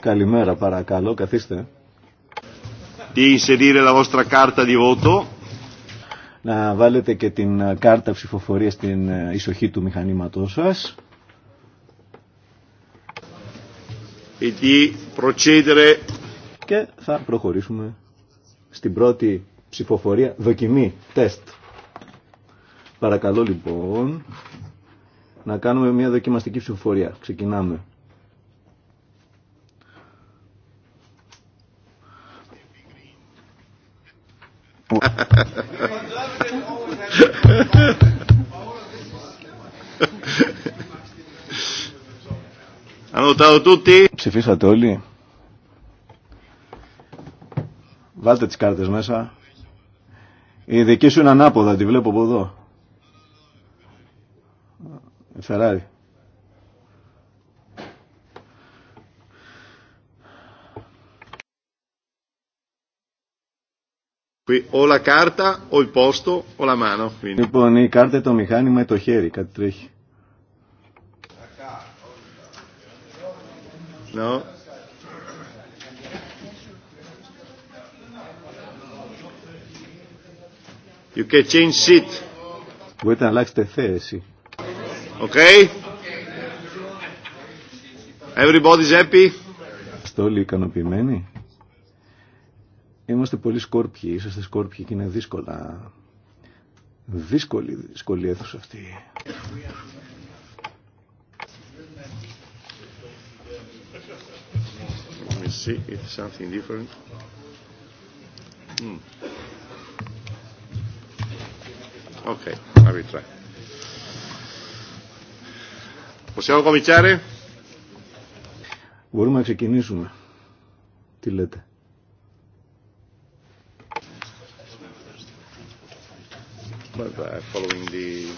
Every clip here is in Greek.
Καλημέρα παρακαλώ, καθίστε. inserire la vostra carta Να βάλετε και την ε, κάρτα ψηφοφορία στην ε, ισοχή του μηχανήματο σα. E και θα προχωρήσουμε στην πρώτη ψηφοφορία, δοκιμή, τεστ. Παρακαλώ λοιπόν να κάνουμε μια δοκιμαστική ψηφοφορία. Ξεκινάμε. Ψηφίσατε όλοι. Βάλτε τις κάρτες μέσα. Η δική σου είναι ανάποδα, τη βλέπω από εδώ. Με Φεράρι. όλα κάρτα, ο υπόστο, όλα μάνο. Λοιπόν, η κάρτα το μηχάνημα το χέρι, κάτι τρέχει. No. You can change seat. Μπορείτε να αλλάξετε θέση. Okay? Everybody's happy. Είμαστε όλοι ικανοποιημένοι. Είμαστε πολύ σκόρπιοι, είσαστε σκόρπιοι και είναι δύσκολα. Δύσκολη, δύσκολη αίθουσα αυτή. Let me see if something different. Mm. Okay, I will try. Μπορούμε να ξεκινήσουμε. Τι λέτε. But uh, following the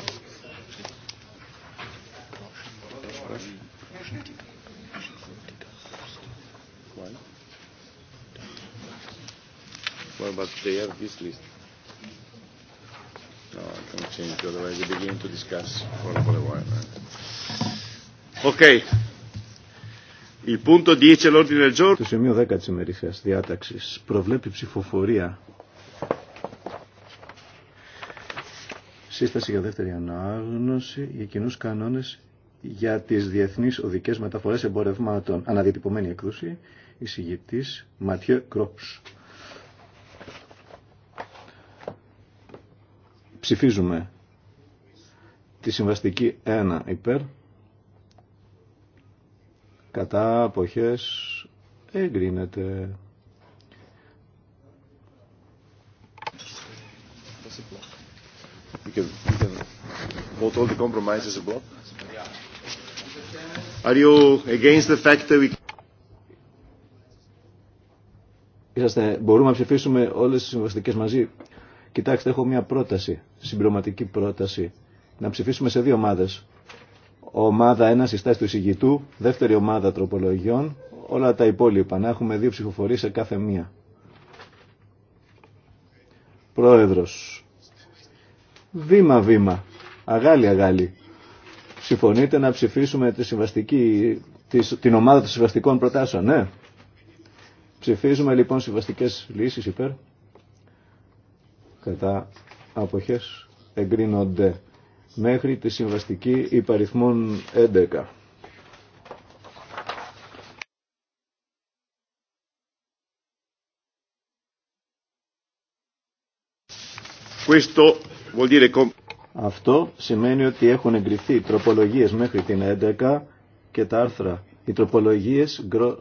Well, but they have this list. No, I can't change. Otherwise, we begin to discuss for a while. Right? Okay. Il punto 10 all'ordine del giorno. Το σημείο 10 της ημερήσιας διάταξης προβλέπει ψηφοφορία. Σύσταση για δεύτερη ανάγνωση για κοινού κανόνες για τις διεθνείς οδικές μεταφορές εμπορευμάτων. Αναδιατυπωμένη εκδόση, Εισηγητή Ματιέ Κρόπς. Ψηφίζουμε τη συμβαστική 1 υπέρ κατά αποχές εγκρίνεται. μπορούμε να ψηφίσουμε όλες τις συμβαστικές μαζί. Κοιτάξτε, έχω μια πρόταση, συμπληρωματική πρόταση. Να ψηφίσουμε σε δύο ομάδες ομάδα 1 συστάσεις του εισηγητού, δεύτερη ομάδα τροπολογιών, όλα τα υπόλοιπα. Να έχουμε δύο ψηφοφορίες σε κάθε μία. Πρόεδρος. Βήμα-βήμα. Αγάλι-αγάλι. Συμφωνείτε να ψηφίσουμε τη συμβαστική, την ομάδα των συμβαστικών προτάσεων, ναι. Ψηφίζουμε λοιπόν συμβαστικές λύσεις υπέρ. Κατά αποχές εγκρίνονται μέχρι τη συμβαστική υπαριθμών 11. Αυτό σημαίνει ότι έχουν εγκριθεί τροπολογίες μέχρι την 11 και τα άρθρα. Οι τροπολογίες 17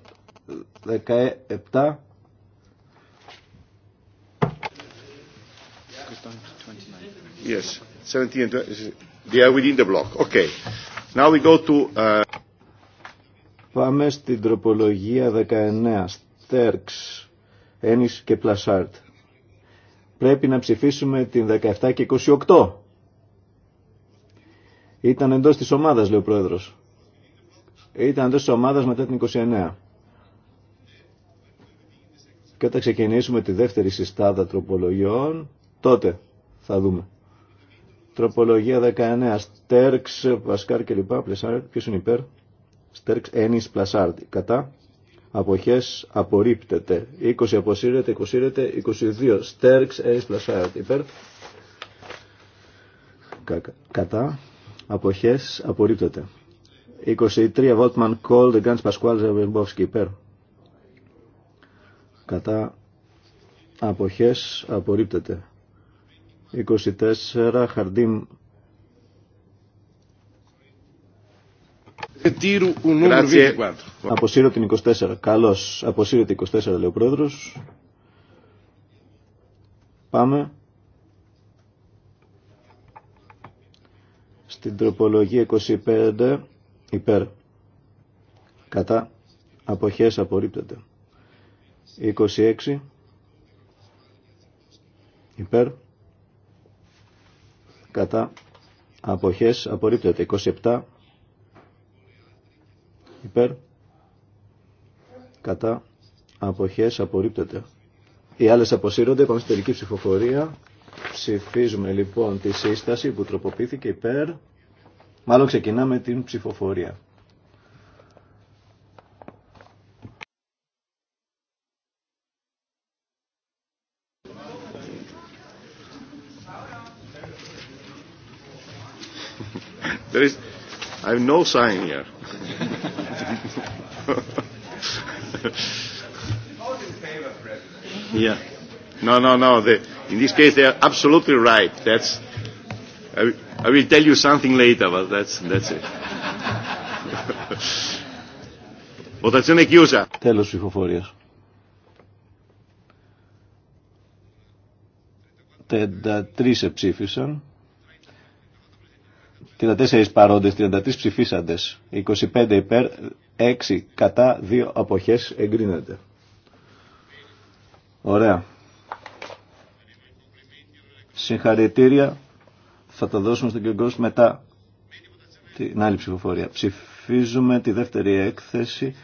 Πάμε στην τροπολογία 19. Στέρξ, Ένις και Πλασάρτ. Πρέπει να ψηφίσουμε την 17 και 28. Ήταν εντός της ομάδας, λέει ο Πρόεδρος. Ήταν εντός της ομάδας μετά την 29. Και όταν ξεκινήσουμε τη δεύτερη συστάδα τροπολογιών, τότε θα δούμε. Τροπολογία 19. Στέρξ, Βασκάρ λοιπά, Πλεσάρ. Ποιο είναι υπέρ. Στέρξ, Ένι, Πλασάρτ. Κατά. Αποχέ. Απορρίπτεται. 20 αποσύρεται. 20 22. Στέρξ, Ένι, Πλασάρτ. Υπέρ. κατά. Αποχέ. Απορρίπτεται. 23. Βόλτμαν Κόλ, Δεγκάντ Πασκουάλ, Ζαβερμπόφσκι. Υπέρ. Κατά. Αποχέ. Απορρίπτεται. 24 Χαρντίμ Αποσύρω την 24. Καλώς. Αποσύρω την 24 λέει ο πρόεδρος. Πάμε. Στην τροπολογία 25 υπέρ. Κατά. Αποχές απορρίπτεται. 26 υπέρ κατά αποχές απορρίπτεται 27 υπέρ κατά αποχές απορρίπτεται οι άλλες αποσύρονται πάμε στην τελική ψηφοφορία ψηφίζουμε λοιπόν τη σύσταση που τροποποιήθηκε υπέρ μάλλον ξεκινάμε την ψηφοφορία There is, I have no sign here. yeah. No, no, no. The, in this case, they are absolutely right. That's. I, I will tell you something later, but that's that's it. Votazione chiusa. Τέλος ψηφοφορίας. τρεις ψήφισαν. 34 παρόντες, 33 ψηφίσαντες, 25 υπέρ, 6 κατά, 2 αποχές εγκρίνεται. Ωραία. Συγχαρητήρια θα τα δώσουμε στον κύριο μετά την άλλη ψηφοφορία. Ψηφίζουμε τη δεύτερη έκθεση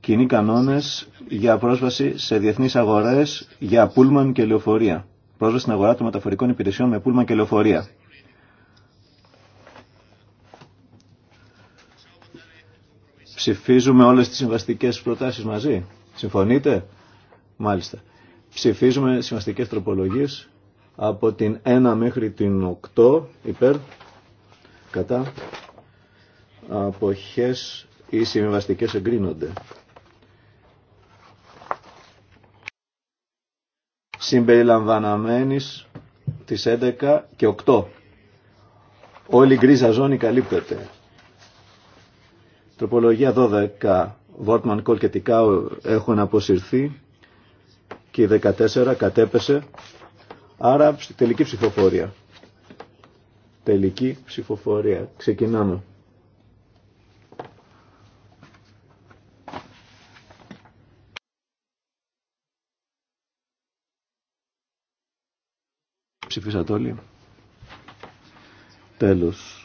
κοινοί κανόνες για πρόσβαση σε διεθνείς αγορές για πούλμαν και λεωφορεία. Πρόσβαση στην αγορά των μεταφορικών υπηρεσιών με πούλμαν και λεωφορεία. Ψηφίζουμε όλες τις συμβαστικές προτάσεις μαζί. Συμφωνείτε? Μάλιστα. Ψηφίζουμε συμβαστικές τροπολογίες από την 1 μέχρι την 8 υπέρ κατά αποχές οι συμβαστικές εγκρίνονται. Συμπεριλαμβαναμένης τις 11 και 8. Όλη η γκρίζα ζώνη καλύπτεται. Τροπολογία 12. Βόρτμαν Κόλ και Τικάου έχουν αποσυρθεί και η 14 κατέπεσε. Άρα τελική ψηφοφορία. Τελική ψηφοφορία. Ξεκινάμε. Ψηφίσατε όλοι. Τέλος.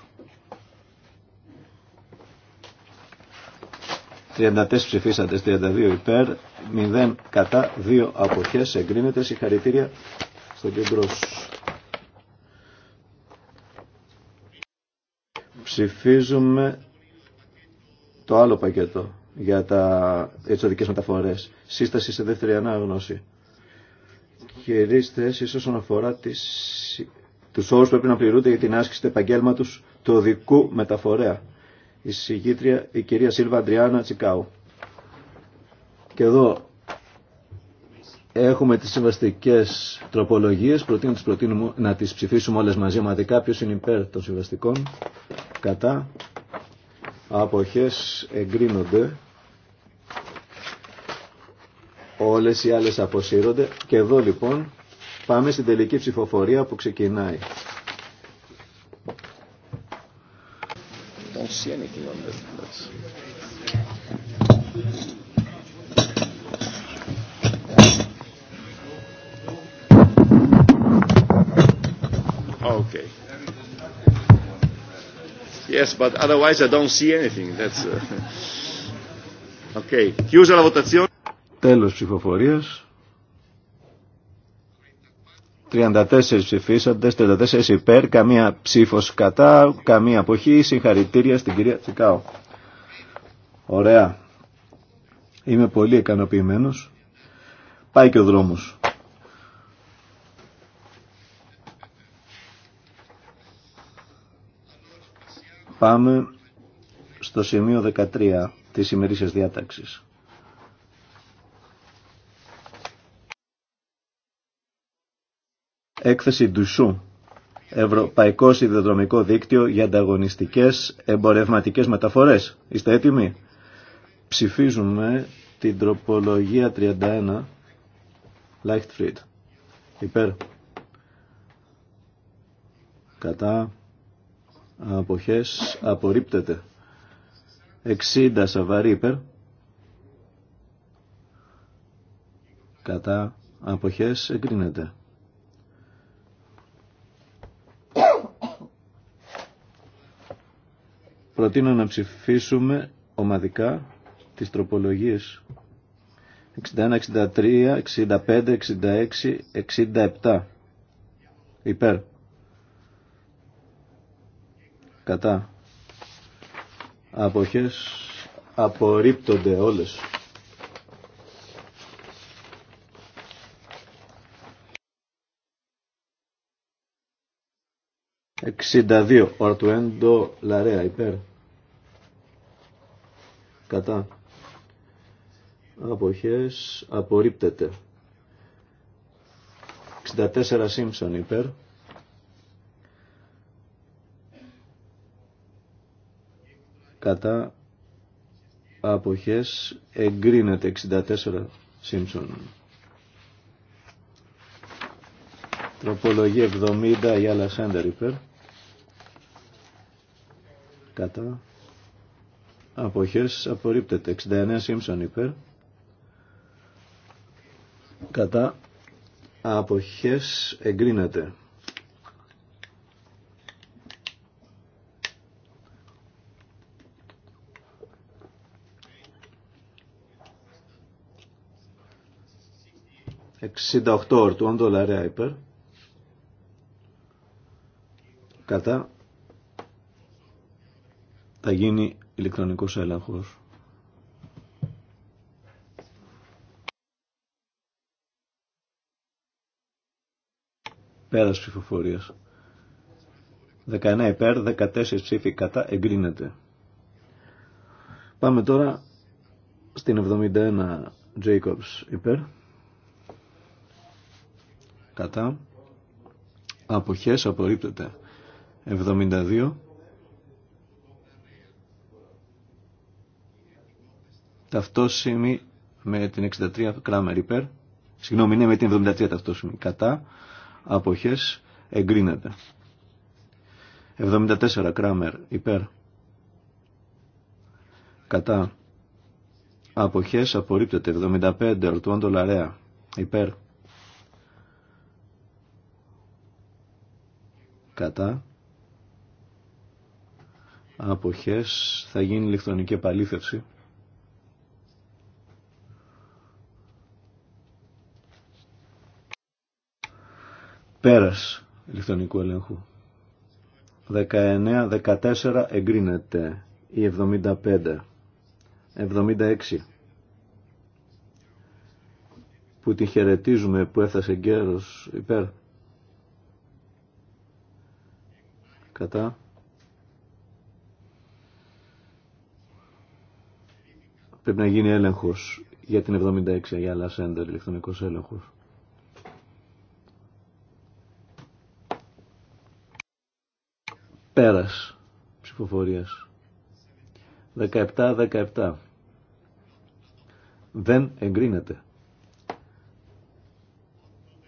34 ψηφίσατε, 32 υπέρ, 0 κατά, 2 αποχές, εγκρίνεται, συγχαρητήρια στον κέντρο Ψηφίζουμε το άλλο πακέτο για, τα, εξωτικές μεταφορές. Σύσταση σε δεύτερη ανάγνωση. Κυρίες ίσως όσον αφορά τις, τους όρους που πρέπει να πληρούνται για την άσκηση του επαγγέλματος του οδικού μεταφορέα η η κυρία Σίλβα Αντριάννα Τσικάου. Και εδώ έχουμε τις συμβαστικές τροπολογίες, προτείνω, τις προτείνουμε να τις ψηφίσουμε όλες μαζί ομαδικά, ποιος είναι υπέρ των συμβαστικών, κατά, αποχές εγκρίνονται, όλες οι άλλες αποσύρονται και εδώ λοιπόν πάμε στην τελική ψηφοφορία που ξεκινάει. see anything on this. Okay. Yes, but otherwise I don't see anything. That's. Okay. Τέλος ψηφοφορίας. 34 ψηφίσαντες, 34 υπέρ, καμία ψήφος κατά, καμία αποχή. Συγχαρητήρια στην κυρία Τσικάου. Ωραία. Είμαι πολύ ικανοποιημένο. Πάει και ο δρόμος. Πάμε στο σημείο 13 της ημερήσιας διάταξης. Έκθεση Ντουσού. Ευρωπαϊκό Σιδηροδρομικό Δίκτυο για ανταγωνιστικέ εμπορευματικέ μεταφορέ. Είστε έτοιμοι. Ψηφίζουμε την τροπολογία 31. Λάιχτφριντ. Υπέρ. Κατά. Αποχές. Απορρίπτεται. 60 σαβαρή υπέρ. Κατά. Αποχές. Εγκρίνεται. Προτείνω να ψηφίσουμε ομαδικά τις τροπολογίες 61, 63, 65, 66, 67 υπέρ κατά αποχές απορρίπτονται όλες. Εξήντα δύο, ορτουέντο λαρέα υπέρ κατά αποχές απορρίπτεται 64 Σίμψον υπέρ κατά αποχές εγκρίνεται 64 Σίμψον τροπολογία 70 για Alexander υπέρ κατά Αποχές απορρίπτεται. 69 Σίμψον υπέρ. Κατά. Αποχές εγκρίνεται. Εξήντα οχτώ ορτών υπέρ. Κατά. Θα γίνει ηλεκτρονικός έλεγχος. Πέρας ψηφοφορίας. 19 υπέρ, 14 ψήφοι κατά, εγκρίνεται. Πάμε τώρα στην 71 Jacobs υπέρ. Κατά. Αποχές απορρίπτεται. 72 Ταυτόσημη με την 63 Κράμερ υπέρ. Συγγνώμη, είναι με την 73 ταυτόσημη. Κατά. Αποχές. Εγκρίνεται. 74 Κράμερ υπέρ. Κατά. Αποχές απορρίπτεται. 75 Ορτουάντο Λαρέα υπέρ. Κατά. Αποχές θα γίνει ηλεκτρονική επαλήθευση. Πέρας ηλεκτρονικού ελέγχου. 19-14 εγκρίνεται ή 75. 76 που τη χαιρετίζουμε που έφτασε γέρο υπέρ κατά πρέπει να γίνει έλεγχος για την 76 για άλλα σέντερ ηλεκτρονικός έλεγχος Πέρας ψηφοφορίας. 17-17. Δεν εγκρίνεται.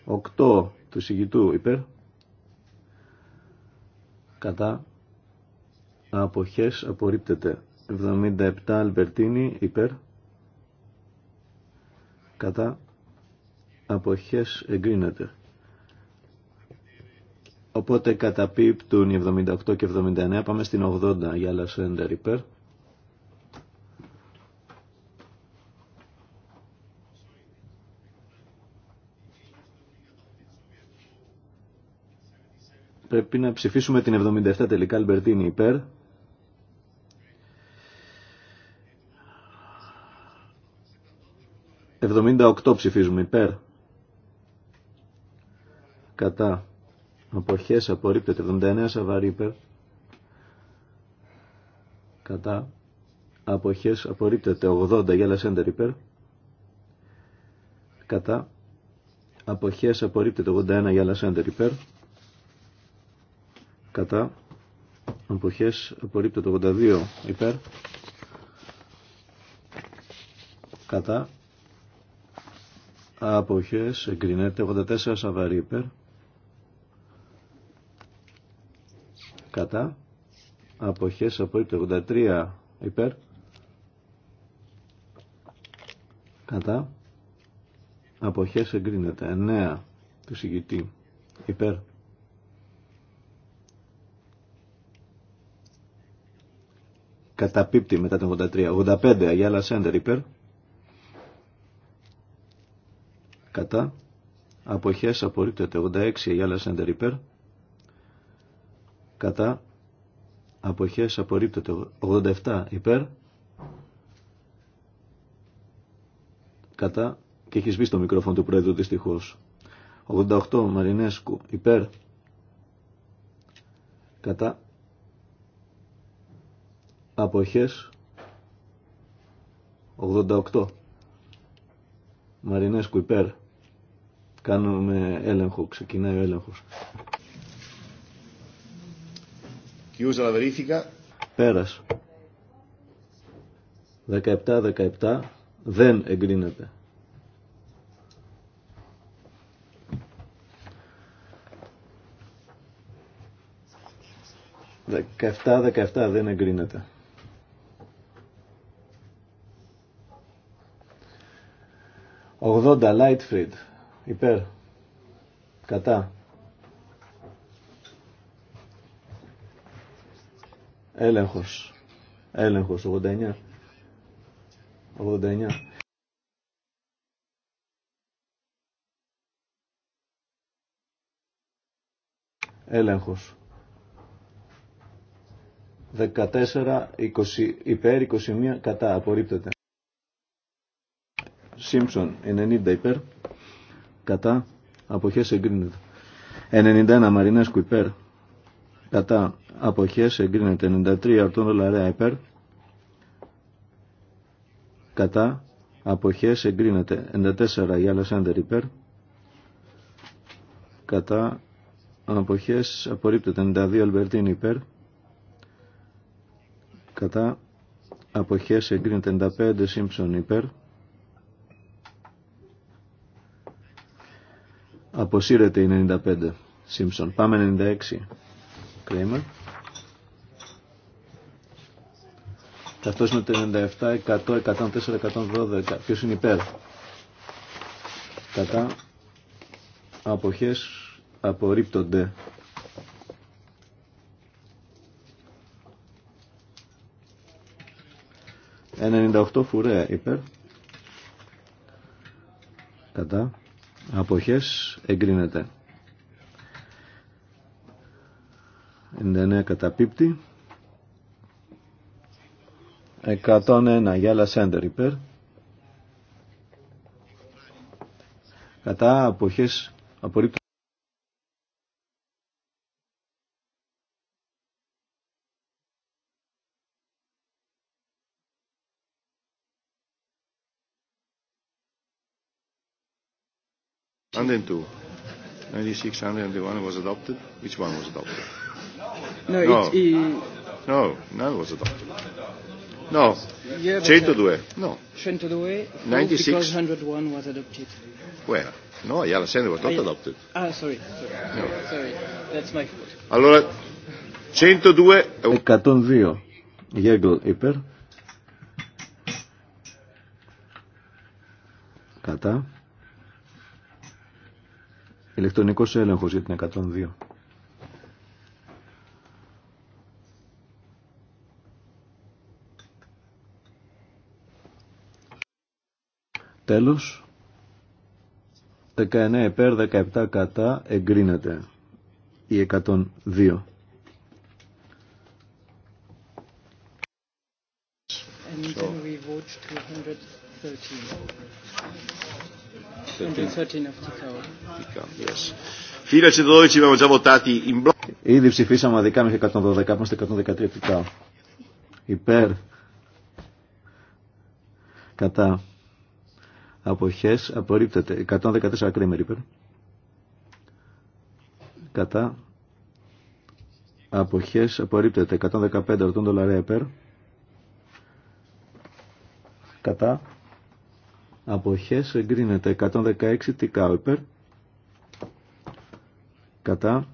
8 του συγητού υπέρ. Κατά. Αποχές απορρίπτεται. 77 Αλμπερτίνη υπέρ. Κατά. Αποχές εγκρίνεται. Οπότε καταπίπτουν οι 78 και 79. Πάμε στην 80 για Λασέντερ υπέρ. Πρέπει να ψηφίσουμε την 77 τελικά Αλμπερτίνη υπέρ. «78 ψηφίζουμε υπέρ» «Κατά» αποχές απορρίπτεται 79 σαβαρή υπέρ κατά αποχές απορρίπτεται 80 γέλα σέντερ υπέρ κατά αποχές απορρίπτεται 81 γέλα σέντερ υπέρ κατά αποχές απορρίπτεται 82 υπέρ κατά αποχές εγκρινέται 84 σαβαρή υπέρ κατά αποχές απορρίπτεται 83 υπέρ κατά αποχές εγκρίνεται 9 του συγκητή υπέρ καταπίπτει μετά το 83 85 Αγιάλα Σέντερ υπέρ κατά αποχές απορρίπτεται 86 Αγιάλα Σέντερ υπέρ κατά αποχές απορρίπτεται 87 υπέρ κατά και έχει σβήσει το μικρόφωνο του Πρόεδρου δυστυχώς 88 Μαρινέσκου υπέρ κατά αποχές 88 Μαρινέσκου υπέρ κάνουμε έλεγχο ξεκινάει ο έλεγχος Chiusa Πέρας. 17-17 δεν εγκρίνεται. Δεκαεφτά, δεκαεφτά δεν εγκρίνεται. Ογδόντα, Λάιτφριντ. υπέρ, κατά, Έλεγχος. Έλεγχος 89. 89. Έλεγχος. 14 20, υπέρ, 21 κατά. Απορρίπτεται. Σίμψον 90 υπέρ. Κατά. Αποχές εγκρίνεται. 91 Μαρινέσκου υπέρ κατά αποχές εγκρίνεται 93 αρτών δολαρέα υπέρ κατά αποχές εγκρίνεται 94 για Αλεσάνδερ υπέρ κατά αποχές απορρίπτεται 92 Αλμπερτίν υπέρ κατά αποχές εγκρίνεται 95 Σίμψον υπέρ αποσύρεται η 95 Σίμψον πάμε 96 και Καθώς είναι το 97, 100, 104, 112. Ποιος είναι υπέρ. Κατά αποχές απορρίπτονται. Ένα 98 φουρέα υπέρ. Κατά αποχές εγκρίνεται. 99 καταπίπτει. 101 Γιάλα Σέντερ υπέρ. Κατά αποχές απορρίπτω. An den 9600 and was adopted. Which one was adopted? No, no. no none was adopted. No. Yeah, 102. No. 102. 96. Because 101 was adopted. Where? No, Ayala Sender was not adopted. Ah, sorry. Sorry. No. sorry. That's my fault. Allora, 102. Un 102. Γέγκλ υπέρ. Κατά. Ηλεκτρονικός έλεγχος για την 102. Τέλος. 19 υπέρ, 17 κατά, εγκρίνεται η 102. And then Φίλε, Fino al 112 abbiamo Ήδη ψηφίσαμε αδικά μέχρι 112, είμαστε 113 κτλ. Υπέρ. Κατά. Αποχές απορρίπτεται. 114 κρίμερ υπέρ. Κατά. Αποχές απορρίπτεται. 115 ορτών δολαρία υπέρ. Κατά αποχές εγκρίνεται 116 τι υπέρ κατά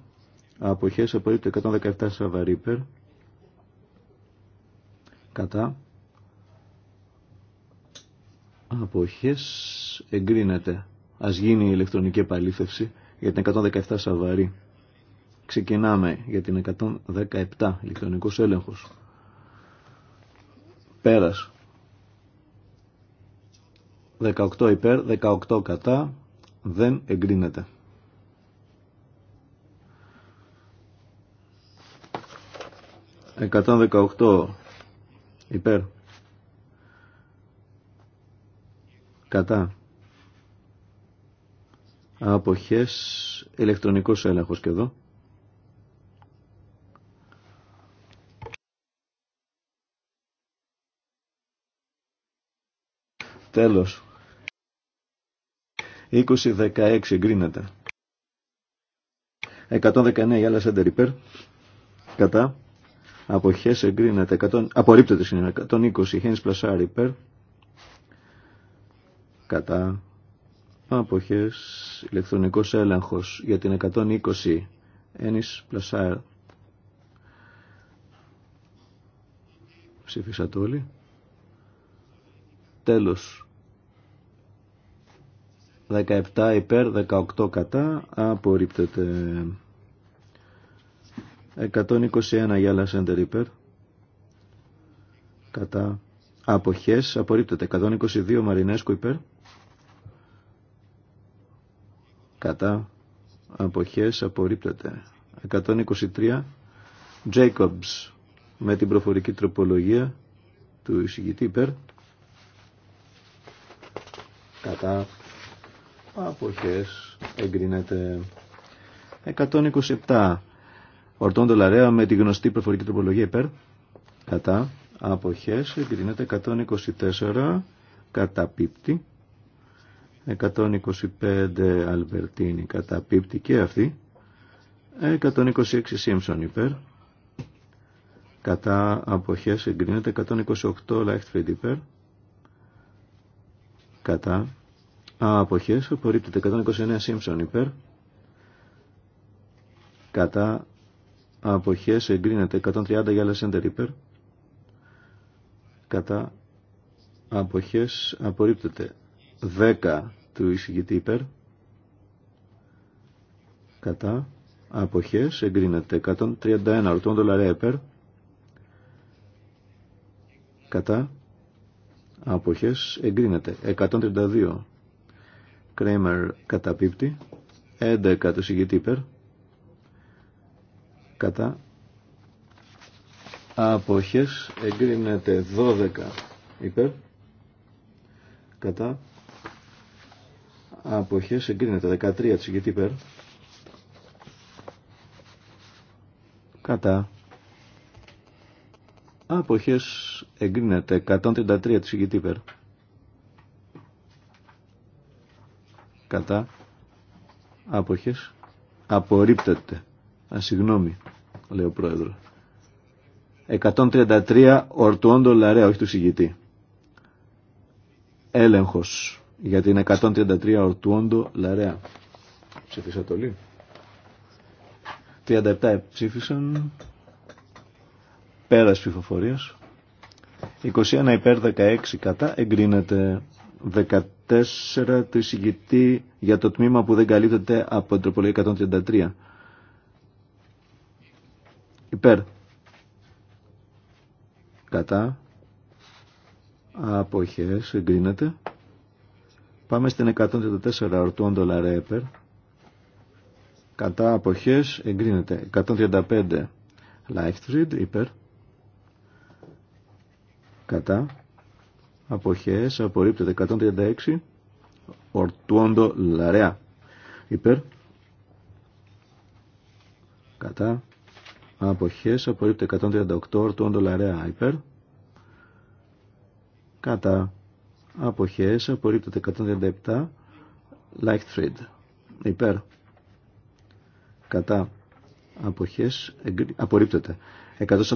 αποχές απορρίπτει 117 σαβαρή υπέρ κατά αποχές εγκρίνεται ας γίνει η ηλεκτρονική επαλήθευση για την 117 σαβαρή ξεκινάμε για την 117 ηλεκτρονικός έλεγχος πέρας 18 υπέρ, 18 κατά, δεν εγκρίνεται. Εκατόν δεκαοκτώ υπέρ. Κατά. Αποχές, ηλεκτρονικός έλεγχος και εδώ. Τέλος. 20-16 εγκρίνεται. 119 άλλα σέντερ υπέρ. Κατά. Αποχές εγκρίνεται. 100, απορρίπτεται συνέχεια, 120 χένι πλασάρ υπέρ. Κατά. Αποχές. Ηλεκτρονικός έλεγχος για την 120 ένις πλασάρ. το όλοι. Τέλος 17 υπέρ, 18 κατά, απορρίπτεται. 121 για Λασέντερ υπέρ, κατά, αποχές, απορρίπτεται. 122 Μαρινέσκου υπέρ, κατά, αποχές, απορρίπτεται. 123 Jacobs με την προφορική τροπολογία του εισηγητή υπέρ, κατά, Αποχές εγκρίνεται 127. Ορτών δολαρέα με τη γνωστή προφορική τροπολογία υπέρ. Κατά. Αποχές εγκρίνεται 124. πίπτη, 125 Αλβερτίνη πίπτη και αυτή. 126 Σίμψον υπέρ. Κατά αποχές εγκρίνεται 128 Λάχτφιντ υπέρ. Κατά Αποχές απορρίπτεται 129 Σίμψον υπέρ. Κατά αποχές εγκρίνεται 130 για Σέντερ υπέρ. Κατά αποχές απορρίπτεται 10 του εισηγητή υπέρ. Κατά αποχές εγκρίνεται 131 ορτών δολαρία υπέρ. Κατά αποχές εγκρίνεται 132 κατά καταπίπτει. 11 του υπέρ. Κατά. Αποχές εγκρίνεται 12 υπέρ. Κατά. Αποχές εγκρίνεται 13 του υπέρ. Κατά. Αποχές εγκρίνεται 133 του υπέρ. κατά άποχες απορρίπτεται. Α, λέει ο πρόεδρο. 133 ορτουόντο λαρέα, όχι του συγητή. Έλεγχος για την 133 ορτουόντο λαρέα. Ψήφισα το λίγο. 37 ψήφισαν. Πέρας ψηφοφορίας. 21 υπέρ 16 κατά εγκρίνεται το του εισηγητή για το τμήμα που δεν καλύπτεται από την τροπολογία 133. Υπέρ. Κατά. Αποχές. Εγκρίνεται. Πάμε στην 134 ορτών δολαρέ υπέρ. Κατά αποχές εγκρίνεται. 135 Λάιχτριντ υπέρ. Κατά αποχές απορρίπτεται 136 ορτουόντο λαρέα υπέρ κατά αποχές απορρίπτεται 138 ορτουόντο λαρέα υπέρ κατά αποχές απορρίπτεται 137 thread, υπέρ κατά αποχές απορρίπτεται 143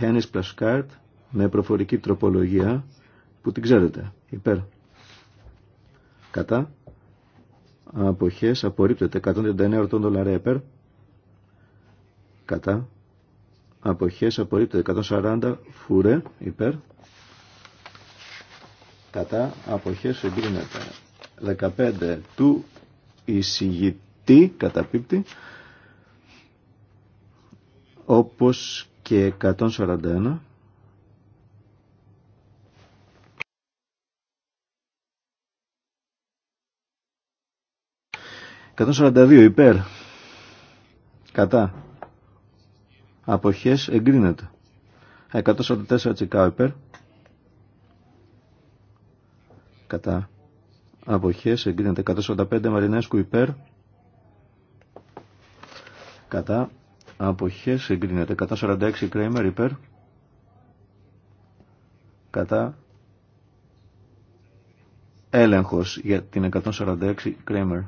Hennis card, με προφορική τροπολογία που την ξέρετε. Υπέρ. Κατά. Αποχές απορρίπτεται. 139 ορτών δολαρία υπέρ. Κατά. Αποχές απορρίπτεται. 140 φουρέ υπέρ. Κατά. Αποχές εγκρίνεται. 15 του εισηγητή πίπτη, Όπως και 141 142 υπέρ. Κατά. Αποχές εγκρίνεται. 144 τσικάου υπέρ. Κατά. Αποχές εγκρίνεται. 145 μαρινέσκου υπέρ. Κατά. Αποχές εγκρίνεται. 146 κρέμερ υπέρ. Κατά. Έλεγχος για την 146 κρέμερ.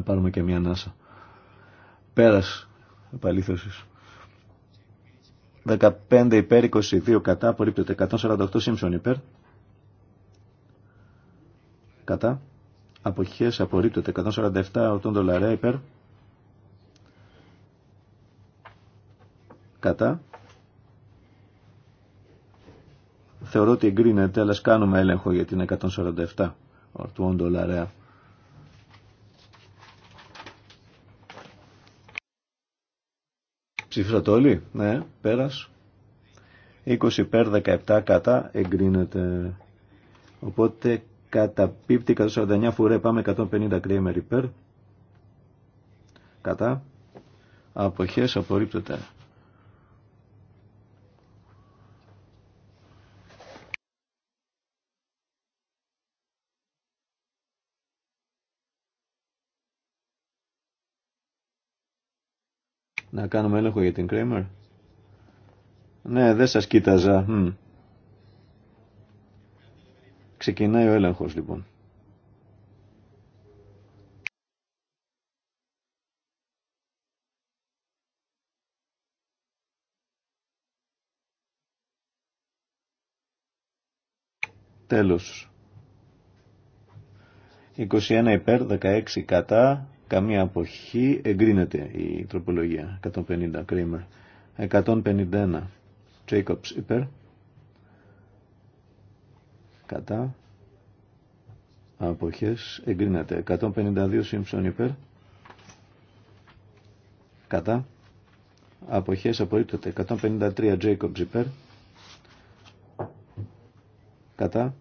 να πάρουμε και μια ανάσα. Πέρας επαλήθωσης. 15 υπέρ, 22 κατά, απορρίπτεται 148 Σίμψον υπέρ. Κατά. Αποχές απορρίπτεται 147 οτών δολαρέα υπέρ. Κατά. Θεωρώ ότι εγκρίνεται, αλλά κάνουμε έλεγχο για την 147 ορτών δολαρέα. το όλοι. Ναι, πέρας. 20 υπέρ 17 κατά εγκρίνεται. Οπότε καταπίπτει 149 φορέ, πάμε 150 κρέμερ υπέρ. Κατά. Αποχές απορρίπτεται. Να κάνουμε έλεγχο για την Κρέμερ. Ναι, δεν σας κοίταζα. Ξεκινάει ο έλεγχος λοιπόν. Τέλος. 21 υπέρ, 16 κατά, Καμία αποχή. Εγκρίνεται η τροπολογία. 150. Κρίμα. 151. Jacobs υπέρ. Κατά. Αποχές. Εγκρίνεται. 152. Simpson υπέρ. Κατά. Αποχές απορρίπτεται. 153. Jacobs υπέρ. Κατά.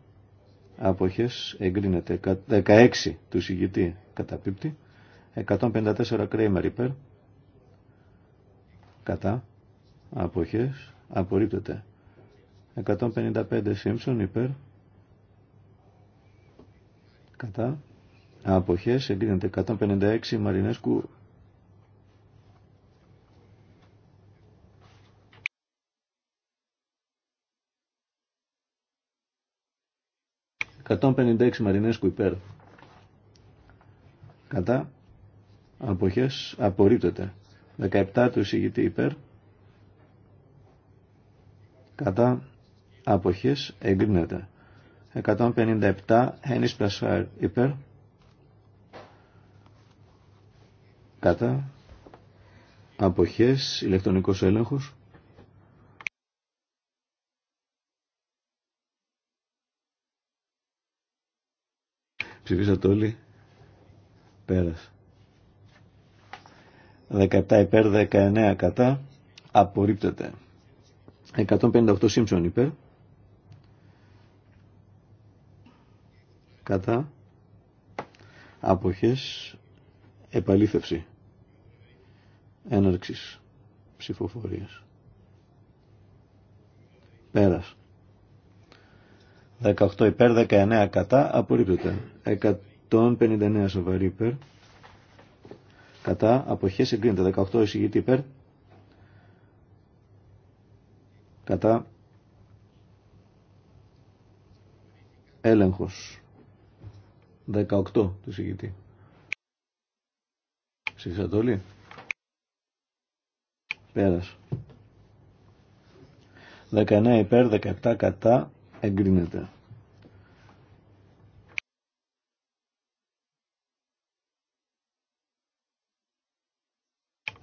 Αποχές εγκρίνεται. 16 του κατά καταπίπτει. 154 Kramer υπέρ. Κατά. Αποχές. Απορρίπτεται. 155 Simpson υπέρ. Κατά. Αποχές. Εγκρίνεται. 156 Μαρινέσκου. «156 Μαρινέσκου υπέρ» κατά αποχές απορρίπτεται. 17 του εισηγητή υπέρ κατά αποχές εγκρίνεται. 157 Ένις πλασφάρ υπέρ κατά αποχές ηλεκτρονικός έλεγχος ψηφίσατε όλοι πέρασε 17 υπέρ, 19 κατά, απορρίπτεται. 158 Simpson υπέρ, κατά, άποχες, επαλήθευση, έναρξης ψηφοφορίας. Πέρας. 18 υπέρ, 19 κατά, απορρίπτεται. 159 σοβαρή υπέρ, κατά αποχές εγκρίνεται 18 εισηγητή υπέρ κατά έλεγχος 18 του εισηγητή ψήφισατε όλοι πέρας 19 υπέρ 17 κατά εγκρίνεται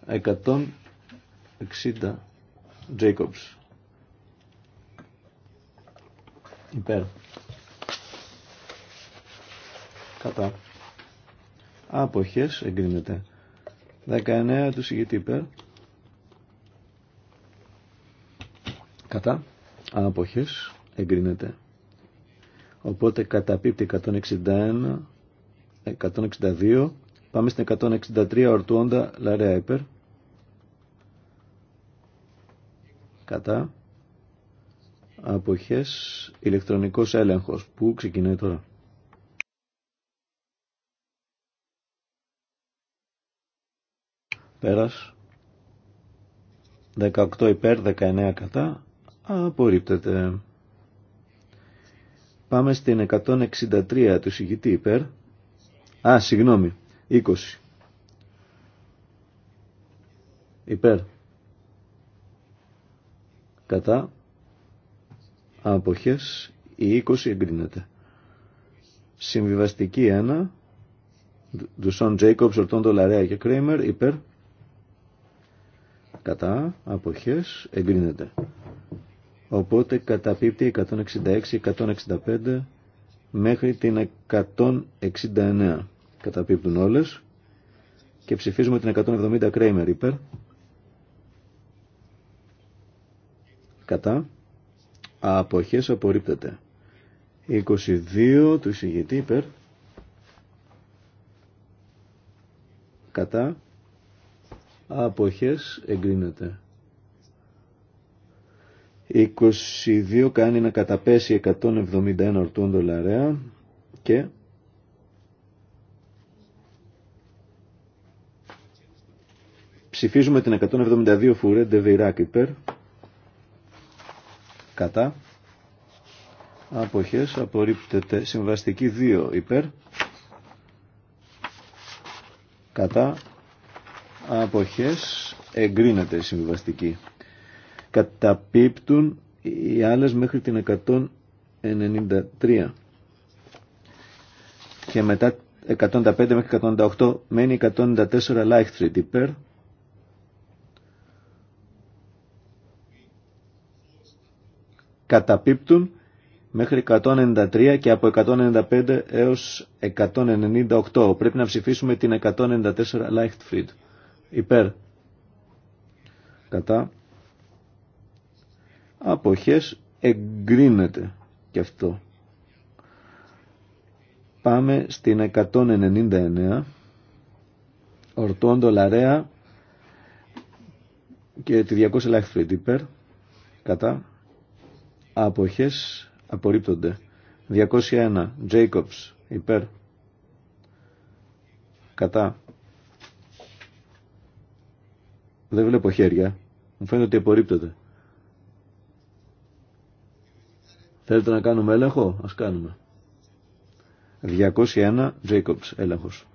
160 Jacobs υπέρ κατά άποχες εγκρίνεται 19 του ηγητή υπέρ κατά άποχες εγκρίνεται οπότε καταπίπτει 161 162 πάμε στην 163 ορτουόντα λαρέα υπέρ κατά αποχές ηλεκτρονικός έλεγχος που ξεκινάει τώρα. Πέρας 18 υπέρ 19 κατά απορρίπτεται. Πάμε στην 163 του συγητή υπέρ. Α, συγγνώμη, 20. Υπέρ κατά αποχές η 20 εγκρίνεται. Συμβιβαστική 1 Σον Τζέικοπ, Ορτών Δολαρέα και Κρέιμερ υπέρ κατά αποχές εγκρίνεται. Οπότε καταπίπτει 166-165 μέχρι την 169. Καταπίπτουν όλες και ψηφίζουμε την 170 Κρέιμερ υπέρ κατά αποχές απορρίπτεται 22 του εισηγητή υπέρ κατά αποχές εγκρίνεται 22 κάνει να καταπέσει 171 ορτών δολαρέα και ψηφίζουμε την 172 φουρέ βιράκ υπέρ κατά αποχές απορρίπτεται συμβαστική 2 υπέρ κατά αποχές εγκρίνεται συμβαστική καταπίπτουν οι άλλες μέχρι την 193 και μετά 105 μέχρι 108 μένει 194 Light Street υπέρ καταπίπτουν μέχρι 193 και από 195 έως 198. Πρέπει να ψηφίσουμε την 194 Leichtfried. Υπέρ. Κατά. Αποχές εγκρίνεται και αυτό. Πάμε στην 199. Ορτώντο Λαρέα και τη 200 Leichtfried. Υπέρ. Κατά αποχές απορρίπτονται. 201. Jacobs υπέρ κατά δεν βλέπω χέρια μου φαίνεται ότι απορρίπτονται. Θέλετε να κάνουμε έλεγχο, ας κάνουμε. 201 Jacobs έλεγχος.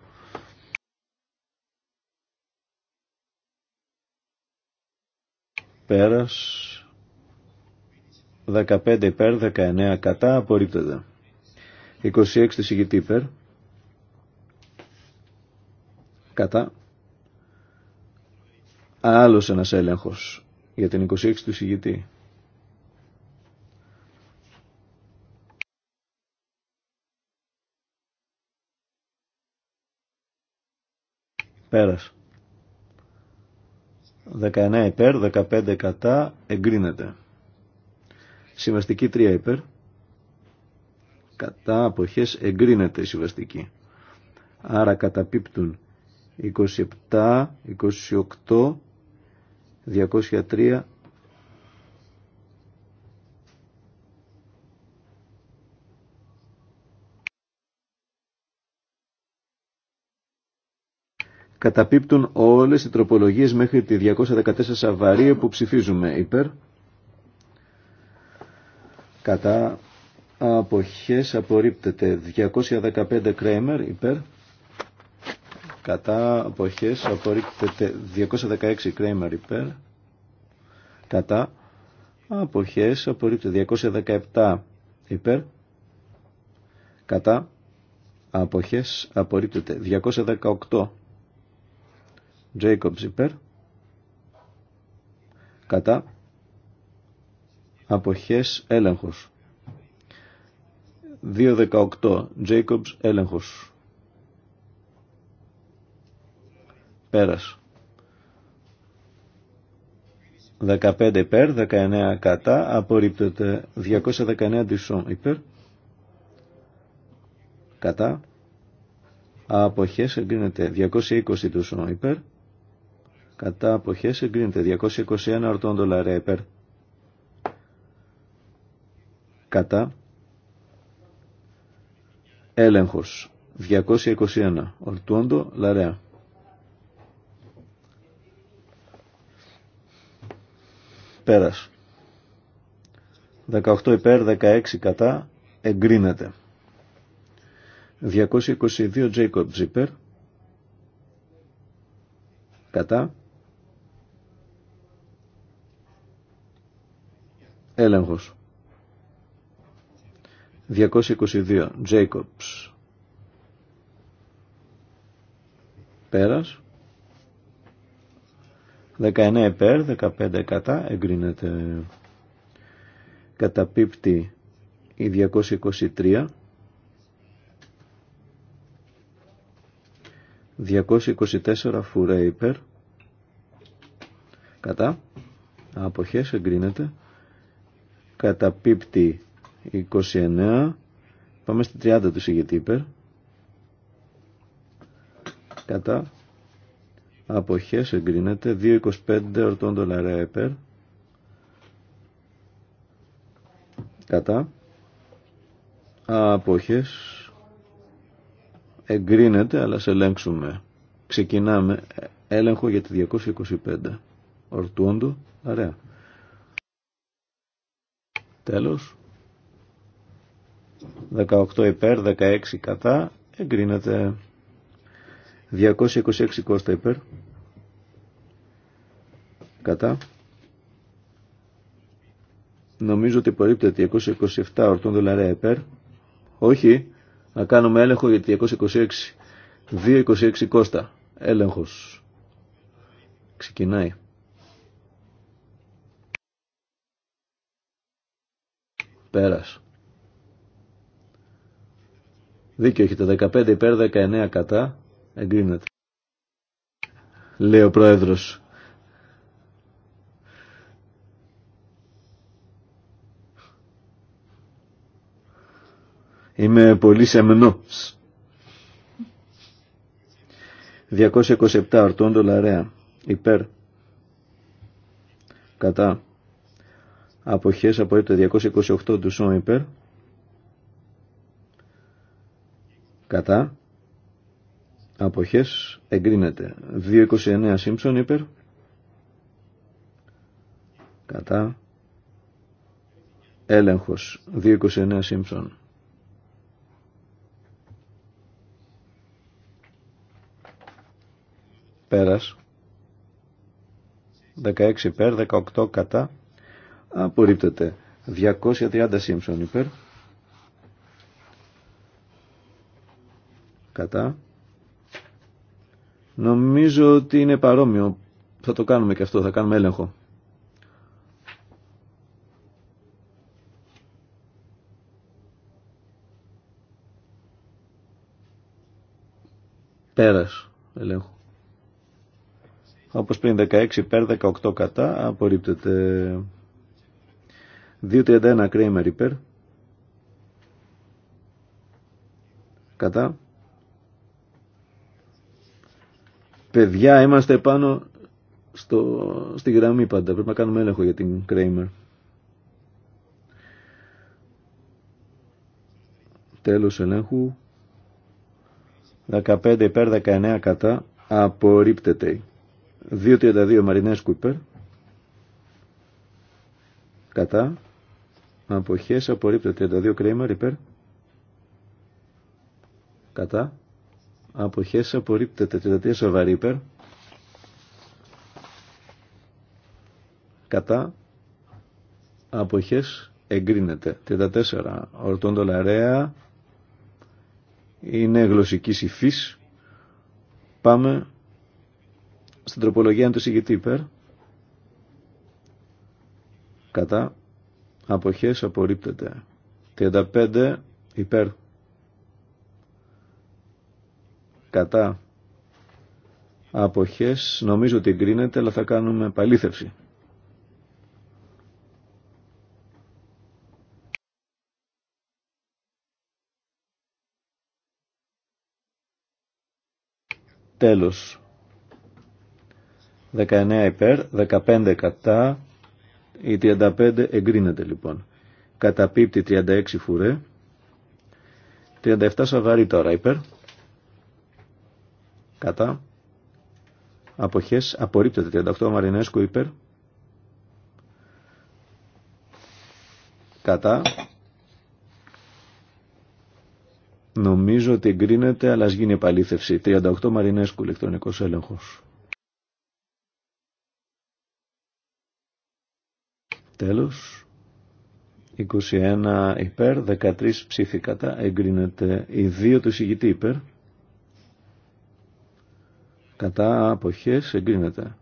Πέρας 15 υπέρ, 19 κατά, απορρίπτεται. 26 της ηγητή υπέρ, κατά. Άλλος ένας έλεγχος για την 26 του ηγητή. Πέρας. 19 υπέρ, 15 κατά, εγκρίνεται. Συμβαστική 3 υπέρ. Κατά αποχές εγκρίνεται η συμβαστική. Άρα καταπίπτουν 27, 28, 203, Καταπίπτουν όλες οι τροπολογίες μέχρι τη 214 σαβαρία που ψηφίζουμε υπέρ κατά αποχές απορρίπτεται 215 Κρέμερ υπέρ κατά αποχές απορρίπτεται 216 Κρέμερ υπέρ κατά αποχές απορρίπτεται 217 υπέρ κατά αποχές απορρίπτεται 218 Jacobs υπέρ κατά αποχές έλεγχος. 2.18 Jacobs έλεγχος. Πέρας. 15 υπέρ, 19 κατά, απορρίπτεται 219 δισό υπέρ, κατά, αποχές εγκρίνεται 220 δισό υπέρ, κατά αποχές εγκρίνεται 221 ορτών δολαρία υπέρ, κατά έλεγχος 221 ορτούντο λαρέα πέρας 18 υπέρ 16 κατά εγκρίνεται 222 Jacob Zipper κατά έλεγχος 222. Jacobs. Πέρας. 19 υπέρ, 15 κατά, εγκρίνεται. Καταπίπτει η 223. 224 φουρέ υπέρ. Κατά. Αποχές εγκρίνεται. Καταπίπτει 29. Πάμε στη 30 του συγκεκριμένου υπέρ. Κατά. Αποχές εγκρίνεται. 2.25 ορτών δολαρέα υπέρ. Κατά. Αποχές εγκρίνεται αλλά σε ελέγξουμε. Ξεκινάμε έλεγχο για τη 225. Ορτούντο. Ωραία. Τέλος. 18 υπέρ, 16 κατά, εγκρίνεται 226 κόστα υπέρ, κατά. Νομίζω ότι υπορρίπτεται 227 ορτών δολαρέα υπέρ. Όχι, να κάνουμε έλεγχο για 226. 226 κόστα. Έλεγχος. Ξεκινάει. Πέρας. Δίκιο έχετε. 15 υπέρ 19 κατά. Εγκρίνεται. Λέει ο Πρόεδρος. Είμαι πολύ σεμνός. 227 ορτών δολαρέα. Υπέρ. Κατά. Αποχές από το 228 του σώμα υπέρ. κατά αποχές εγκρίνεται 2.29 Σίμψον υπέρ κατά έλεγχος 2.29 Σίμψον πέρας 16 υπέρ 18 κατά απορρίπτεται 230 Σίμψον υπέρ Νομίζω ότι είναι παρόμοιο. Θα το κάνουμε και αυτό, θα κάνουμε έλεγχο. Πέρας έλεγχο Όπως πριν 16 υπέρ, 18 κατά, απορρίπτεται 2.31 κρέιμερ υπέρ. Κατά. Παιδιά, είμαστε πάνω στο, στη γραμμή πάντα. Πρέπει να κάνουμε έλεγχο για την Κρέιμερ. Τέλος ελέγχου. 15 υπέρ 19 κατά. Απορρίπτεται. 2.32 Μαρινέσκου υπέρ. Κατά. Αποχές απορρίπτεται. 32 Κρέιμερ υπέρ. Κατά αποχές απορρίπτεται 33 σοβαρή κατά αποχές εγκρίνεται 34 ορτών λαρέα είναι γλωσσική υφής πάμε στην τροπολογία του συγκητή υπέρ κατά αποχές απορρίπτεται 35 υπέρ κατά αποχές νομίζω ότι εγκρίνεται αλλά θα κάνουμε παλήθευση. Τέλος. 19 υπέρ, 15 κατά, η 35 εγκρίνεται λοιπόν. Καταπίπτει 36 φουρέ. 37 σαβαρή τώρα υπέρ κατά αποχές απορρίπτεται 38 Μαρινέσκου υπέρ κατά νομίζω ότι εγκρίνεται αλλά ας γίνει επαλήθευση 38 Μαρινέσκου ηλεκτρονικός έλεγχος τέλος 21 υπέρ 13 ψήφοι κατά εγκρίνεται οι δύο του εισηγητή υπέρ κατά αποχές εγκρίνεται.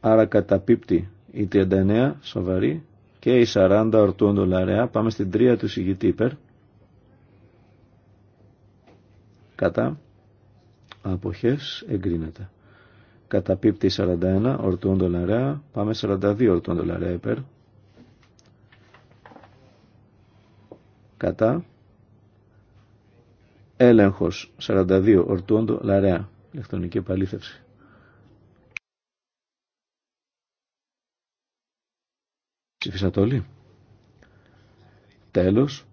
Άρα καταπίπτει η 39 σοβαρή και η 40 ορτούν δολαρέα. Πάμε στην 3 του συγητή υπέρ. Κατά αποχές εγκρίνεται. Καταπίπτει η 41 ορτούν δολαρέα. Πάμε 42 ορτούν δολαρέα υπέρ. Κατά Έλεγχος 42. Ορτούντο Λαρέα. Ηλεκτρονική επαλήθευση. Ψήφισατε όλοι. Τέλος.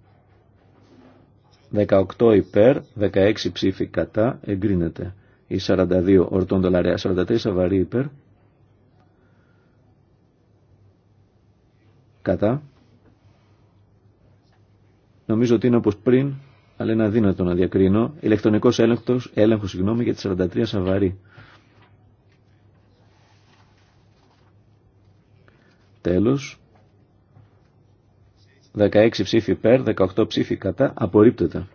18 υπέρ, 16 ψήφοι κατά, εγκρίνεται. Η 42 ορτών λάρεα 43 σαβαρή υπέρ. Κατά. Νομίζω ότι είναι όπως πριν αλλά είναι αδύνατο να διακρίνω. Ηλεκτρονικός έλεγχος, έλεγχος συγγνώμη, για τις 43 Σαβαρή. Τέλος. 16 ψήφοι υπέρ, 18 ψήφοι κατά, απορρίπτεται.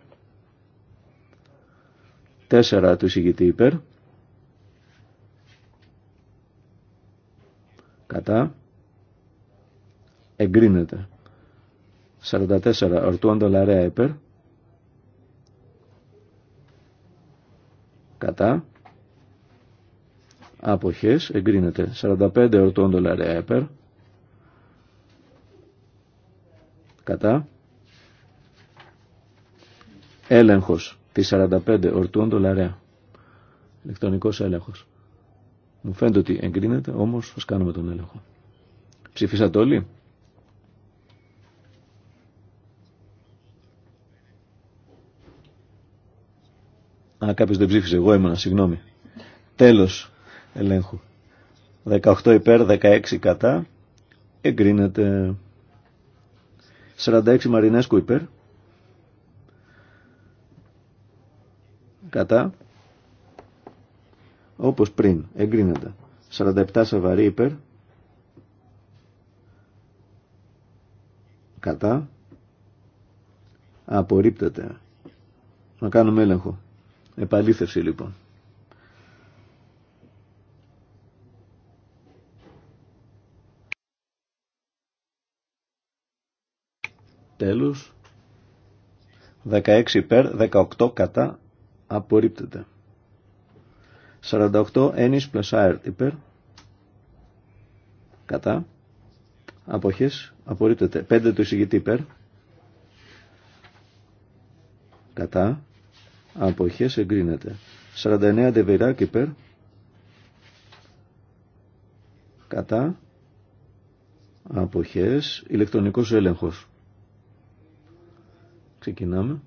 4 του εισηγητή υπέρ. Κατά. Εγκρίνεται. 44 ορτού αντολαρέα υπέρ. κατά αποχές εγκρίνεται 45 ορτών δολάρια έπερ κατά έλεγχος τη 45 ορτών δολαρέα ηλεκτρονικός έλεγχος μου φαίνεται ότι εγκρίνεται όμως ας κάνουμε τον έλεγχο ψηφίσατε όλοι Α, κάποιος δεν ψήφισε, εγώ ήμουνα, συγγνώμη. Τέλος ελέγχου. 18 υπέρ, 16 κατά. Εγκρίνεται 46 Μαρινέσκου υπέρ. Κατά. Όπως πριν, εγκρίνεται. 47 Σαβαρή υπέρ. Κατά. Απορρίπτεται. Να κάνουμε έλεγχο. Επαλήθευση λοιπόν. Τέλος. 16 υπέρ, 18 κατά, απορρίπτεται. 48 ένις πλασάρτ υπέρ, κατά, αποχές, απορρίπτεται. 5 του εισηγητή υπέρ, κατά, αποχές εγκρίνεται. 49 και υπέρ κατά αποχές ηλεκτρονικός έλεγχος. Ξεκινάμε.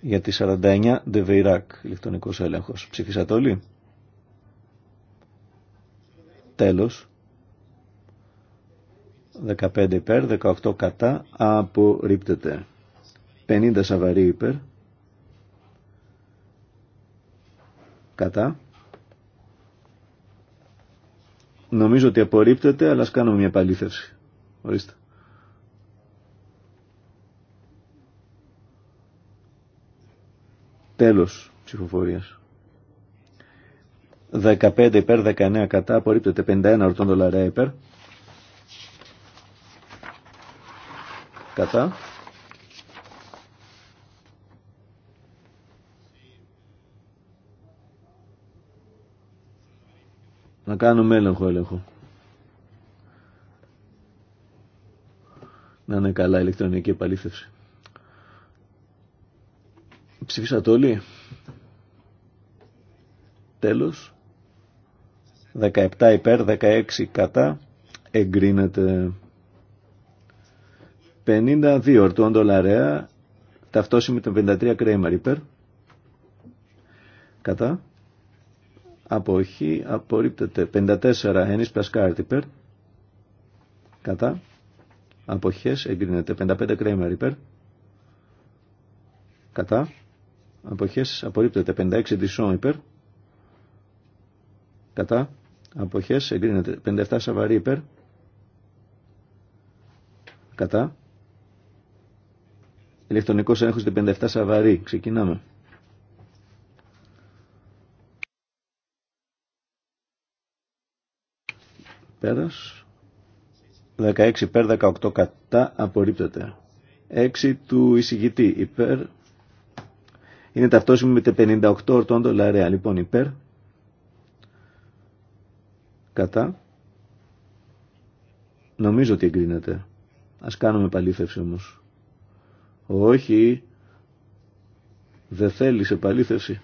Για τη 49 49ΔΕΒΕΙΡΑΚ ηλεκτρονικός έλεγχος. Ψηφίσατε όλοι. Τέλος. 15 υπέρ, 18 κατά, απορρίπτεται. 50 σαβαροί υπέρ. Κατά. Νομίζω ότι απορρίπτεται, αλλά ας κάνουμε μια παλήθευση. Ορίστε. Τέλος ψηφοφορίας. 15 υπέρ, 19 κατά, απορρίπτεται 51 ορτών δολαρέα υπέρ. Κατά. να κάνουμε έλεγχο έλεγχο. Να είναι καλά η ηλεκτρονική επαλήθευση. Ψηφίσατε όλοι. Τέλος. 17 υπέρ, 16 κατά. Εγκρίνεται. 52 ορτών δολαρέα. με το 53 κρέμα υπέρ. Κατά αποχή απορρίπτεται 54 ενής πλασκάρτ υπέρ κατά αποχές εγκρίνεται 55 κρέμερ υπέρ κατά αποχές απορρίπτεται 56 δισόν υπέρ κατά αποχές εγκρίνεται 57 σαβαρή υπέρ κατά ηλεκτρονικός έλεγχος 57 σαβαρή ξεκινάμε Πέρας. 16 υπέρ, 18 κατά, απορρίπτεται. 6 του εισηγητή υπέρ. Είναι ταυτόσιμο με τα 58 ορτών δολαρέα. Λοιπόν, υπέρ. Κατά. Νομίζω ότι εγκρίνεται. Ας κάνουμε επαλήθευσή όμως. Όχι. Δεν θέλεις επαλήθευση.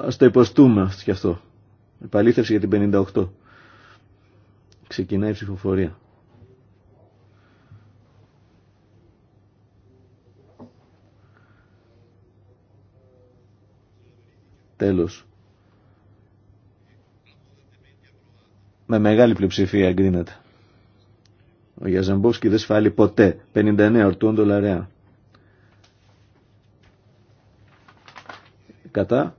Ας το υποστούμε και αυτό. Επαλήθευση για την 58. Ξεκινάει η ψηφοφορία. Τέλος. Με μεγάλη πλειοψηφία εγκρίνεται. Ο Γιαζαμπόσκι δεν σφάλει ποτέ. 59 ορτών δολαρέα. Κατά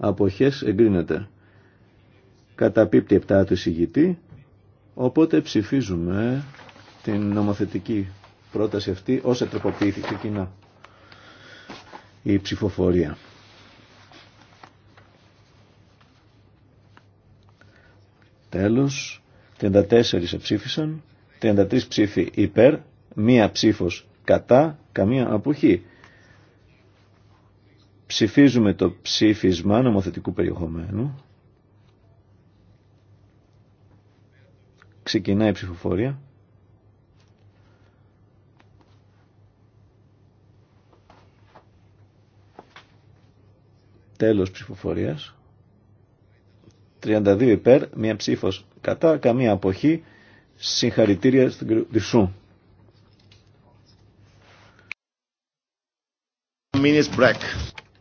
αποχές εγκρίνεται. Καταπίπτει επτά του εισηγητή, οπότε ψηφίζουμε την νομοθετική πρόταση αυτή όσα τροποποιήθηκε κοινά η ψηφοφορία. Τέλος, 34 ψήφισαν, 33 ψήφοι υπέρ, μία ψήφος κατά, καμία αποχή. Ψηφίζουμε το ψήφισμα νομοθετικού περιεχομένου. Ξεκινάει η ψηφοφορία. Τέλος ψηφοφορίας. 32 υπέρ, μία ψήφος κατά, καμία αποχή. Συγχαρητήρια στην κύριο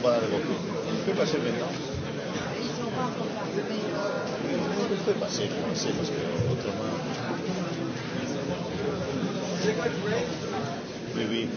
qu'on va la révoquer. Il peut passer maintenant. Il peut passer, il peut passer parce que autrement. Mais oui.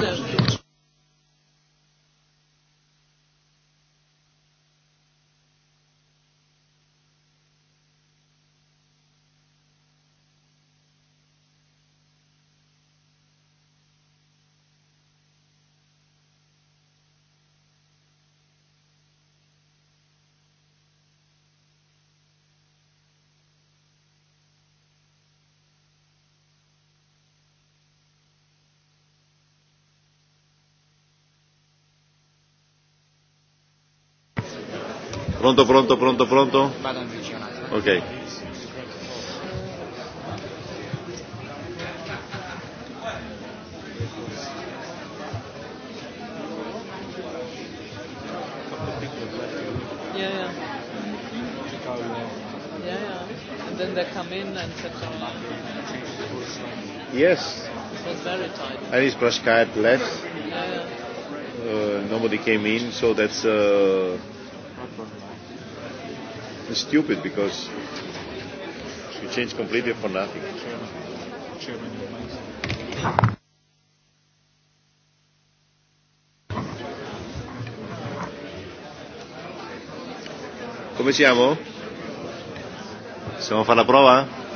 Ευχαριστώ. Pronto, pronto, pronto, pronto? Okay. Yeah, yeah. And then they come in and set up. Yes. It was very tight. And his brush card left. yeah. Uh, nobody came in, so that's... Uh, stupid because we change completely for nothing. Come siamo? Siamo a fare la prova?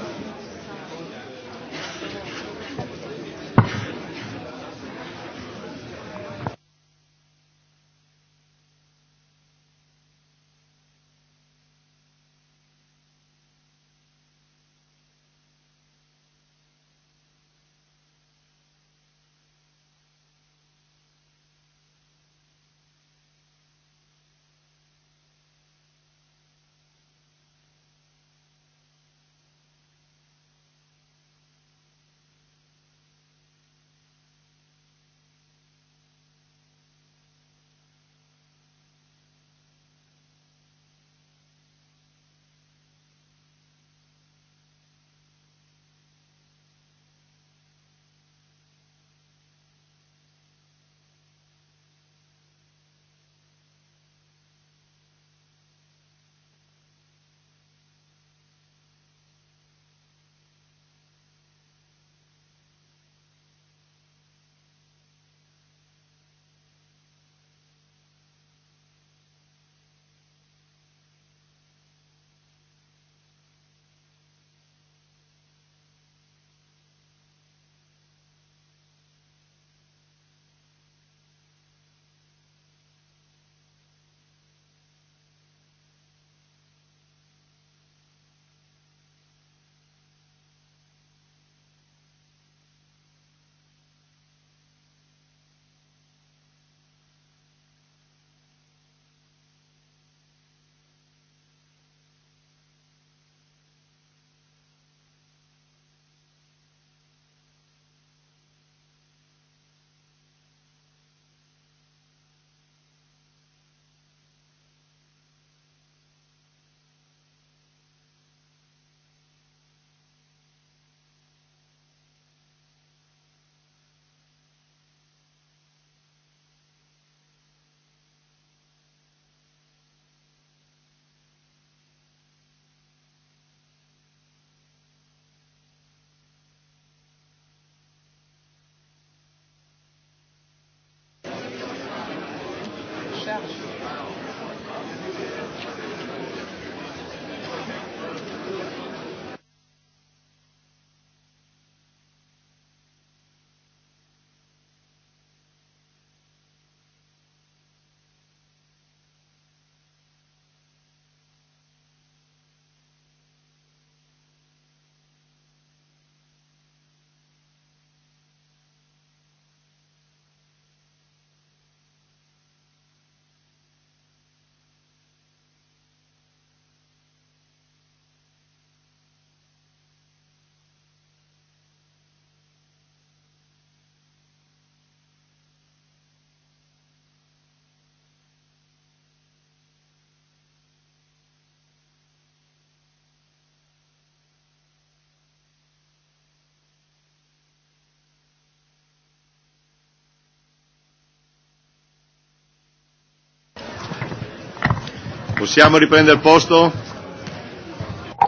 Possiamo riprendere il posto.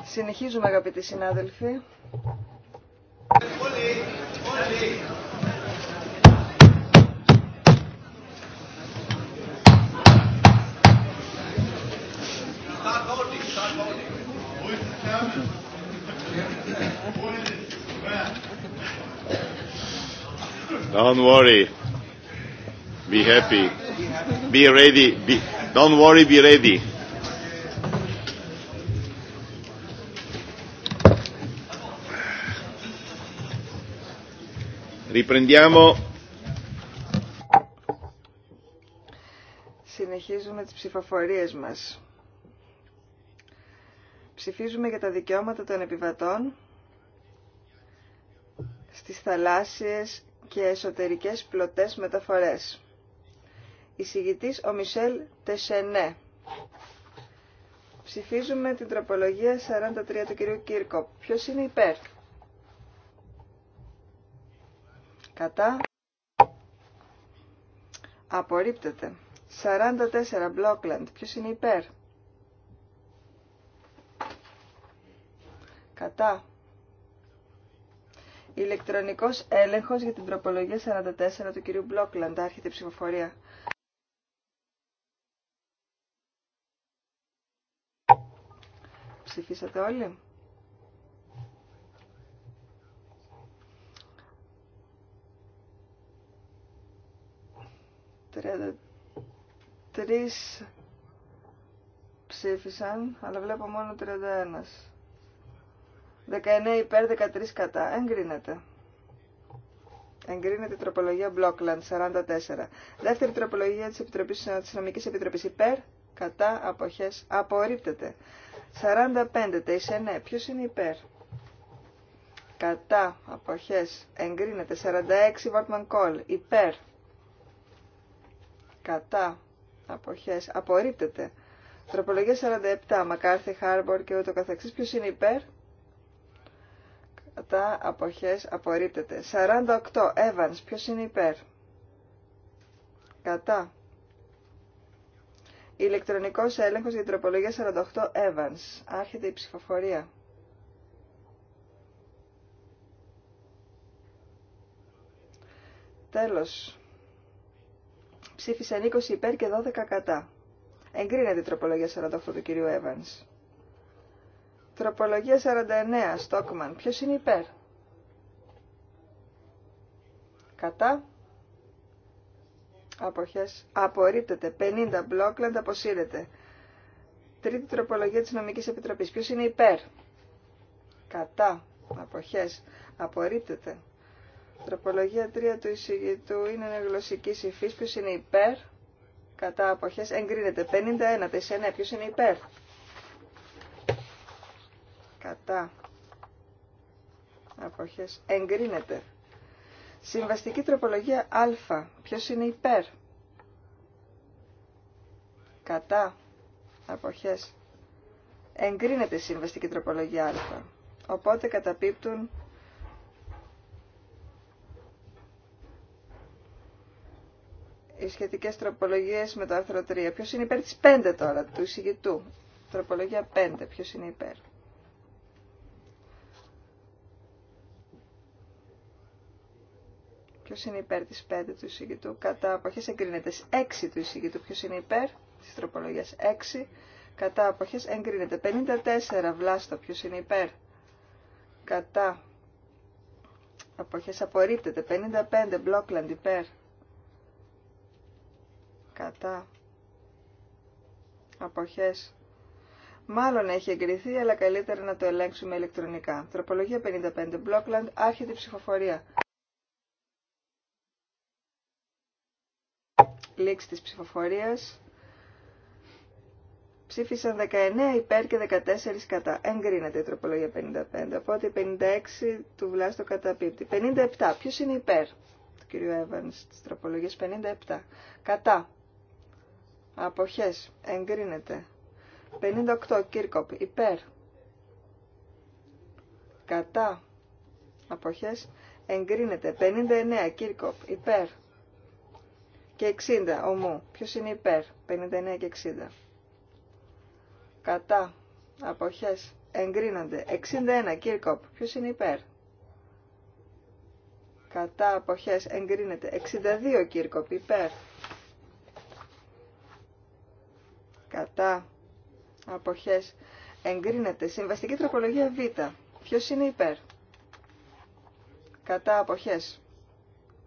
Συνεχίζουμε αγαπητοί συνάδελφοι. Don't worry. Be happy. Be ready. Be... Don't worry, be ready. Συνεχίζουμε τις ψηφοφορίες μας. Ψηφίζουμε για τα δικαιώματα των επιβατών στις θαλάσσιες και εσωτερικές πλωτές μεταφορές. Εισηγητής ο Μισελ Τεσενέ. Ψηφίζουμε την τροπολογία 43 του κυρίου Κύρκο. Ποιος είναι υπέρ. Κατά. Απορρίπτεται. 44 Μπλόκλαντ. Ποιος είναι υπέρ. Κατά. Ηλεκτρονικός έλεγχος για την τροπολογία 44 του κυρίου Μπλόκλαντ. Άρχεται η ψηφοφορία. Ψηφίσατε όλοι. 33 ψήφισαν, αλλά βλέπω μόνο 31. 19 υπέρ, 13 κατά. Εγκρίνεται. Εγκρίνεται η τροπολογία Blockland 44. Δεύτερη τροπολογία της, Επιτροπής, της Νομικής Επιτροπής υπέρ, κατά, αποχές, απορρίπτεται. 45, ναι. ποιος είναι υπέρ. Κατά, αποχές, εγκρίνεται. 46, Βόρτμαν Κόλ, υπέρ, κατά αποχές απορρίπτεται τροπολογία 47 Μακάρθι, Χάρμπορ και ούτω καθεξής ποιος είναι υπέρ κατά αποχές απορρίπτεται 48 Evans ποιος είναι υπέρ κατά ηλεκτρονικός έλεγχος για τροπολογία 48 Evans άρχεται η ψηφοφορία τέλος ψήφισαν 20 υπέρ και 12 κατά. Εγκρίνεται η τροπολογία 48 του κυρίου Evans. Τροπολογία 49, Στόκμαν. Ποιο είναι υπέρ. Κατά. Αποχές. Απορρίπτεται. 50. Μπλόκλαντ αποσύρεται. Τρίτη τροπολογία της Νομικής Επιτροπής. Ποιος είναι υπέρ. Κατά. Αποχές. Απορρίπτεται. Τροπολογία 3 του εισηγητού είναι μια γλωσσική υφή. Ποιο είναι υπέρ. Κατά αποχέ εγκρίνεται. 51 τεσσένα. Ποιο είναι υπέρ. Κατά αποχέ εγκρίνεται. Συμβαστική τροπολογία α. Ποιο είναι υπέρ. Κατά αποχέ εγκρίνεται η συμβαστική τροπολογία α. Οπότε καταπίπτουν οι σχετικέ τροπολογίε με το άρθρο 3. Ποιο είναι υπέρ τη 5 τώρα, του εισηγητού. Τροπολογία 5, Ποιο είναι υπέρ. Ποιο είναι υπέρ τη 5 του εισηγητού. Κατά αποχέ εγκρίνεται 6 του εισηγητού. Ποιο είναι υπέρ Τη τροπολογία 6. Κατά αποχέ εγκρίνεται 54 βλάστο. Ποιο είναι υπέρ. Κατά αποχές απορρίπτεται 55 μπλόκλαντ υπέρ κατά αποχές μάλλον έχει εγκριθεί αλλά καλύτερα να το ελέγξουμε ηλεκτρονικά. Τροπολογία 55 Blockland άρχεται η ψηφοφορία. Λήξη της ψηφοφορίας. Ψήφισαν 19 υπέρ και 14 κατά. Εγκρίνεται η τροπολογία 55. Οπότε 56 του Βλάστο καταπίπτει. 57. Ποιος είναι υπέρ του κυρίου Evans της τροπολογίας 57. Κατά. Αποχές. Εγκρίνεται. 58. Κύρκοπ. Υπέρ. Κατά. Αποχές. Εγκρίνεται. 59. Κύρκοπ. Υπέρ. Και 60. Ομού. Ποιος είναι υπέρ. 59 και 60. Κατά. Αποχές. Εγκρίνονται. 61. Κύρκοπ. Ποιος είναι υπέρ. Κατά. Αποχές. Εγκρίνεται. 62. Κύρκοπ. Υπέρ κατά, αποχές, εγκρίνεται. Συμβαστική τροπολογία Β. Ποιος είναι υπέρ. Κατά, αποχές,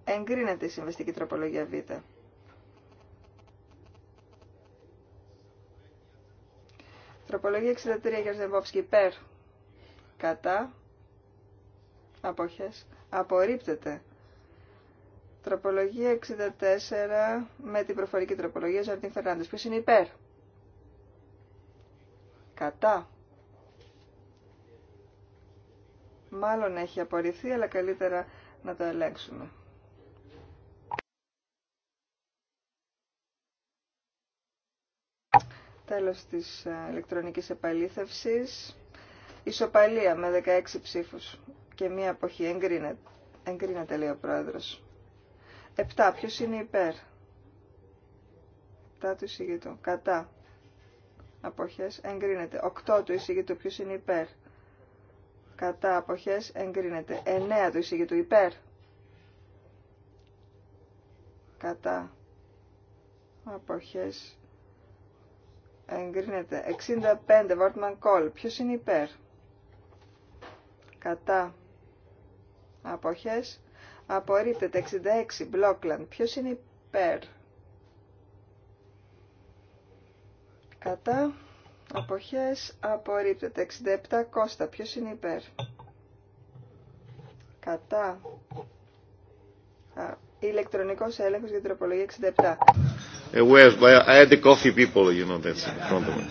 εγκρίνεται η συμβαστική τροπολογία Β. Τροπολογία 63 για Ζεμπόψκι υπέρ. Κατά. Αποχές. Απορρίπτεται. Τροπολογία 64 με την προφορική τροπολογία Ζαρτίν Φερνάντες. Ποιος είναι υπέρ. Κατά. Μάλλον έχει απορριφθεί, αλλά καλύτερα να το ελέγξουμε. Τέλος της ε, ηλεκτρονικής επαλήθευσης. Ισοπαλία με 16 ψήφους και μία αποχή. Εγκρίνεται, εγκρίνεται λέει ο πρόεδρος. 7. Ποιος είναι υπέρ. τά του εισηγητού. Κατά αποχές εγκρίνεται. 8 του εισηγητού ποιο είναι υπέρ. Κατά αποχές εγκρίνεται. 9 του εισηγητού υπέρ. Κατά αποχές εγκρίνεται. 65 Βόρτμαν Κόλ. Ποιος είναι υπέρ. Κατά αποχές απορρίπτεται. 66 Μπλόκλαντ. Ποιος είναι υπέρ. Κατά. Αποχές απορρίπτεται. 67 Κώστα. Ποιος είναι υπέρ. Κατά. Α, ηλεκτρονικός έλεγχος για τροπολογία 67. Aware, but I had the coffee people, you know, that's in front of me.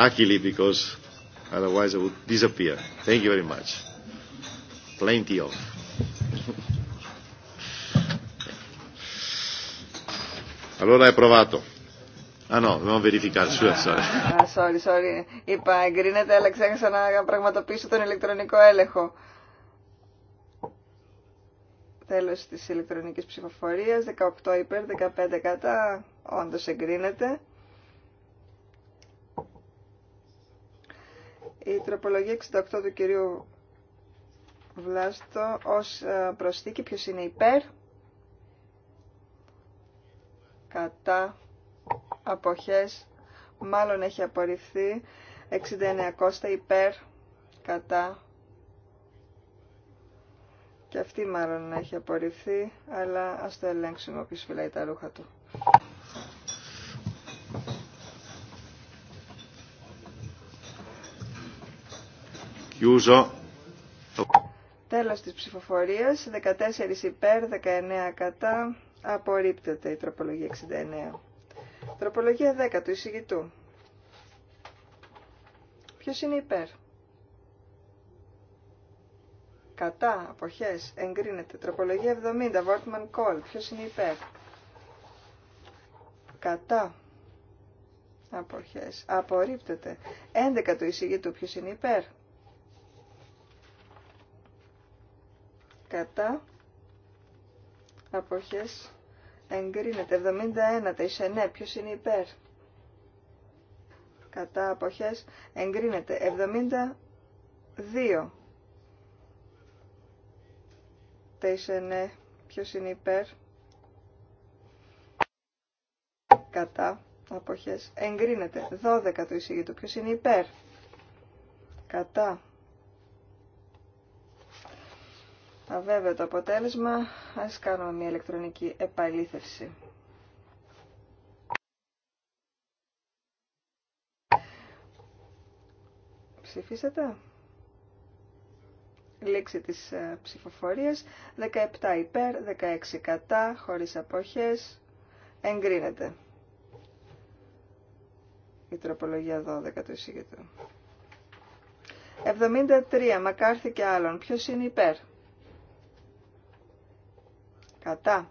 Luckily, because otherwise I would disappear. Thank you very much. Plenty of. Allora è provato. Α, ναι, δεν sorry. Α, sorry, sorry. Είπα, εγκρίνεται, αλλά ξέχασα να πραγματοποιήσω τον ηλεκτρονικό έλεγχο. Τέλο τη ηλεκτρονική ψηφοφορία, 18 υπέρ, 15 κατά, όντως εγκρίνεται. Η τροπολογία 68 του κυρίου Βλάστο ω ε, προσθήκη, ποιο είναι υπέρ, κατά, αποχές μάλλον έχει απορριφθεί 69 κόστα υπέρ κατά και αυτή μάλλον έχει απορριφθεί αλλά ας το ελέγξουμε όποιος φυλάει τα ρούχα του Chiuso. Τέλος της ψηφοφορίας, 14 υπέρ, 19 κατά, απορρίπτεται η τροπολογία 69. Τροπολογία 10 του εισηγητού. Ποιο είναι υπέρ. Κατά, αποχές, εγκρίνεται. Τροπολογία 70, Βόρτμαν Κόλ. Ποιος είναι υπέρ. Κατά, αποχές, απορρίπτεται. 11 του εισηγητού, ποιος είναι υπέρ. Κατά, αποχές, εγκρίνεται 71 ναι. ποιος είναι υπέρ κατά αποχές εγκρίνεται 72 ναι. ποιος είναι υπέρ κατά αποχές εγκρίνεται 12 το εισηγητού ποιος είναι υπέρ κατά Αβέβαια το αποτέλεσμα. Ας κάνουμε μια ηλεκτρονική επαλήθευση. Ψηφίσατε. Λήξη της ε, ψηφοφορίας. 17 υπέρ, 16 κατά, χωρίς αποχές. Εγκρίνεται. Η τροπολογία 12 του εισηγητού. 73. Μακάρθη και άλλων. Ποιος είναι υπέρ. Κατά.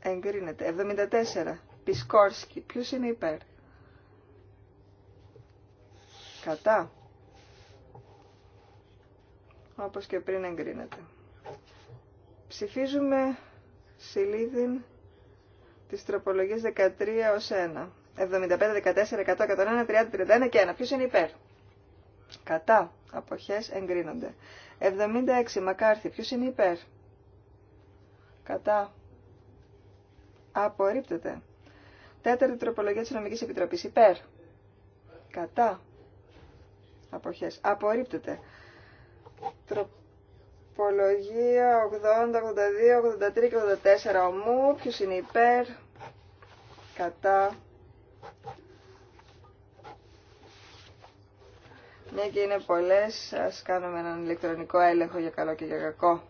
Εγκρίνεται. 74. Πισκόρσκι. Ποιο είναι υπέρ. Κατά. Όπως και πριν εγκρίνεται. Ψηφίζουμε σελίδιν της τροπολογίας 13 ως 1. 75, 14, 100, 101, 30, 31 και 1. Ποιος είναι υπέρ. Κατά. Αποχές εγκρίνονται. 76. Μακάρθη. Ποιος είναι υπέρ κατά, απορρίπτεται. Τέταρτη τροπολογία της Νομικής Επιτροπής, υπέρ, κατά, αποχές, απορρίπτεται. Τροπολογία 80, 82, 83 και 84 ομού, ποιος είναι υπέρ, κατά, Μια και είναι πολλές, ας κάνουμε έναν ηλεκτρονικό έλεγχο για καλό και για κακό.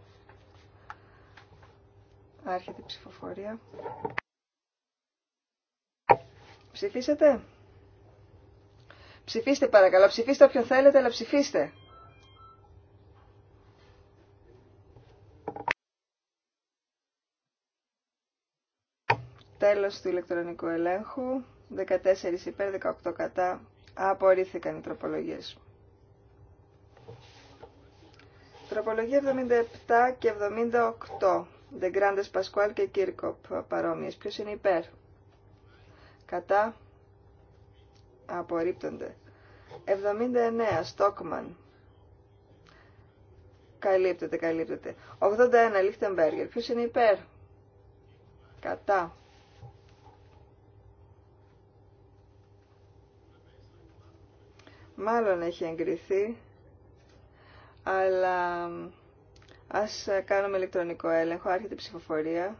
Άρχεται η ψηφοφορία. Ψηφίσετε. Ψηφίστε παρακαλώ. Ψηφίστε όποιον θέλετε, αλλά ψηφίστε. Τέλος του ηλεκτρονικού ελέγχου. 14 υπέρ, 18 κατά. Απορρίφθηκαν οι τροπολογίες. Τροπολογία 77 και 78. Grandes Πασκουάλ και Κίρκοπ παρόμοιες. Ποιος είναι υπέρ. Κατά. Απορρίπτονται. 79. Στόκμαν. Καλύπτεται, καλύπτεται. 81. Λίχτεμπεργκερ. Ποιος είναι υπέρ. Κατά. Μάλλον έχει εγκριθεί. Αλλά Ας κάνουμε ηλεκτρονικό έλεγχο, άρχεται η ψηφοφορία,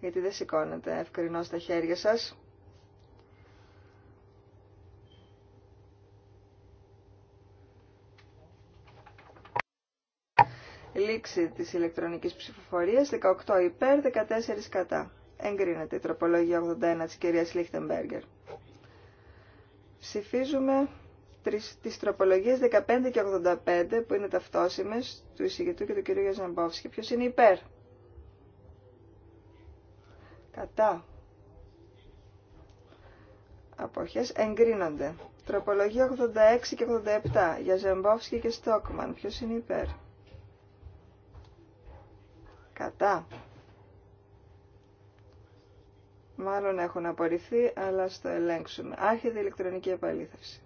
γιατί δεν σηκώνετε ευκρινώς τα χέρια σας. Λήξη της ηλεκτρονικής ψηφοφορίας, 18 υπέρ, 14 κατά. Εγκρίνεται η τροπολογία 81 της κυρίας Λίχτεμπέργκερ. Ψηφίζουμε τις τροπολογίες 15 και 85 που είναι ταυτόσιμες του εισηγητού και του κυρίου Γιαζαμπόφσκη. Ποιος είναι υπέρ. Κατά. Αποχές εγκρίνονται. Τροπολογία 86 και 87 για Ζεμπόφσκι και Στόκμαν. Ποιος είναι υπέρ. Κατά. Μάλλον έχουν απορριφθεί, αλλά στο ελέγξουμε. Άρχεται η ηλεκτρονική επαλήθευση.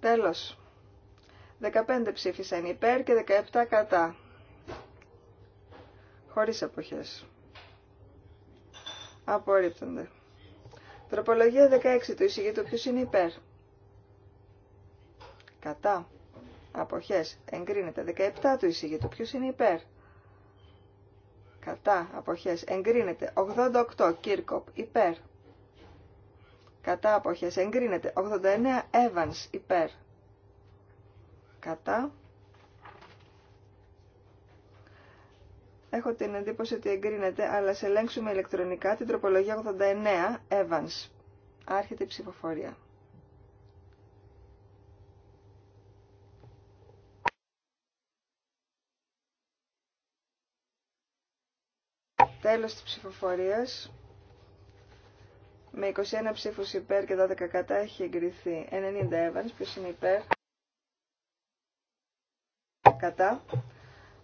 Τέλος. 15 ψήφισαν υπέρ και 17 κατά. Χωρίς αποχές. Απορρίπτονται. Τροπολογία 16 του εισηγήτου ποιος είναι υπέρ. Κατά. Αποχές. Εγκρίνεται. 17 του εισηγήτου ποιος είναι υπέρ. Κατά. Αποχές. Εγκρίνεται. 88. Κύρκοπ. Υπέρ. Κατά αποχές εγκρίνεται. 89 Evans υπέρ. Κατά. Έχω την εντύπωση ότι εγκρίνεται, αλλά σε ελέγξουμε ηλεκτρονικά την τροπολογία 89 Evans. Άρχεται η ψηφοφορία. Τέλος της ψηφοφορίας με 21 ψήφους υπέρ και 12 κατά έχει εγκριθεί 90 Evans, ποιος είναι υπέρ, κατά,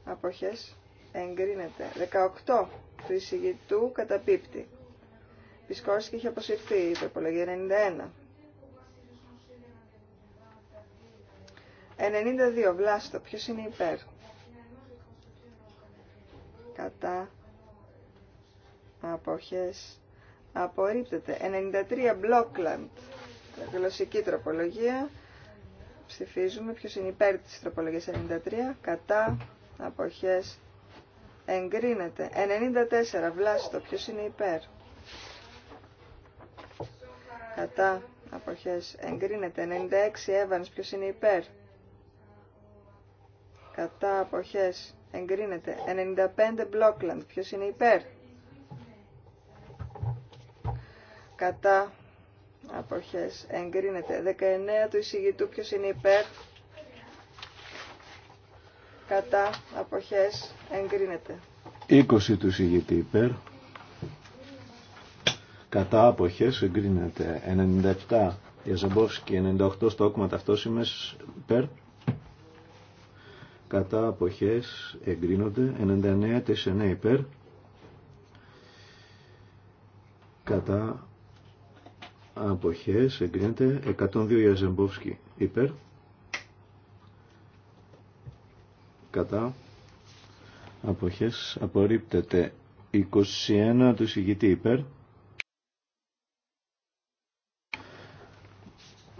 αποχές, εγκρίνεται. 18 του εισηγητού καταπίπτει. και είχε αποσυρθεί η υπερπολογία 91. 92 Βλάστο, ποιος είναι υπέρ, κατά, αποχές, Απορρίπτεται. 93 Blockland. Γλωσσική τροπολογία. Ψηφίζουμε ποιος είναι υπέρ της τροπολογίας 93. Κατά. Αποχές. Εγκρίνεται. 94 Βλάστο. Ποιος είναι υπέρ. Κατά. Αποχές. Εγκρίνεται. 96 Evans. Ποιος είναι υπέρ. Κατά. Αποχές. Εγκρίνεται. 95 Blockland. Ποιος είναι υπέρ κατά αποχές εγκρίνεται 19 του εισηγητού ποιος είναι υπέρ κατά αποχές εγκρίνεται 20 του εισηγητή υπέρ κατά αποχές εγκρίνεται 97 Ζαμπόφσκι 98 στόκμα ταυτόσημες υπέρ κατά αποχές εγκρίνονται 99 της 9 υπέρ κατά αποχές εγκρίνεται 102 για Ζεμπόφσκι υπέρ κατά αποχές απορρίπτεται 21 του συγκητή υπέρ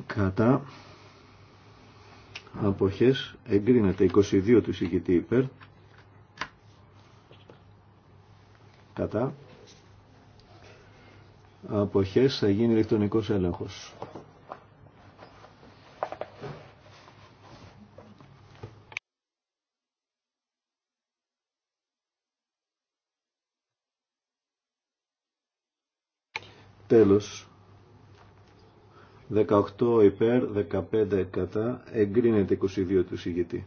κατά αποχές εγκρίνεται 22 του συγκητή υπέρ κατά αποχές θα γίνει ηλεκτρονικός έλεγχος. Τέλος. 18 υπέρ, 15 κατά, εγκρίνεται 22 του συγγετή.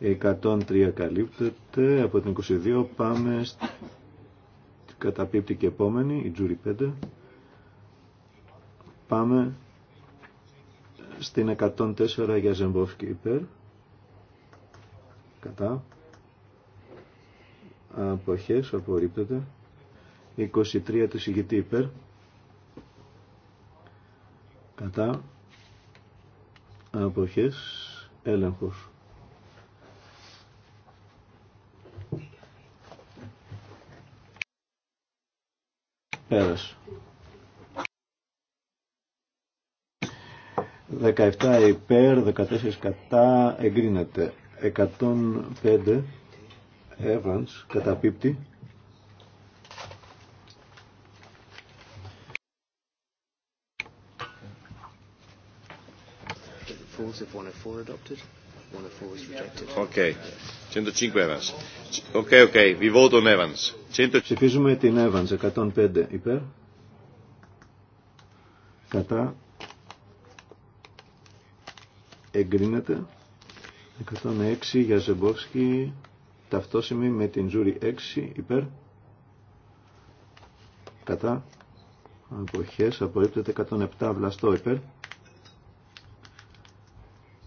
103 καλύπτεται, από την 22 πάμε Καταπίπτει και επόμενη, η Τζούρι 5. Πάμε στην 104 για Ζεμπόφσκι υπέρ. Κατά. Αποχές, απορρίπτεται. 23 του συγκητή υπέρ. Κατά. Αποχές, έλεγχος. 17 υπέρ, 14 κατά, εγκρίνεται. 105 Evans, καταπίπτει. Falls 105 Evans. Ψηφίζουμε την Evans 105 υπέρ. Κατά. Εγκρίνεται. 106 για Ζεμπόφσκι. Ταυτόσημη με την Ζούρι 6 υπέρ. Κατά. Αποχές απορρίπτεται 107 βλαστό υπέρ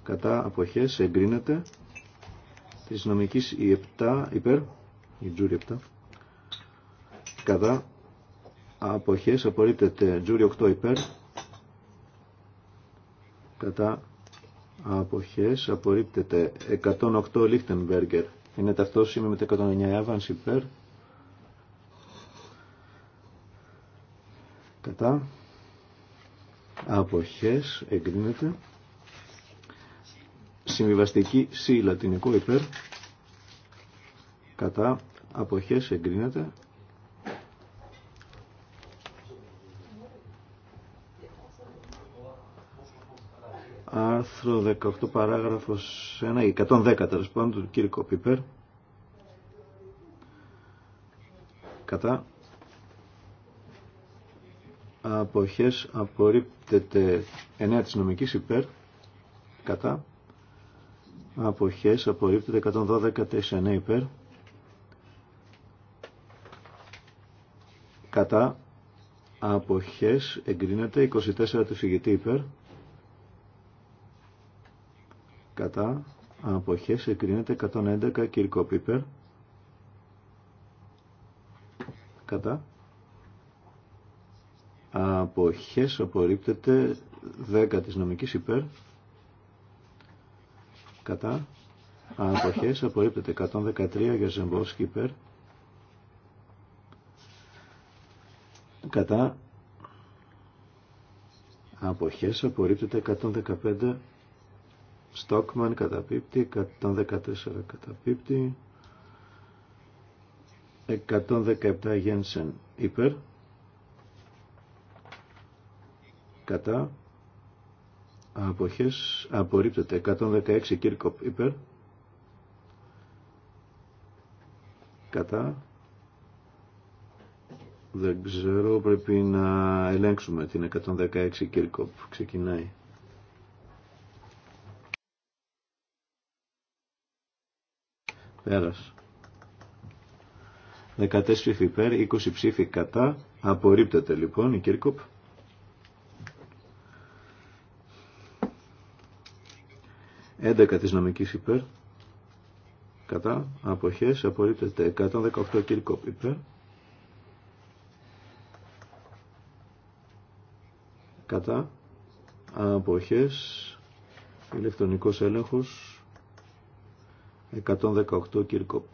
κατά αποχές εγκρίνεται της νομικής η 7 υπέρ η τζούρι 7 κατά αποχές απορρίπτεται τζούρι 8 υπέρ κατά αποχές απορρίπτεται 108 Λίχτενμπέργκερ είναι ταυτόσιμη με το 109 Εύανς υπέρ κατά αποχές εγκρίνεται Συμβιβαστική C λατινικό υπέρ κατά αποχές εγκρίνεται. Άρθρο 18 παράγραφος 1, 110 τέλος πάντων του Κύρικο Πίπερ. Κατά αποχές απορρίπτεται 9 της νομικής υπέρ. Κατά αποχές απορρίπτεται 112 υπέρ κατά αποχές εγκρίνεται 24 του φυγητή υπέρ κατά αποχές εγκρίνεται 111 κυρκόπ πίπερ, κατά αποχές απορρίπτεται 10 της νομικής υπέρ κατά αποχές απορρίπτεται 113 για Ζεμπόσκι υπέρ κατά αποχές απορρίπτεται 115 Στόκμαν καταπίπτει 114 καταπίπτει 117 Γένσεν υπέρ κατά αποχές απορρίπτεται 116 Κίρκοπ υπέρ κατά δεν ξέρω πρέπει να ελέγξουμε την 116 Κίρκοπ ξεκινάει πέρας 14 ψήφοι υπέρ 20 ψήφοι κατά απορρίπτεται λοιπόν η Κίρκοπ 11 της νομικής υπέρ κατά αποχές απορρίπτεται 118 κύρκοπ υπέρ κατά αποχές ηλεκτρονικός έλεγχος 118 κύρκοπ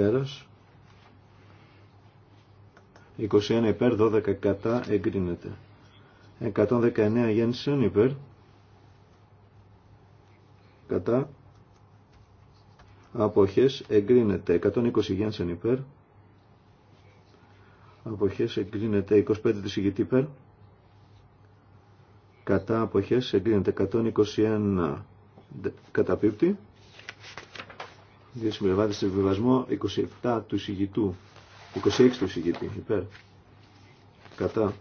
Πέρας. 21 υπέρ, 12 κατά, εγκρίνεται. 119 γέννησεων υπέρ. Κατά. Αποχές εγκρίνεται. 120 γέννησεων υπέρ. Αποχές εγκρίνεται. 25 της ηγητή υπέρ. Κατά αποχές εγκρίνεται. 121 καταπίπτει. Δύο σε στο βιβασμό 27 του εισηγητού. 26 του εισηγητή. Υπέρ. Κατά.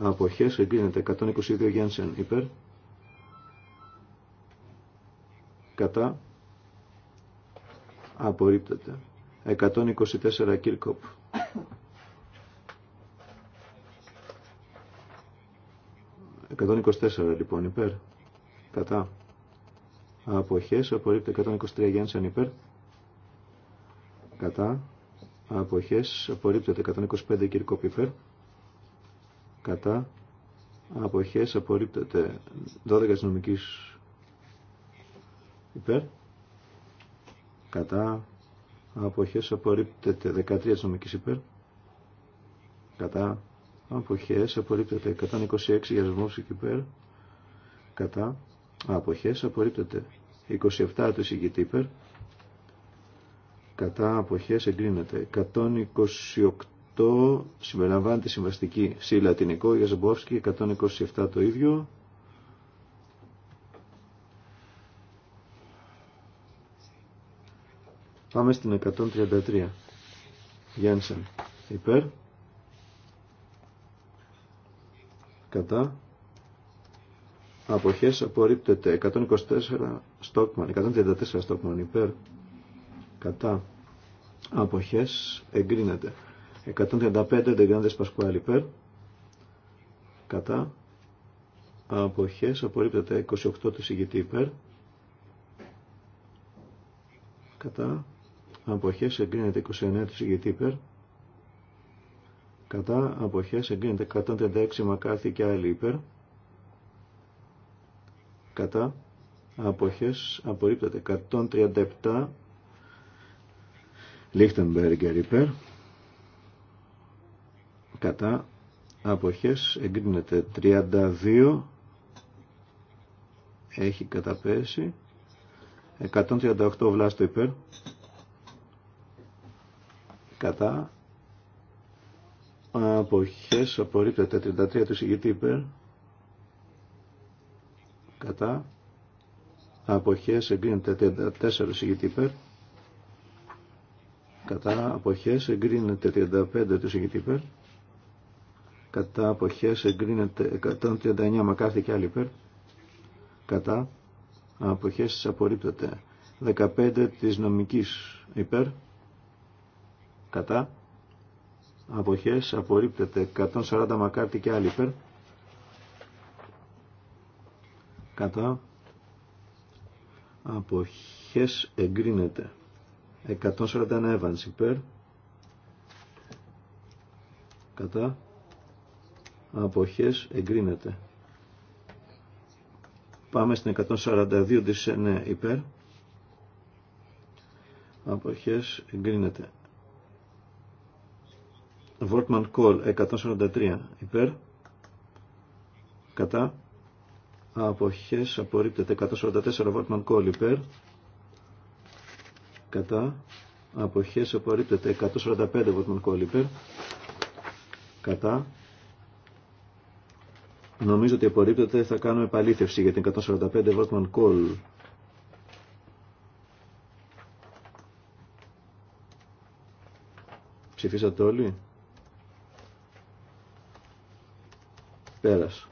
Αποχές εγκλίνεται, 122 Γένσεν. Υπέρ. Κατά. Απορρίπτεται. 124 Κίρκοπ. ...124 λοιπόν υπέρ... ...κατά αποχές απορρίπτεται 123 Γένσεν υπέρ κατά αποχές απορρίπτεται 125 κυρικό υπέρ κατά αποχές απορρίπτεται 12 αστυνομικής υπέρ κατά αποχές απορρίπτεται 13 αστυνομικής υπέρ κατά αποχές απορρίπτεται 126 για υπέρ κατά αποχές απορρίπτεται 27 του εισηγητή υπέρ κατά αποχές εγκρίνεται 128 συμπεριλαμβάνεται συμβαστική Συλλατινικό. λατινικό για Ζεμπόφσκι 127 το ίδιο Πάμε στην 133. Γιάννησεν. Υπέρ. Κατά αποχές απορρίπτεται 124 στόκμαν 134 στόκμαν υπέρ κατά αποχές εγκρίνεται 135 δεγκράντες πασκουάλ υπέρ κατά αποχές απορρίπτεται 28 του συγκητή υπέρ κατά αποχές εγκρίνεται 29 του συγκητή υπέρ κατά αποχές εγκρίνεται 136 μακάρθη και άλλοι υπέρ κατά αποχές απορρίπτεται 137 Λίχτενμπεργκερ υπέρ κατά αποχές εγκρίνεται 32 έχει καταπέσει 138 βλάστο υπέρ κατά αποχές απορρίπτεται 33 του συγκητή υπέρ κατά αποχές εγκρίνεται 34 ηγητή υπέρ κατά αποχές εγκρίνεται 35 του ηγητή υπέρ κατά αποχές εγκρίνεται 139 μακάρθη και άλλη υπέρ κατά αποχές απορρίπτεται 15 της νομικής υπέρ κατά αποχές απορρίπτεται 140 μακάρτη και άλλη υπέρ κατά αποχές εγκρίνεται 141 Evans υπέρ κατά αποχές εγκρίνεται πάμε στην 142 της ναι, υπέρ αποχές εγκρίνεται Βόρτμαν Κόλ 143 υπέρ κατά αποχές απορρίπτεται 144 Βόρτμαν Κόλ κατά αποχές απορρίπτεται 145 Βόρτμαν Κόλ κατά νομίζω ότι απορρίπτεται θα κάνουμε επαλήθευση για την 145 Βόρτμαν Κόλ ψηφίσατε όλοι πέρασε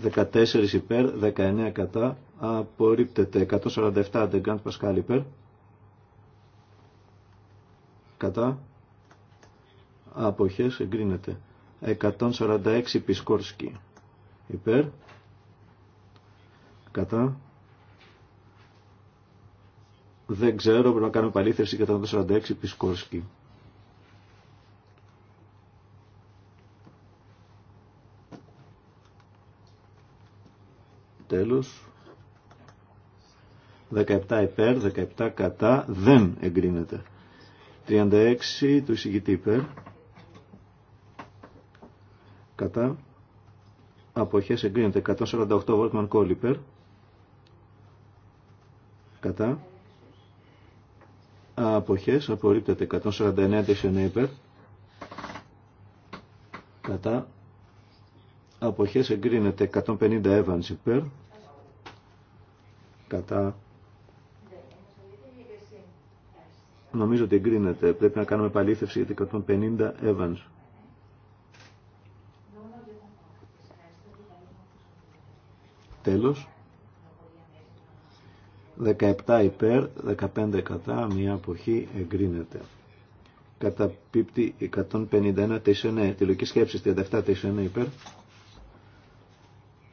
14 υπέρ, 19 κατά, απορρίπτεται. 147 αντεγκάντ Πασκάλ υπέρ, κατά, αποχές εγκρίνεται. 146 Πισκόρσκι υπέρ, κατά, δεν ξέρω, πρέπει να κάνουμε παλήθευση 146 Πισκόρσκι. Τέλος. 17 υπέρ, 17 κατά, δεν εγκρίνεται. 36 του εισηγητή υπέρ. Κατά. Αποχές εγκρίνεται. 148 βόλτμαν Κόλ υπέρ. Κατά. Αποχές απορρίπτεται. 149 Τεσσενέ υπέρ. Κατά. Αποχές εγκρίνεται. 150 Evans υπέρ κατά νομίζω ότι εγκρίνεται πρέπει να κάνουμε παλήθευση για 150 Evans τέλος 17 υπέρ 15 κατά μια αποχή εγκρίνεται πίπτη 151 τεσσενέ τη λογική σκέψη 37 τεσσενέ υπέρ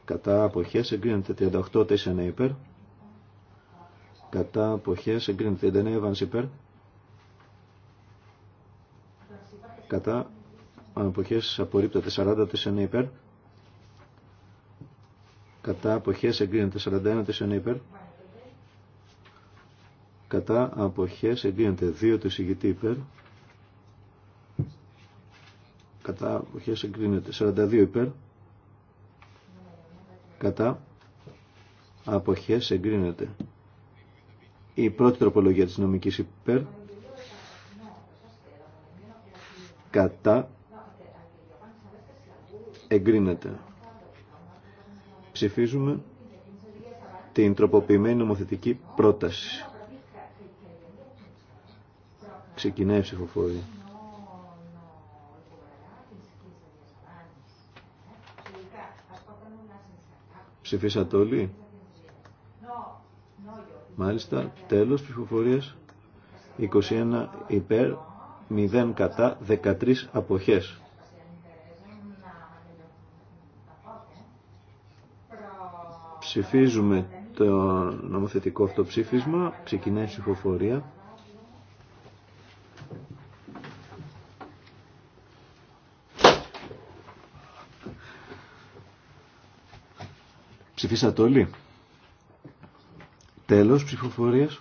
κατά αποχές εγκρίνεται 38 τεσσενέ υπέρ κατά αποχές εγκρίνεται 39 Evans υπέρ κατά αποχές απορρίπτεται 40 είναι υπέρ κατά αποχές εγκρίνεται 41 είναι υπέρ κατά αποχές εγκρίνεται 2 τη ηγητή υπέρ κατά αποχές εγκρίνεται 42 υπέρ κατά αποχές εγκρίνεται η πρώτη τροπολογία της νομικής υπέρ κατά εγκρίνεται. Ψηφίζουμε την τροποποιημένη νομοθετική πρόταση. Ξεκινάει η ψηφοφορία. Ψηφίσατε όλοι. Μάλιστα, τέλος ψηφοφορίας 21 υπέρ, 0 κατά, 13 αποχές. Ψηφίζουμε το νομοθετικό αυτό ψήφισμα, ξεκινάει η ψηφοφορία. Ψηφίσατε όλοι. Τέλος ψηφοφορίας.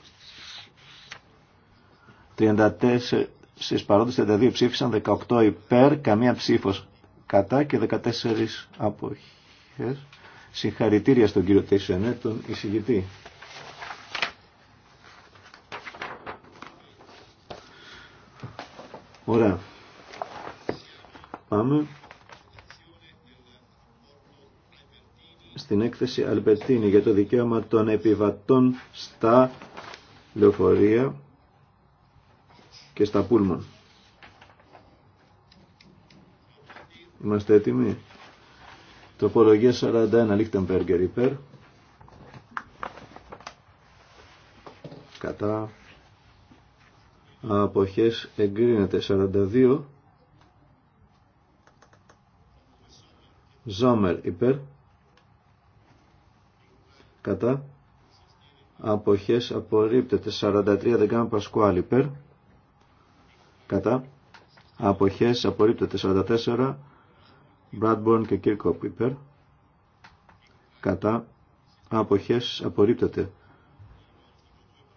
34 στις παρόντες 32 ψήφισαν, 18 υπέρ, καμία ψήφος κατά και 14 αποχές. Συγχαρητήρια στον κύριο Τέισενέ, τον εισηγητή. έκθεση Αλμπερτίνη για το δικαίωμα των επιβατών στα λεωφορεία και στα πούλμαν. Είμαστε έτοιμοι. Τοπολογία 41 Λίχτεμπεργκερ υπέρ. Κατά αποχές εγκρίνεται 42. Ζόμερ υπέρ κατά αποχές απορρίπτεται 43 κάνουμε Πασκουάλ υπέρ κατά αποχές απορρίπτεται 44 Μπράντμπορν και Κίρκοπ υπέρ κατά αποχές απορρίπτεται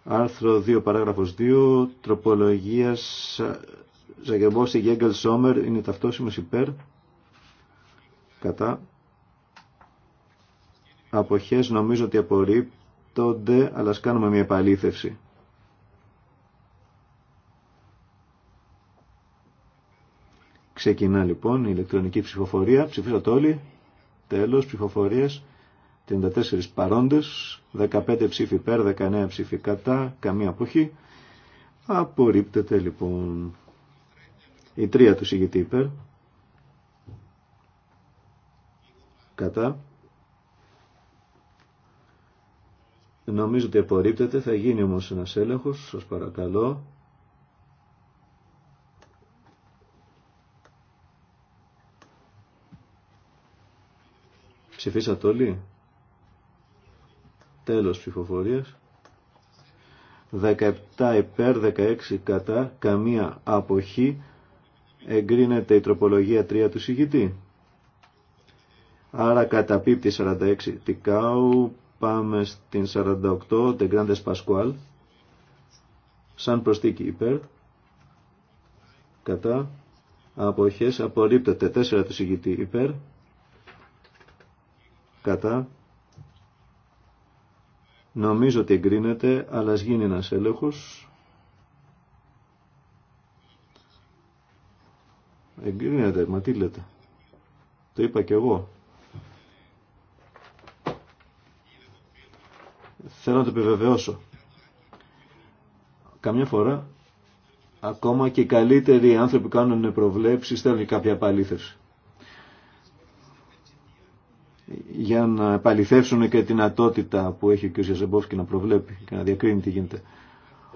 άρθρο 2 παράγραφος 2 τροπολογίας Ζαγεμπόση Γέγκελ Σόμερ είναι ταυτόσιμος υπέρ κατά Αποχές νομίζω ότι απορρίπτονται, αλλά ας κάνουμε μια επαλήθευση. Ξεκινά λοιπόν η ηλεκτρονική ψηφοφορία. Ψηφίσατε όλοι. Τέλος ψηφοφορίας. 34 παρόντες, 15 ψήφοι υπέρ, 19 ψήφοι κατά, καμία αποχή. Απορρίπτεται λοιπόν η τρία του συγγητή υπέρ. Κατά. Νομίζω ότι απορρίπτεται. Θα γίνει όμως ένας έλεγχος. Σας παρακαλώ. Ψηφίσατε όλοι. Τέλος ψηφοφορίας. 17 υπέρ, 16 κατά, καμία αποχή. Εγκρίνεται η τροπολογία 3 του συγητή. Άρα καταπίπτει 46 τικάου, Πάμε στην 48, Grandes Πασκαλ, Σαν προστίκη υπέρ. Κατά. Αποχές απορρίπτεται. 4 του συγκητή υπέρ. Κατά. Νομίζω ότι εγκρίνεται, αλλά ας γίνει ένας έλεγχος. Εγκρίνεται, μα τι λέτε. Το είπα και εγώ. Θέλω να το επιβεβαιώσω. Καμιά φορά ακόμα και οι καλύτεροι άνθρωποι που κάνουν προβλέψεις θέλουν κάποια επαλήθευση. Για να επαληθεύσουν και την ατότητα που έχει ο κ. Ζεμπόφσκι να προβλέπει και να διακρίνει τι γίνεται.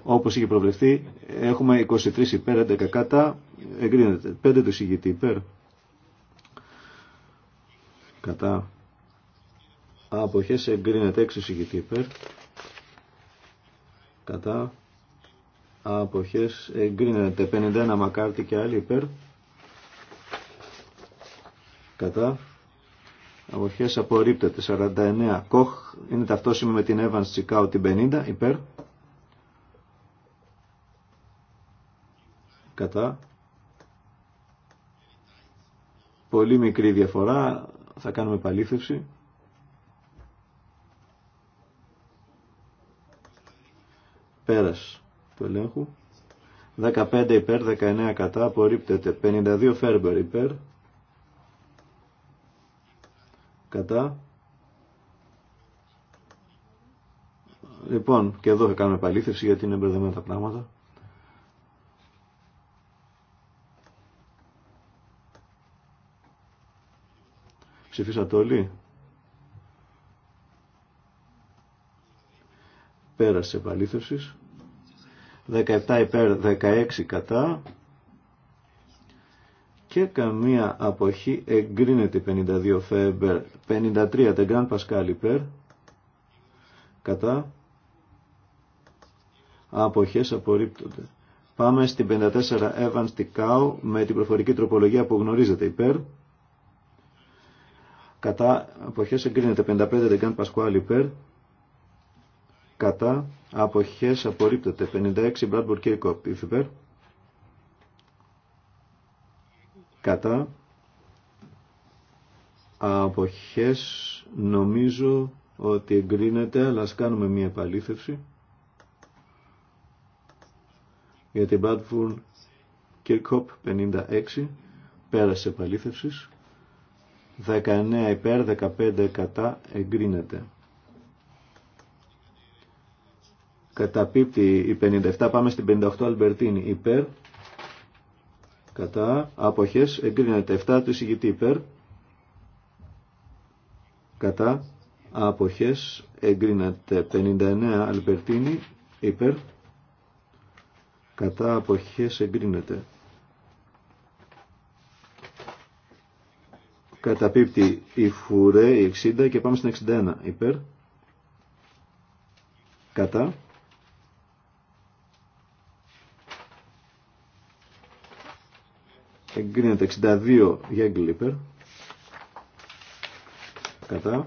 Όπως είχε προβλεφθεί, έχουμε 23 υπέρ, 11 κατά, εγκρίνεται. 5 του συγγητή υπέρ. Κατά. Αποχές εγκρίνεται 6 συγκριτή υπέρ κατά αποχές εγκρίνεται 51 μακάρτι και άλλοι υπέρ κατά αποχές απορρίπτεται 49 κοχ είναι ταυτόσιμο με την Evans Τσικάου την 50 υπέρ κατά πολύ μικρή διαφορά θα κάνουμε παλήθευση Πέρας του ελέγχου. 15 υπέρ, 19 κατά, απορρίπτεται. 52 Φέρμπερ υπέρ. Κατά. Λοιπόν, και εδώ θα κάνουμε επαλήθευση γιατί είναι μπερδεμένα τα πράγματα. Ψηφίσατε όλοι. πέρας επαλήθευση, 17 υπέρ 16 κατά και καμία αποχή εγκρίνεται 52 Φέμπερ 53 Τεγκράν Πασκάλ υπέρ κατά αποχές απορρίπτονται Πάμε στην 54 Evans Tikau με την προφορική τροπολογία που γνωρίζετε υπέρ. Κατά αποχές εγκρίνεται 55 Δεγκάν Πασκουάλ υπέρ κατά αποχές απορρίπτεται 56 Bradford Kirkhope κατά αποχές νομίζω ότι εγκρίνεται αλλά ας κάνουμε μια επαλήθευση για την Bradford 56 πέρασε επαλήθευσης 19 υπέρ 15 κατά εγκρίνεται Καταπίπτει η 57. Πάμε στην 58 Αλμπερτίνη. Υπέρ. Κατά. Άποχες. Εγκρίνεται. 7 του εισηγητή. Υπέρ. Κατά. Άποχες. Εγκρίνεται. 59 Αλμπερτίνη. Υπέρ. Κατά. Άποχες. Εγκρίνεται. Καταπίπτει η φουρέ η 60 και πάμε στην 61. Υπέρ. Κατά εγκρίνεται 62 Γέγκλ κατά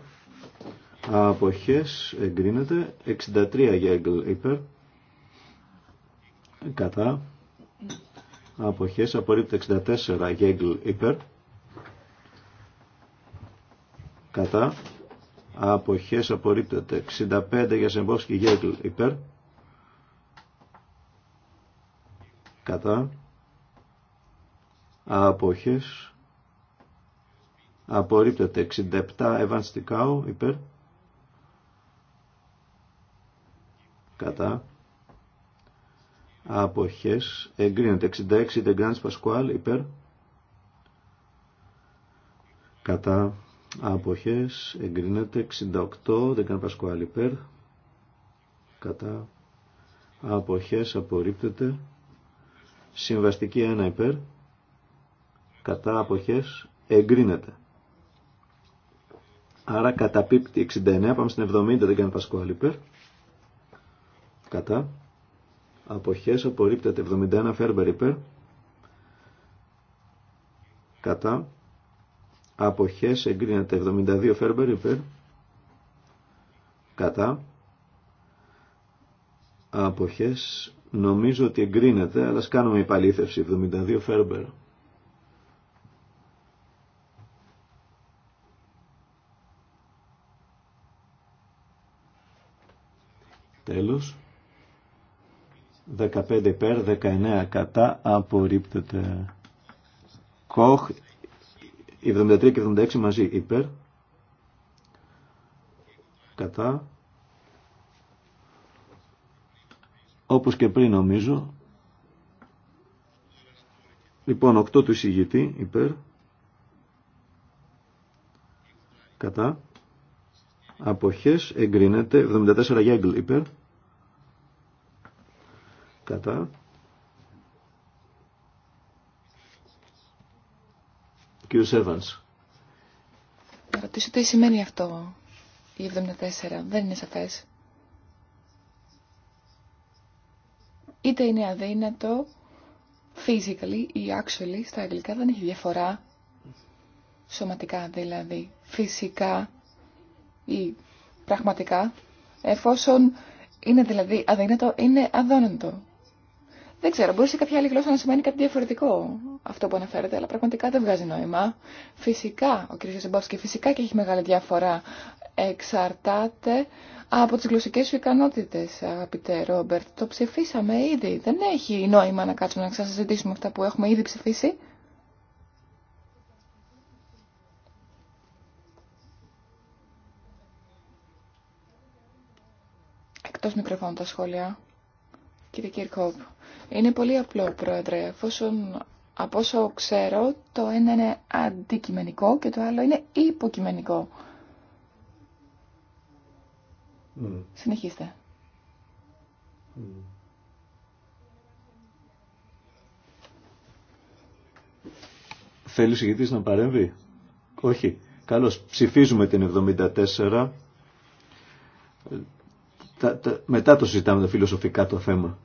αποχές εγκρίνεται 63 Γέγκλ υπέρ κατά αποχές απορρίπτεται 64 Γέγκλ υπέρ κατά αποχές απορρίπτεται 65 για σεμπόσκι Γέγκλ κατά αποχές απορρίπτεται 67 ευανστικάου υπέρ κατά αποχές εγκρίνεται 66 τεγκράντς πασκουάλ υπέρ κατά αποχές εγκρίνεται 68 τεγκράντς πασκουάλ υπέρ κατά αποχές απορρίπτεται συμβαστική 1 υπέρ κατά αποχές εγκρίνεται. Άρα καταπίπτει 69, πάμε στην 70, δεν κάνει Πασκουάλ υπέρ. Κατά. Αποχές απορρίπτεται 71 Φέρμπερ υπέρ. Κατά. Αποχές εγκρίνεται 72 Φέρμπερ υπέρ. Κατά. Αποχές νομίζω ότι εγκρίνεται, αλλά κάνουμε υπαλήθευση 72 Φέρμπερ. Τέλος. 15 υπέρ, 19 κατά, απορρίπτεται. Κοχ, 73 και 76 μαζί, υπέρ. Κατά. Όπως και πριν νομίζω. Λοιπόν, 8 του εισηγητή, υπέρ. Κατά. Αποχές, εγκρίνεται, 74 γέγκλ υπέρ Κατά. Κύριο Σέβανς. Να ρωτήσω τι σημαίνει αυτό η 74. Δεν είναι σαφές. Είτε είναι αδύνατο, physically ή actually, στα αγγλικά δεν έχει διαφορά. Σωματικά δηλαδή, φυσικά ή πραγματικά. Εφόσον είναι δηλαδή αδύνατο, είναι αδόνατο. Δεν ξέρω, μπορεί σε κάποια άλλη γλώσσα να σημαίνει κάτι διαφορετικό αυτό που αναφέρεται, αλλά πραγματικά δεν βγάζει νόημα. Φυσικά, ο κ. Σεμπόφσκι φυσικά και έχει μεγάλη διαφορά. Εξαρτάται από τι γλωσσικέ σου ικανότητε, αγαπητέ Ρόμπερτ. Το ψηφίσαμε ήδη. Δεν έχει νόημα να κάτσουμε να ξανασυζητήσουμε αυτά που έχουμε ήδη ψηφίσει. Εκτός μικροφώνου τα σχόλια. Είναι πολύ απλό, Πρόεδρε, εφόσον από όσο ξέρω το ένα είναι αντικειμενικό και το άλλο είναι υποκειμενικό. Mm. Συνεχίστε. Mm. Θέλει ο ηγητής να παρέμβει. Όχι. Καλώς. Ψηφίζουμε την 74. Ε, τα, τα, μετά το συζητάμε το φιλοσοφικά το θέμα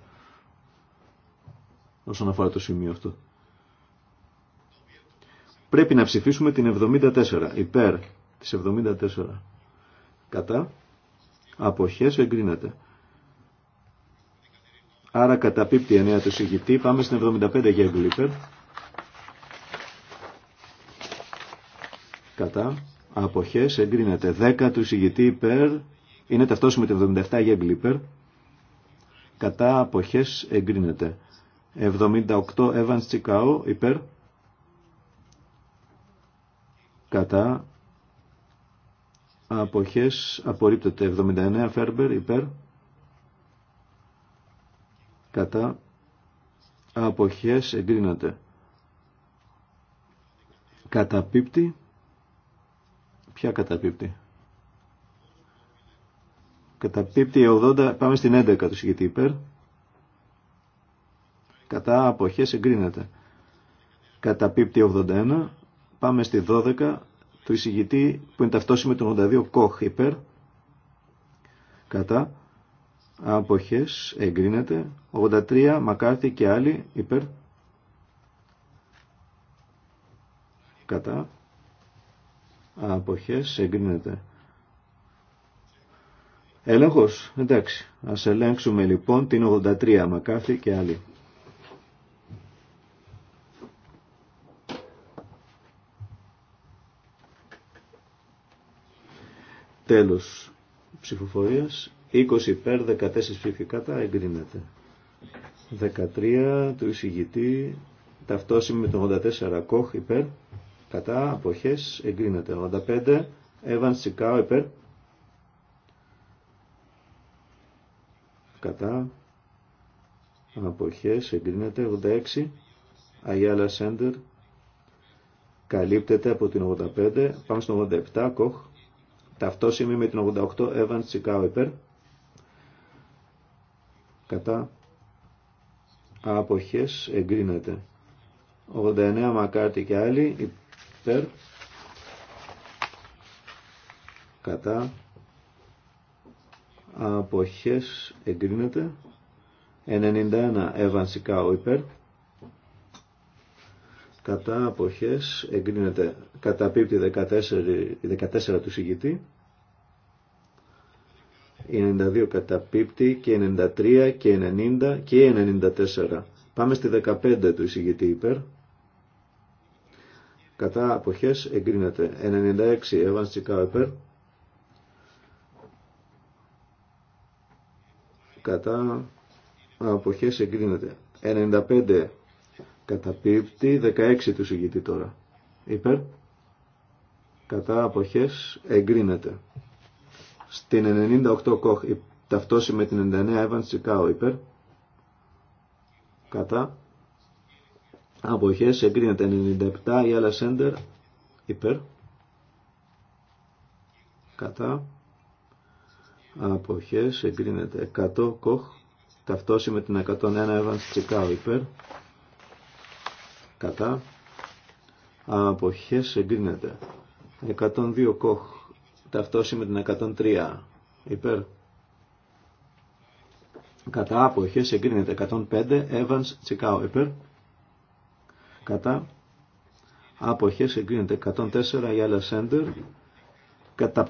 όσον αφορά το σημείο αυτό. Πρέπει να ψηφίσουμε την 74, υπέρ της 74. Κατά, αποχές εγκρίνεται. Άρα καταπίπτει η 9 του συγκητή, πάμε στην 75 για εγκλήπερ. Κατά, αποχές εγκρίνεται. 10 του συγκητή υπέρ, είναι ταυτόσιμο με την 77 για εγκλήπερ. Κατά, αποχές εγκρίνεται. 78 Evans Τσικάου υπέρ κατά αποχές απορρίπτεται 79 Φέρμπερ υπέρ κατά αποχές εγκρίνεται καταπίπτει ποια καταπίπτει καταπίπτει 80 πάμε στην 11 του συγκεκριτή υπέρ κατά αποχές εγκρίνεται. Κατά πίπτη 81, πάμε στη 12 του εισηγητή που είναι με τον 82 κοχ υπέρ, κατά αποχές εγκρίνεται. 83 Μακάρθη και άλλοι υπέρ, κατά αποχές εγκρίνεται. Έλεγχος, εντάξει. Ας ελέγξουμε λοιπόν την 83 Μακάρθη και άλλοι. Τέλος ψηφοφορίας. 20 υπέρ, 14 ψήφοι κατά, εγκρίνεται. 13 του εισηγητή, ταυτόσιμη με το 84 κοχ υπέρ, κατά, αποχές, εγκρίνεται. 85 Εύαν Σικάο υπέρ, κατά, αποχές, εγκρίνεται. 86 Αγιάλα Σέντερ, καλύπτεται από την 85, πάμε στο 87 κοχ, ταυτόσημη με την 88 Evans Τσικάου υπέρ κατά αποχές εγκρίνεται 89 Μακάρτη και άλλοι υπέρ κατά αποχές εγκρίνεται 91 Evans Τσικάου υπέρ κατά αποχές εγκρίνεται καταπίπτει 14, 14 του συγκητή. 92 92 καταπίπτει και 93 και 90 και 94. Πάμε στη 15 του εισηγητή υπέρ. Κατά αποχές εγκρίνεται. 96 Εύαν Τσικάου υπέρ. Κατά αποχές εγκρίνεται. 95 καταπίπτει. 16 του εισηγητή τώρα. Υπέρ κατά αποχές εγκρίνεται. Στην 98 Κοχ ταυτόση με την 99 Evans Τσικάου υπέρ κατά αποχές εγκρίνεται 97 η άλλα σέντερ υπέρ κατά αποχές εγκρίνεται 100 Κοχ ταυτόση με την 101 Evans Τσικάου υπέρ κατά αποχές εγκρίνεται 102 κοχ ταυτόση με την 103 υπέρ κατά άποχες εγκρίνεται 105 Evans Τσικάο υπέρ κατά άποχες εγκρίνεται 104 Γιάλα Σέντερ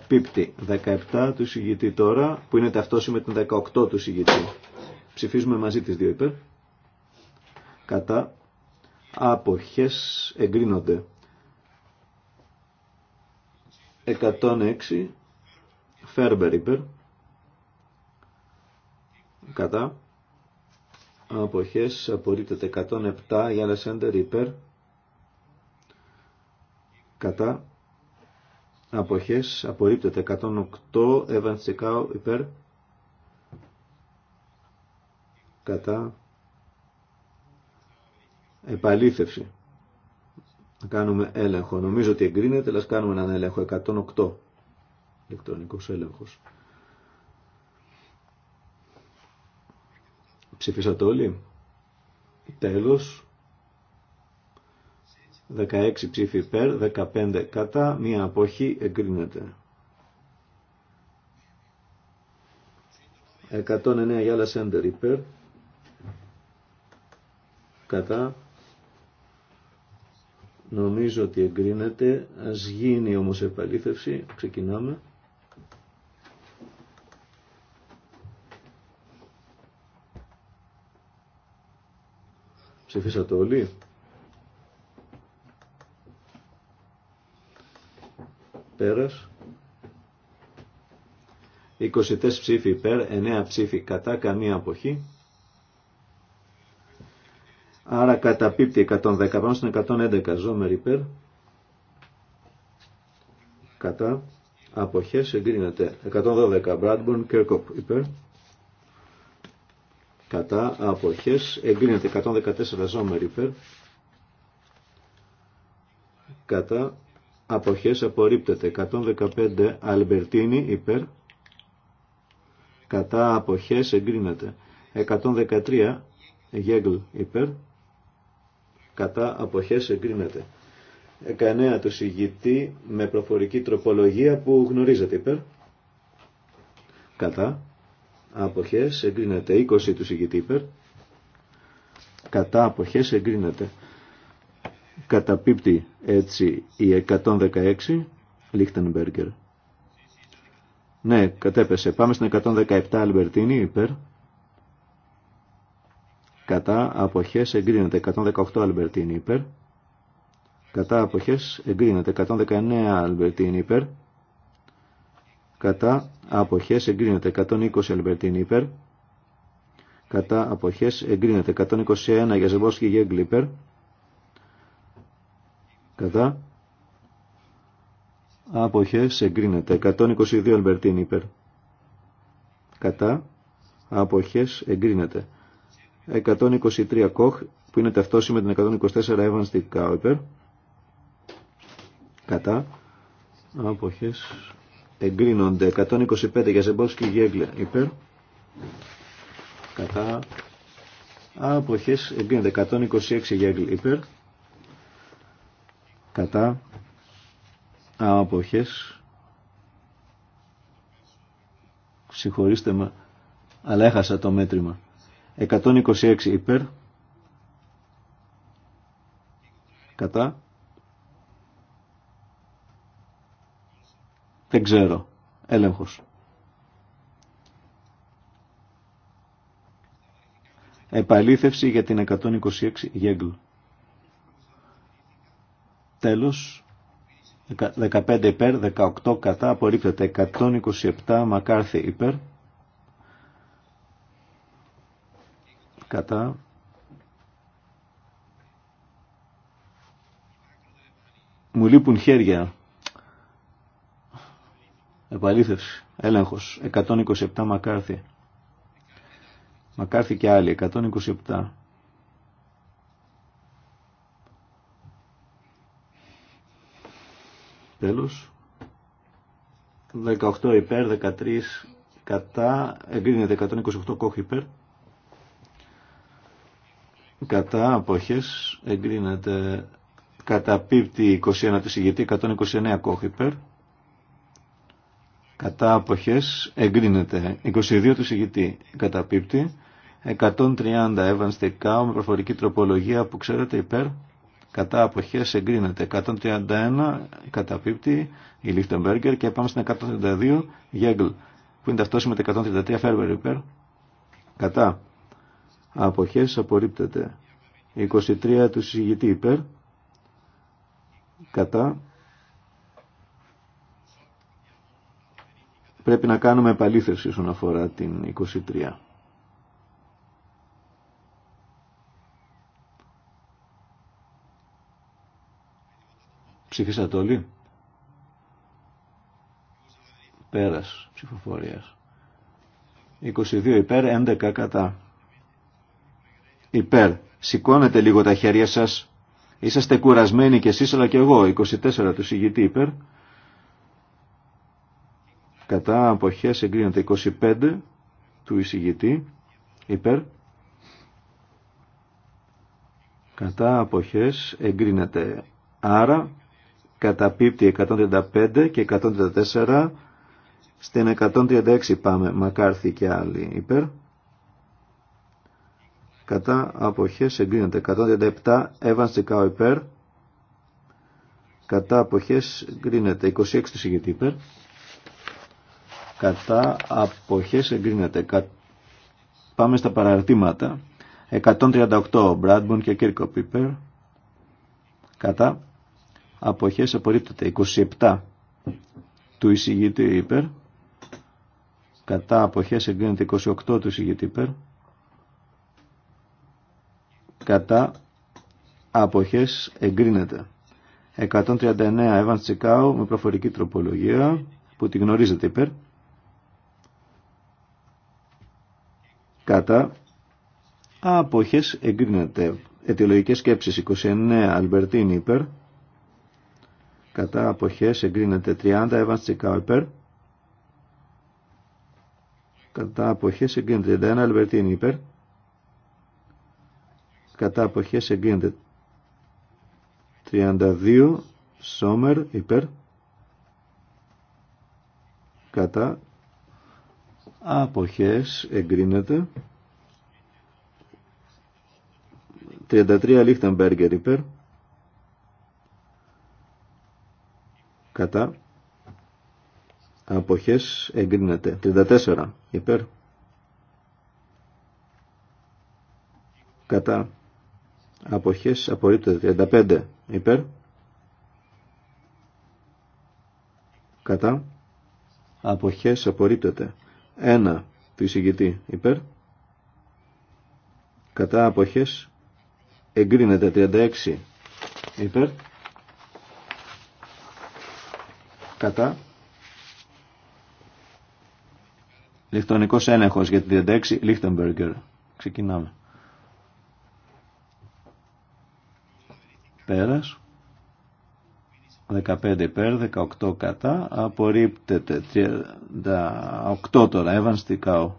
πίπτη 17 του συγητή τώρα που είναι ταυτόση με την 18 του συγητή. ψηφίζουμε μαζί τις δύο υπέρ κατά άποχες εγκρίνονται 106 Φέρμπερ υπέρ κατά αποχές απορρίπτεται 107 για Λεσέντερ υπέρ κατά αποχές απορρίπτεται 108 Ευαντσικάου υπέρ κατά επαλήθευση να κάνουμε έλεγχο. Νομίζω ότι εγκρίνεται, αλλά κάνουμε έναν έλεγχο. 108 ηλεκτρονικός έλεγχος. Ψηφίσατε όλοι. Τέλος. 16 ψήφοι υπέρ, 15 κατά, μία αποχή εγκρίνεται. 109 για άλλα σέντερ υπέρ, κατά, Νομίζω ότι εγκρίνεται. Ας γίνει όμως επαλήθευση. Ξεκινάμε. Ψηφίσατε όλοι. Πέρας. 24 ψήφοι υπέρ, 9 ψήφοι κατά, καμία αποχή. Άρα καταπίπτει 110. πάνω στην 111. ζώμερ υπέρ. Κατά. Αποχές εγκρίνεται. 112. Bradburn Kirkhope υπέρ. Κατά. Αποχές εγκρίνεται. 114. ζώμερ υπέρ. Κατά. Αποχές απορρίπτεται. 115. Αλμπερτίνη υπέρ. Κατά. Αποχές εγκρίνεται. 113. Γέγκλ υπέρ κατά αποχές εγκρίνεται. 19 του συγητή με προφορική τροπολογία που γνωρίζετε υπέρ. Κατά. Αποχές εγκρίνεται. 20 του συγητή υπέρ. Κατά αποχές εγκρίνεται. Καταπίπτει έτσι η 116 Λίχτενμπέργκερ. Ναι, κατέπεσε. Πάμε στην 117 Αλμπερτίνη υπέρ κατά αποχές εγκρίνεται 118 Αλμπερτίν υπέρ, κατά αποχές εγκρίνεται 119 Αλμπερτίν υπέρ, κατά αποχές εγκρίνεται 120 Αλμπερτίν υπέρ, κατά αποχές εγκρίνεται 121 Γιαζεμπόσκι Γέγκλ υπέρ, κατά αποχές εγκρίνεται 122 Αλμπερτίν υπέρ, κατά αποχές εγκρίνεται 123 Κοχ που είναι ταυτόση με την 124 Evans τη Kuiper Κατά. Αποχές. Εγκρίνονται. 125 για Ζεμπόσκι Γέγκλε. Υπέρ. Κατά. Αποχές. Εγκρίνονται. 126 Γέγκλε. Υπέρ. Κατά. Αποχές. Συγχωρήστε με. Αλλά έχασα το μέτρημα. 126 υπέρ κατά δεν ξέρω έλεγχος επαλήθευση για την 126 γέγκλ τέλος 15 υπέρ 18 κατά απορρίπτεται 127 μακάρθη υπέρ κατά μου λείπουν χέρια επαλήθευση έλεγχος 127 Μακάρθη Μακάρθη και άλλοι 127 τέλος 18 υπέρ 13 κατά εγκρίνεται 128 κόχ υπέρ κατά αποχές εγκρίνεται πίπτη 21 του ηγετή 129 κόχ υπέρ κατά αποχές εγκρίνεται 22 του ηγετή πίπτη 130 Evans κάου με προφορική τροπολογία που ξέρετε υπέρ κατά αποχές εγκρίνεται 131 καταπίπτει η Λίχτεμπεργκερ και πάμε στην 132 Γέγκλ που είναι ταυτόσιμη με 133 Φέρβερ υπέρ κατά αποχές απορρίπτεται. 23 του συζητητή υπέρ, κατά, πρέπει να κάνουμε επαλήθευση όσον αφορά την 23. Ψηφίσατε όλοι. Πέρας ψηφοφορίας. 22 υπέρ, 11 κατά υπέρ. Σηκώνετε λίγο τα χέρια σας. Είσαστε κουρασμένοι κι εσείς αλλά κι εγώ. 24 του συγητή υπέρ. Κατά αποχές εγκρίνεται 25 του εισηγητή υπέρ. Κατά αποχές εγκρίνεται. Άρα καταπίπτει 135 και 134 στην 136 πάμε. Μακάρθη και άλλοι υπέρ κατά αποχές εγκρίνεται 137 Evans κάω υπέρ κατά αποχές εγκρίνεται 26 του ηγετή υπέρ κατά αποχές εγκρίνεται πάμε στα παραρτήματα 138 Bradburn και Κίρκο υπέρ κατά αποχές απορρίπτεται 27 του εισηγητή υπέρ κατά αποχές εγκρίνεται 28 του εισηγητή υπέρ κατά αποχές εγκρίνεται. 139 Εύαν Τσικάου με προφορική τροπολογία που τη γνωρίζετε υπέρ. Κατά αποχές εγκρίνεται. Αιτιολογικές σκέψεις 29 Αλμπερτίνη υπέρ. Κατά αποχές εγκρίνεται 30 Εύαν Τσικάου υπέρ. Κατά αποχές εγκρίνεται 31 Αλμπερτίνη υπέρ κατά αποχές εγκρίνεται 32 Σόμερ υπέρ κατά αποχές εγκρίνεται 33 Λίχτεμπεργκερ υπέρ κατά αποχές εγκρίνεται 34 υπέρ κατά αποχές απορρίπτεται 35 υπέρ κατά αποχές απορρίπτεται 1 του εισηγητή υπέρ κατά αποχές εγκρίνεται 36 υπέρ κατά Λιχτονικός έλεγχος για τη 36 Λίχτεμπεργκερ. ξεκινάμε Πέρας. 15 υπέρ, 18 κατά. Απορρίπτεται. 38 τώρα. Εύαν Στικάου.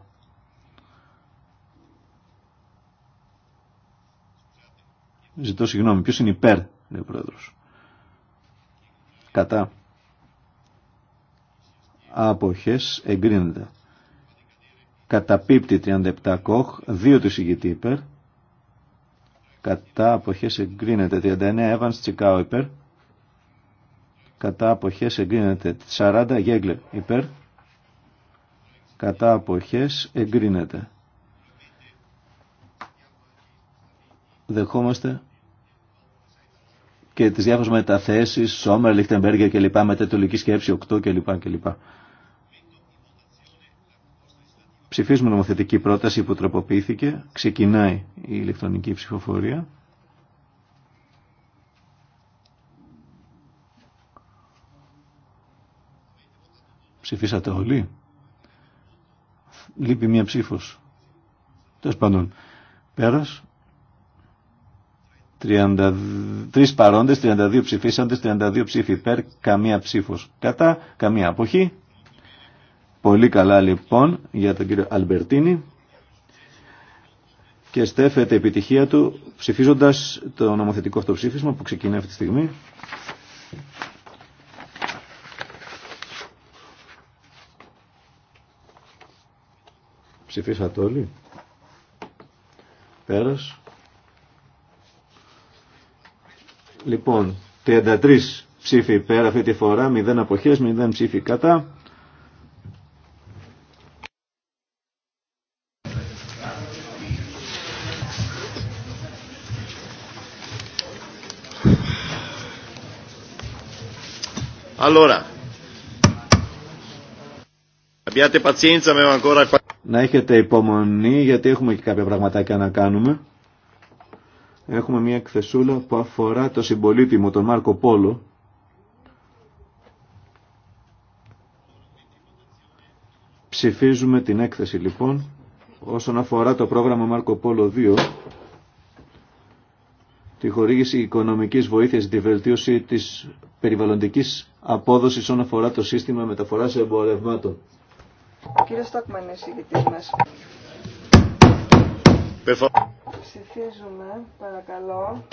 Ζητώ συγγνώμη. Ποιος είναι υπέρ, λέει ο πρόεδρος. Κατά. Άποχες εγκρίνεται. Καταπίπτει 37 κοχ, 2 του συγκητή υπέρ κατά αποχές εγκρίνεται 39 Evans Τσικάου υπέρ κατά αποχές εγκρίνεται 40 Γέγκλερ υπέρ κατά αποχές εγκρίνεται δεχόμαστε και τις διάφορες μεταθέσεις Σόμερ, Λιχτεμπέργκερ κλπ. τετολική σκέψη 8 και κλπ. Ψηφίζουμε νομοθετική πρόταση που τροποποιήθηκε. Ξεκινάει η ηλεκτρονική ψηφοφορία. Ψηφίσατε όλοι. Λείπει μία ψήφος. Τέλος πάντων. Πέρας. 33 παρόντες, 32 ψηφίσαντες, 32 ψήφοι υπέρ, καμία ψήφος κατά, καμία αποχή. Πολύ καλά λοιπόν για τον κύριο Αλμπερτίνη και στέφεται επιτυχία του ψηφίζοντας το νομοθετικό αυτό ψήφισμα που ξεκινάει αυτή τη στιγμή. Ψηφίσατε όλοι. Πέρας. Λοιπόν, 33 ψήφοι πέρα αυτή τη φορά, 0 αποχές, 0 ψήφοι κατά. Allora, abbiate pazienza, Να έχετε υπομονή γιατί έχουμε και κάποια πραγματάκια να κάνουμε. Έχουμε μια εκθεσούλα που αφορά το συμπολίτη μου, τον Μάρκο Πόλο. Ψηφίζουμε την έκθεση λοιπόν όσον αφορά το πρόγραμμα Μάρκο Πόλο 2 τη χορήγηση οικονομικής βοήθειας, τη βελτίωση της περιβαλλοντικής απόδοσης όσον αφορά το σύστημα μεταφοράς εμπορευμάτων. Κύριε Στόκμαν, εισηγητής μας. Ψηφίζουμε, παρακαλώ.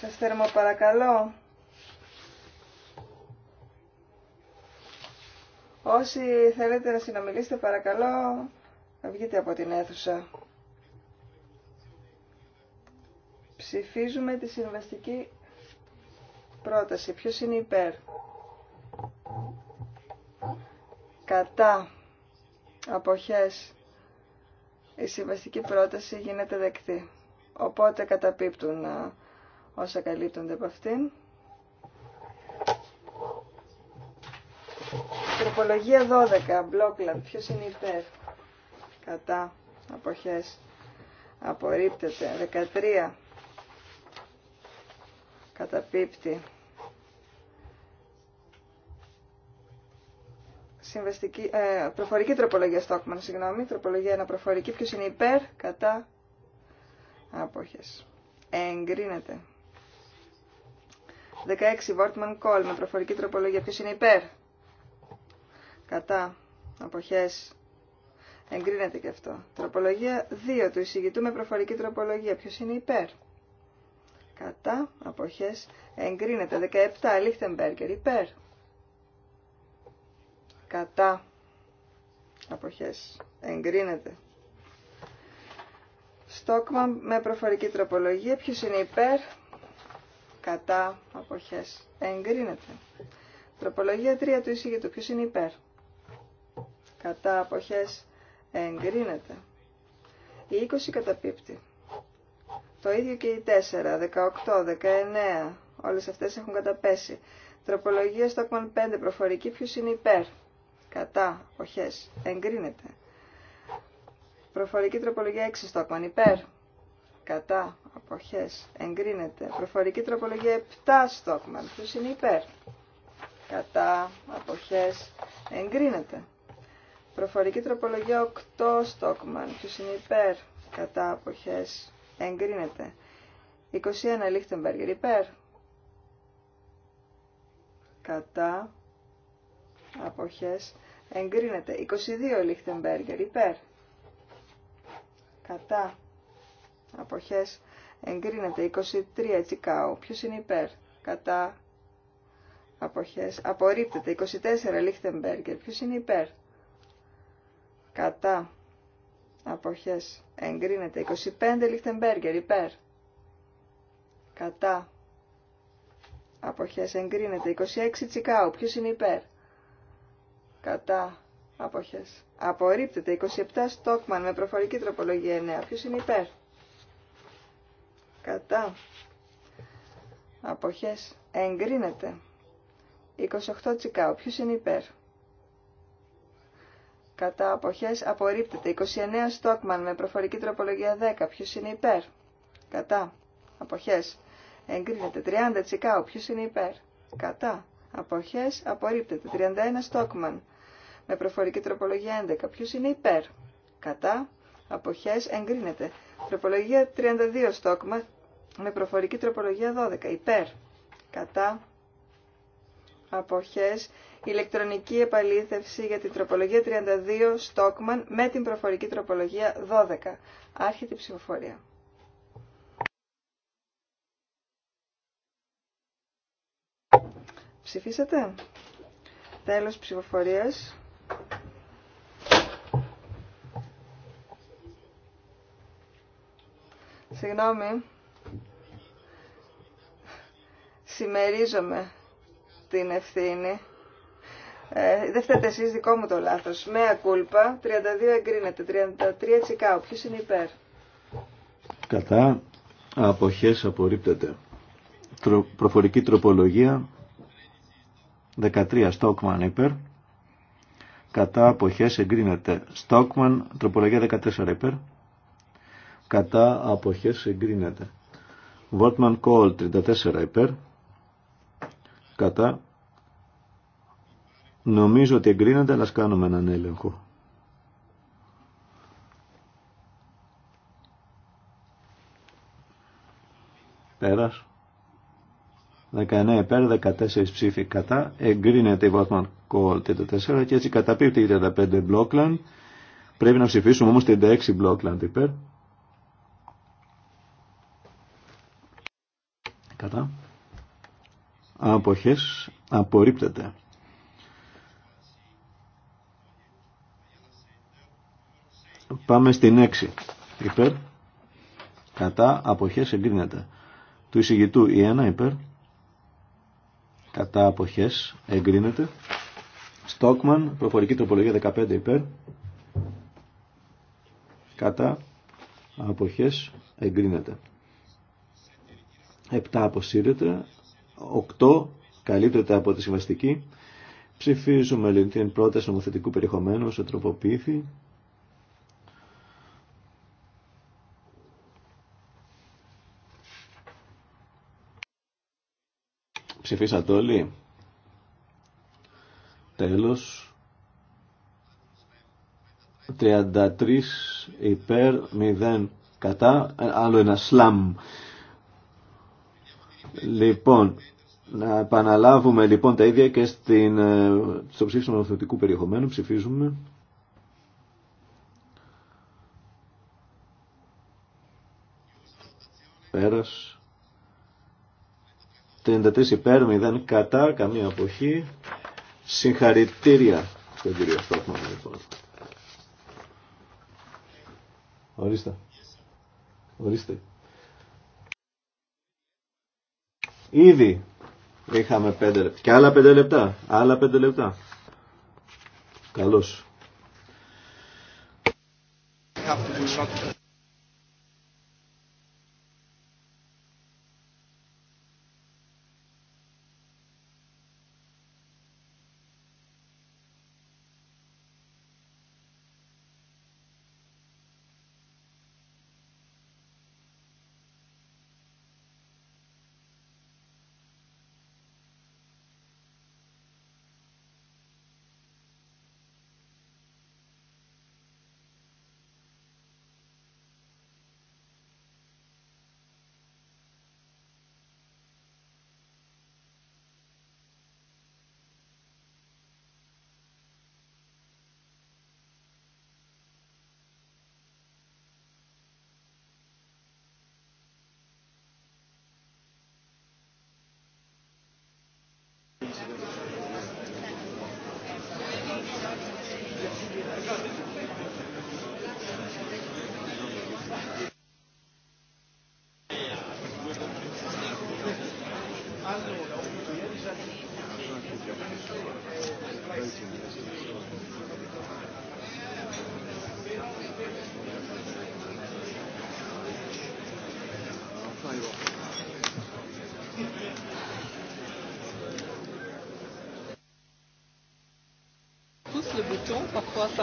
Σας παρακαλώ Όσοι θέλετε να συνομιλήσετε παρακαλώ βγείτε από την αίθουσα. Ψηφίζουμε τη συμβαστική πρόταση. Ποιος είναι υπέρ. Κατά αποχές η συμβαστική πρόταση γίνεται δεκτή. Οπότε καταπίπτουν όσα καλύπτονται από αυτήν. Τροπολογία 12, Μπλόκλαντ. Ποιος είναι υπέρ. Κατά. Αποχές. Απορρίπτεται. 13. Καταπίπτει. Ε, προφορική τροπολογία Στόκμαν, συγγνώμη. Τροπολογία 1 προφορική. Ποιος είναι υπέρ. Κατά. Αποχές. Εγκρίνεται. 16. Βόρτμαν Κόλ με προφορική τροπολογία. Ποιος είναι υπέρ κατά, αποχές, εγκρίνεται και αυτό. Τροπολογία 2 του εισηγητού με προφορική τροπολογία. Ποιος είναι υπέρ. Κατά, αποχές, εγκρίνεται. 17, Λίχτεμπεργκερ, υπέρ. Κατά, αποχές, εγκρίνεται. Στόκμα με προφορική τροπολογία. Ποιος είναι υπέρ. Κατά, αποχές, εγκρίνεται. Τροπολογία 3 του εισηγητού. Ποιος είναι υπέρ κατά αποχές εγκρίνεται. Η 20 καταπίπτει. Το ίδιο και η 4, 18, 19, όλες αυτές έχουν καταπέσει. Τροπολογία Στόκμαν 5, προφορική, ποιος είναι υπέρ, κατά, αποχές, εγκρίνεται. Προφορική τροπολογία 6, Στόκμαν υπέρ, κατά, αποχές, εγκρίνεται. Προφορική τροπολογία 7, Στόκμαν, Ποιο είναι υπέρ, κατά, αποχές, εγκρίνεται. Προφορική τροπολογία 8 Στόκμαν. Ποιος είναι υπέρ. Κατά αποχές. Εγκρίνεται. 21 Λίχτεμπεργκερ. Υπέρ. Κατά αποχές. Εγκρίνεται. 22 Λίχτεμπεργκερ. Υπέρ. Κατά αποχές. Εγκρίνεται. 23 Τσικάου. Ποιος είναι υπέρ. Κατά αποχές. Απορρίπτεται. 24 Λίχτεμπεργκερ. Ποιος είναι υπέρ κατά αποχές εγκρίνεται 25 Λιχτεμπέργκερ υπέρ κατά αποχές εγκρίνεται 26 Τσικάου ποιος είναι υπέρ κατά αποχές απορρίπτεται 27 Στόκμαν με προφορική τροπολογία 9 ποιος είναι υπέρ κατά αποχές εγκρίνεται 28 Τσικάου ποιος είναι υπέρ κατά αποχές απορρίπτεται. 29 Στόκμαν με προφορική τροπολογία 10. Ποιο είναι υπέρ. Κατά αποχές εγκρίνεται. 30 Τσικάου. Ποιος είναι υπέρ. Κατά αποχές απορρίπτεται. 31 Στόκμαν με προφορική τροπολογία 11. Ποιο είναι υπέρ. Κατά αποχές εγκρίνεται. Τροπολογία 32 Στόκμαν με προφορική τροπολογία 12. Υπέρ. Κατά αποχές ηλεκτρονική επαλήθευση για την τροπολογία 32 Στόκμαν με την προφορική τροπολογία 12. Άρχεται η ψηφοφορία. Ψηφίσατε. Τέλος ψηφοφορίας. Συγγνώμη. Σημερίζομαι την ευθύνη. Ε, δεν φταίτε εσεί δικό μου το λάθος. Μέα κούλπα, 32 εγκρίνεται, 33 τσικάω. Ποιος είναι υπέρ. Κατά αποχές απορρίπτεται. προφορική τροπολογία 13 Στόκμαν υπέρ. Κατά αποχές εγκρίνεται. Στόκμαν τροπολογία 14 υπέρ. Κατά αποχές εγκρίνεται. Βόρτμαν Κόλ 34 υπέρ. Κατά Νομίζω ότι εγκρίνεται, αλλά κάνουμε έναν έλεγχο. Πέρας. 19 υπέρ, 14 ψήφοι κατά. Εγκρίνεται η Βότμαν Κόλ 34 και έτσι καταπίπτει η 35 Μπλόκλαν. Πρέπει να ψηφίσουμε όμως 36 Μπλόκλαν υπέρ. Κατά. Αποχές απορρίπτεται. Πάμε στην 6. Υπέρ. Κατά αποχές εγκρίνεται. Του εισηγητού η 1 υπέρ. Κατά αποχές εγκρίνεται. Στόκμαν, προφορική τροπολογία 15 υπέρ. Κατά αποχές εγκρίνεται. 7 αποσύρεται. 8 καλύπτεται από τη συμβαστική. Ψηφίζουμε λοιπόν την πρόταση νομοθετικού περιεχομένου σε τροποποιήθη. Ψηφίσατε όλοι. Τέλος. 33 υπέρ 0 κατά. Ε, άλλο ένα σλάμ. Λοιπόν, να επαναλάβουμε λοιπόν τα ίδια και στην, ε, στο ψήφισμα νομοθετικού περιεχομένου. Ψηφίζουμε. Πέρας. 33 υπέρ, 0 κατά, καμία αποχή. Συγχαρητήρια στον κύριο Στόχμαν, λοιπόν. Ορίστε. Ορίστε. Ήδη είχαμε 5 λεπτά. Και άλλα 5 λεπτά. Άλλα 5 λεπτά. Καλώς.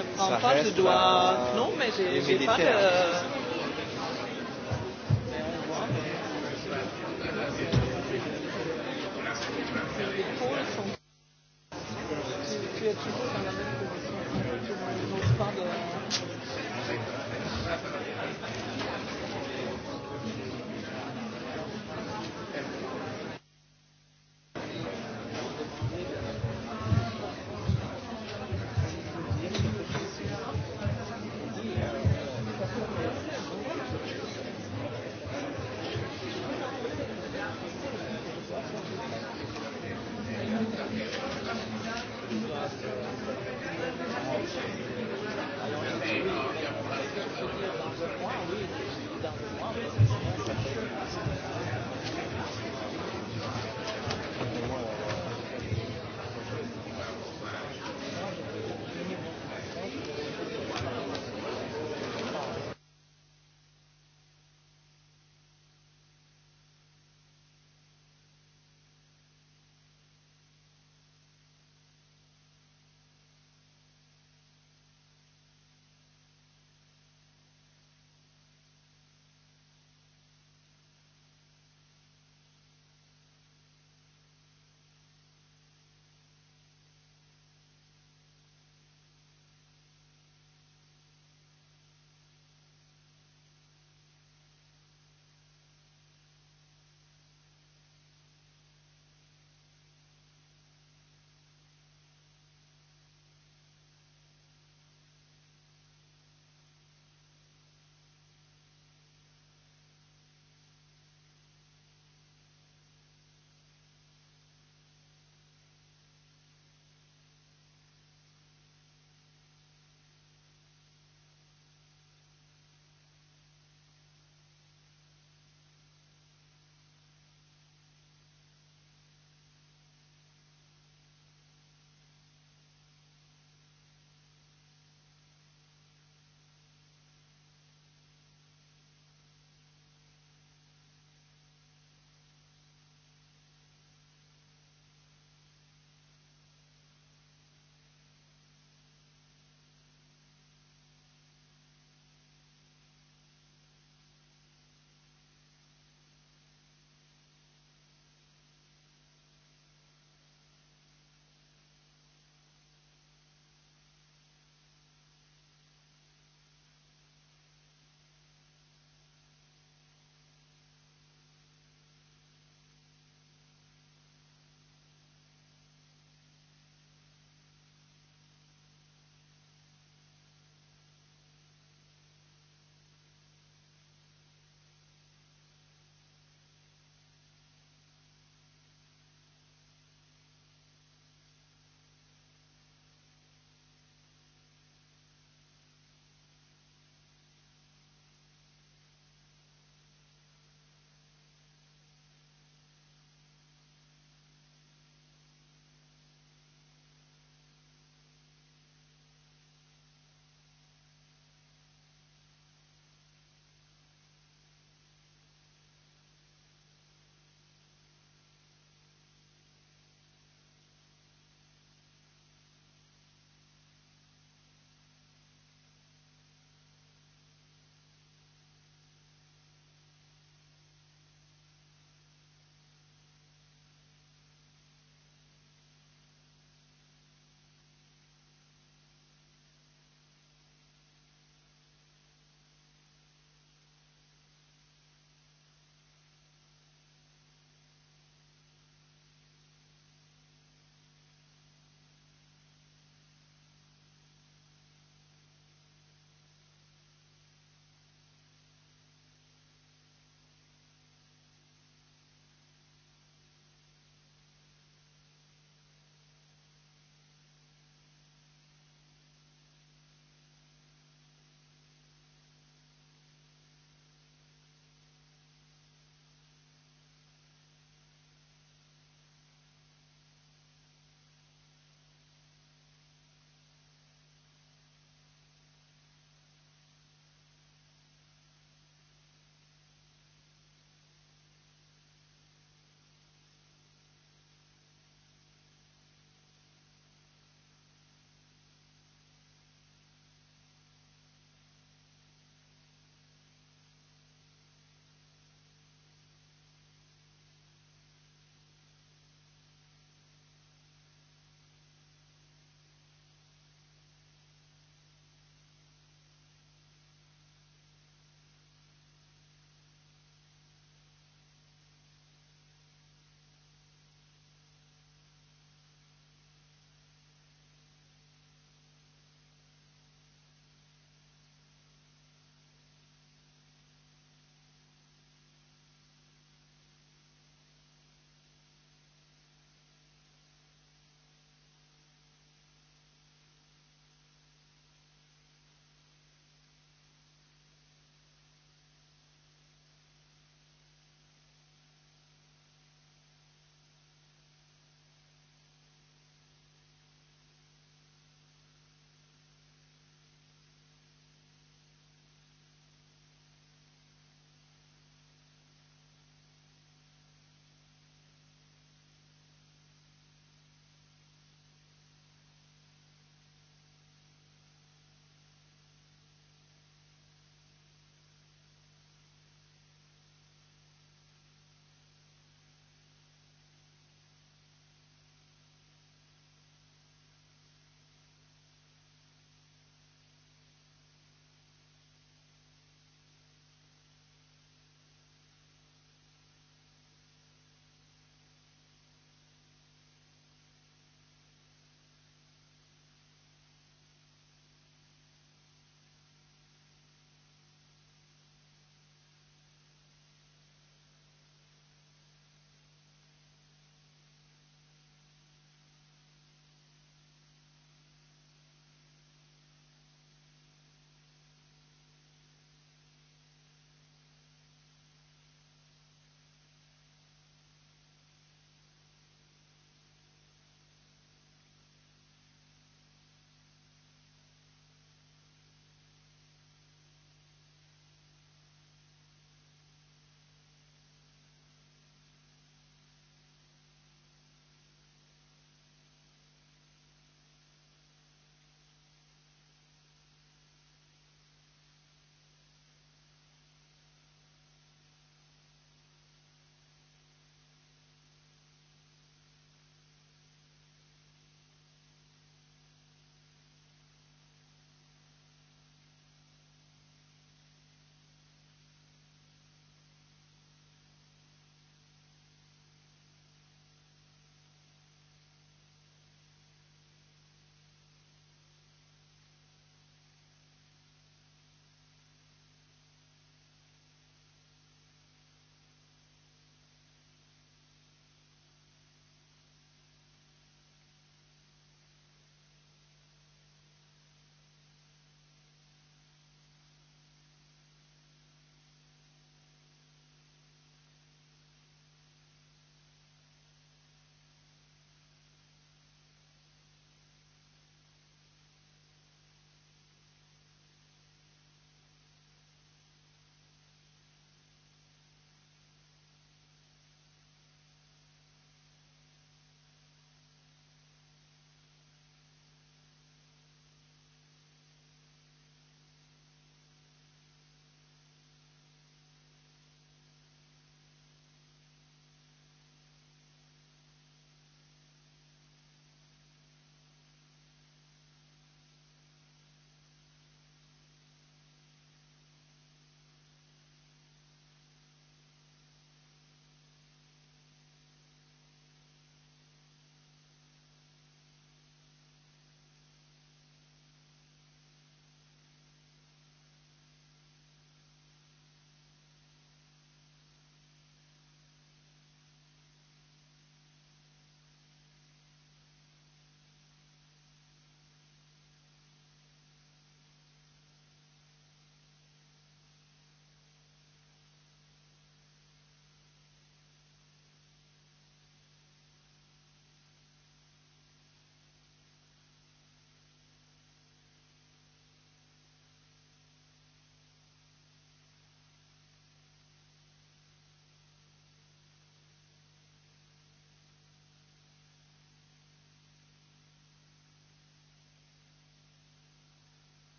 ne prend pas, je dois. Non, mais j'ai pas de.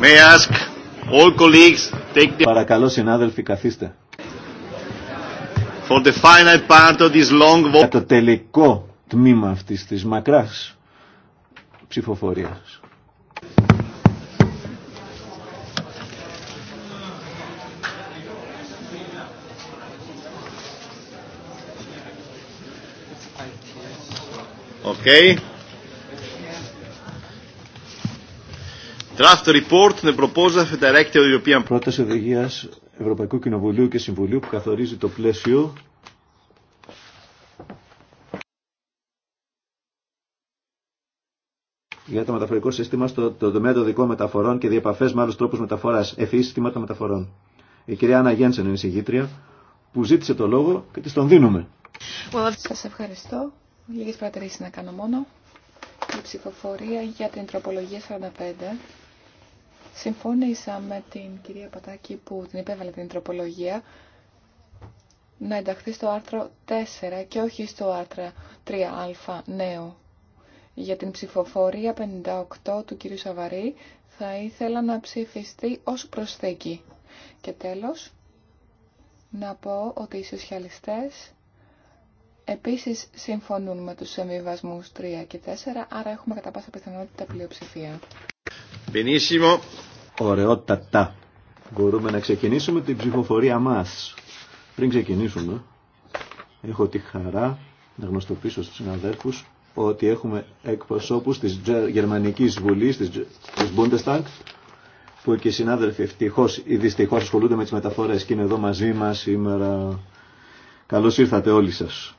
May I ask all colleagues take the... Παρακαλώ συνάδελφοι καθίστε. For the final part of this long... vote... Για το τελικό τμήμα αυτής της μακράς ψηφοφορίας. Okay. Draft report the proposal of European... Πρόταση οδηγία Ευρωπαϊκού Κοινοβουλίου και Συμβουλίου που καθορίζει το πλαίσιο για το μεταφορικό σύστημα στο το τομέα των δικών μεταφορών και διαπαφέ με άλλου τρόπου μεταφορά. Ευφυή συστήματα μεταφορών. Η κυρία Άννα Γένσεν είναι η συγγήτρια που ζήτησε το λόγο και τη τον δίνουμε. Well, Σα ευχαριστώ. Λίγε παρατηρήσει να κάνω μόνο. Η ψηφοφορία για την τροπολογία 45 Συμφώνησα με την κυρία Πατάκη που την υπέβαλε την τροπολογία να ενταχθεί στο άρθρο 4 και όχι στο άρθρο 3α νέο. Για την ψηφοφορία 58 του κυρίου Σαβαρή θα ήθελα να ψηφιστεί ως προσθήκη. Και τέλος, να πω ότι οι σοσιαλιστές επίσης συμφωνούν με τους εμβιβασμούς 3 και 4, άρα έχουμε κατά πάσα πιθανότητα πλειοψηφία. Benissimo. Ωραιότατα. Μπορούμε να ξεκινήσουμε την ψηφοφορία μας. Πριν ξεκινήσουμε, έχω τη χαρά να γνωστοποιήσω στους συναδέλφους ότι έχουμε εκπροσώπους της Γερμανικής Βουλής, της Bundestag, που και οι συνάδελφοι ευτυχώ ή δυστυχώ ασχολούνται με τις μεταφορές και είναι εδώ μαζί μας σήμερα. Καλώς ήρθατε όλοι σας.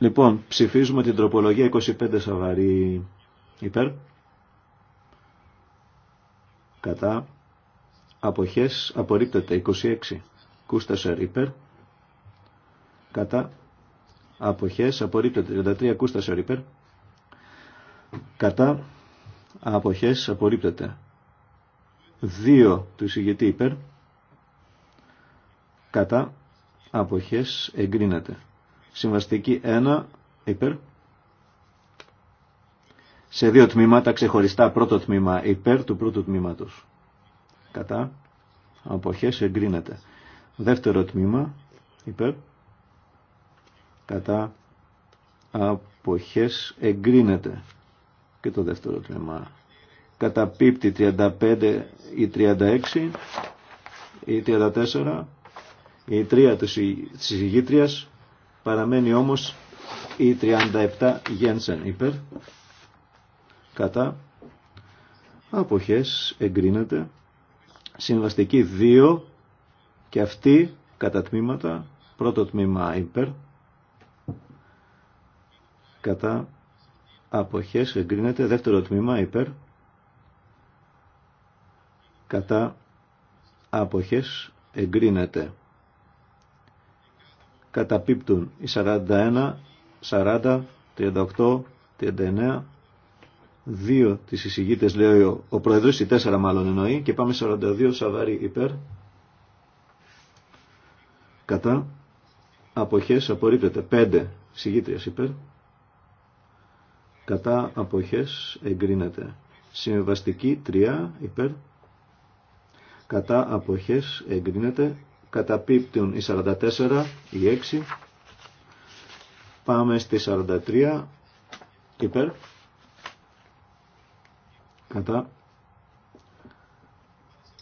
Λοιπόν, ψηφίζουμε την τροπολογία 25 Σαβαρή υπέρ. Κατά. Αποχές απορρίπτεται 26. Κούστασερ υπέρ. Κατά. Αποχές απορρίπτεται 33. Κούστασερ υπέρ. Κατά. Αποχές απορρίπτεται 2 του εισηγητή υπέρ. Κατά. Αποχές εγκρίνεται. Συμβαστική 1 υπέρ. Σε δύο τμήματα ξεχωριστά πρώτο τμήμα υπέρ του πρώτου τμήματος. Κατά. Αποχές εγκρίνεται. Δεύτερο τμήμα υπέρ. Κατά. Αποχές εγκρίνεται. Και το δεύτερο τμήμα. κατά πίπτη 35 ή 36 ή 34 ή 3 της ηγήτριας Παραμένει όμως η 37 Γένσεν υπέρ. Κατά. Αποχές εγκρίνεται. Συμβαστική 2 και αυτή κατά τμήματα. Πρώτο τμήμα υπέρ. Κατά. Αποχές εγκρίνεται. Δεύτερο τμήμα υπέρ. Κατά. Αποχές εγκρίνεται καταπίπτουν οι 41, 40, 38, 39, 2 τις εισηγήτες λέει ο, ο Προεδρός, οι 4 μάλλον εννοεί και πάμε 42 Σαβάρι υπέρ κατά αποχές απορρίπτεται 5 εισηγήτριας υπέρ κατά αποχές εγκρίνεται συμβαστική 3 υπέρ κατά αποχές εγκρίνεται καταπίπτουν οι 44, οι 6. Πάμε στη 43, υπέρ, κατά.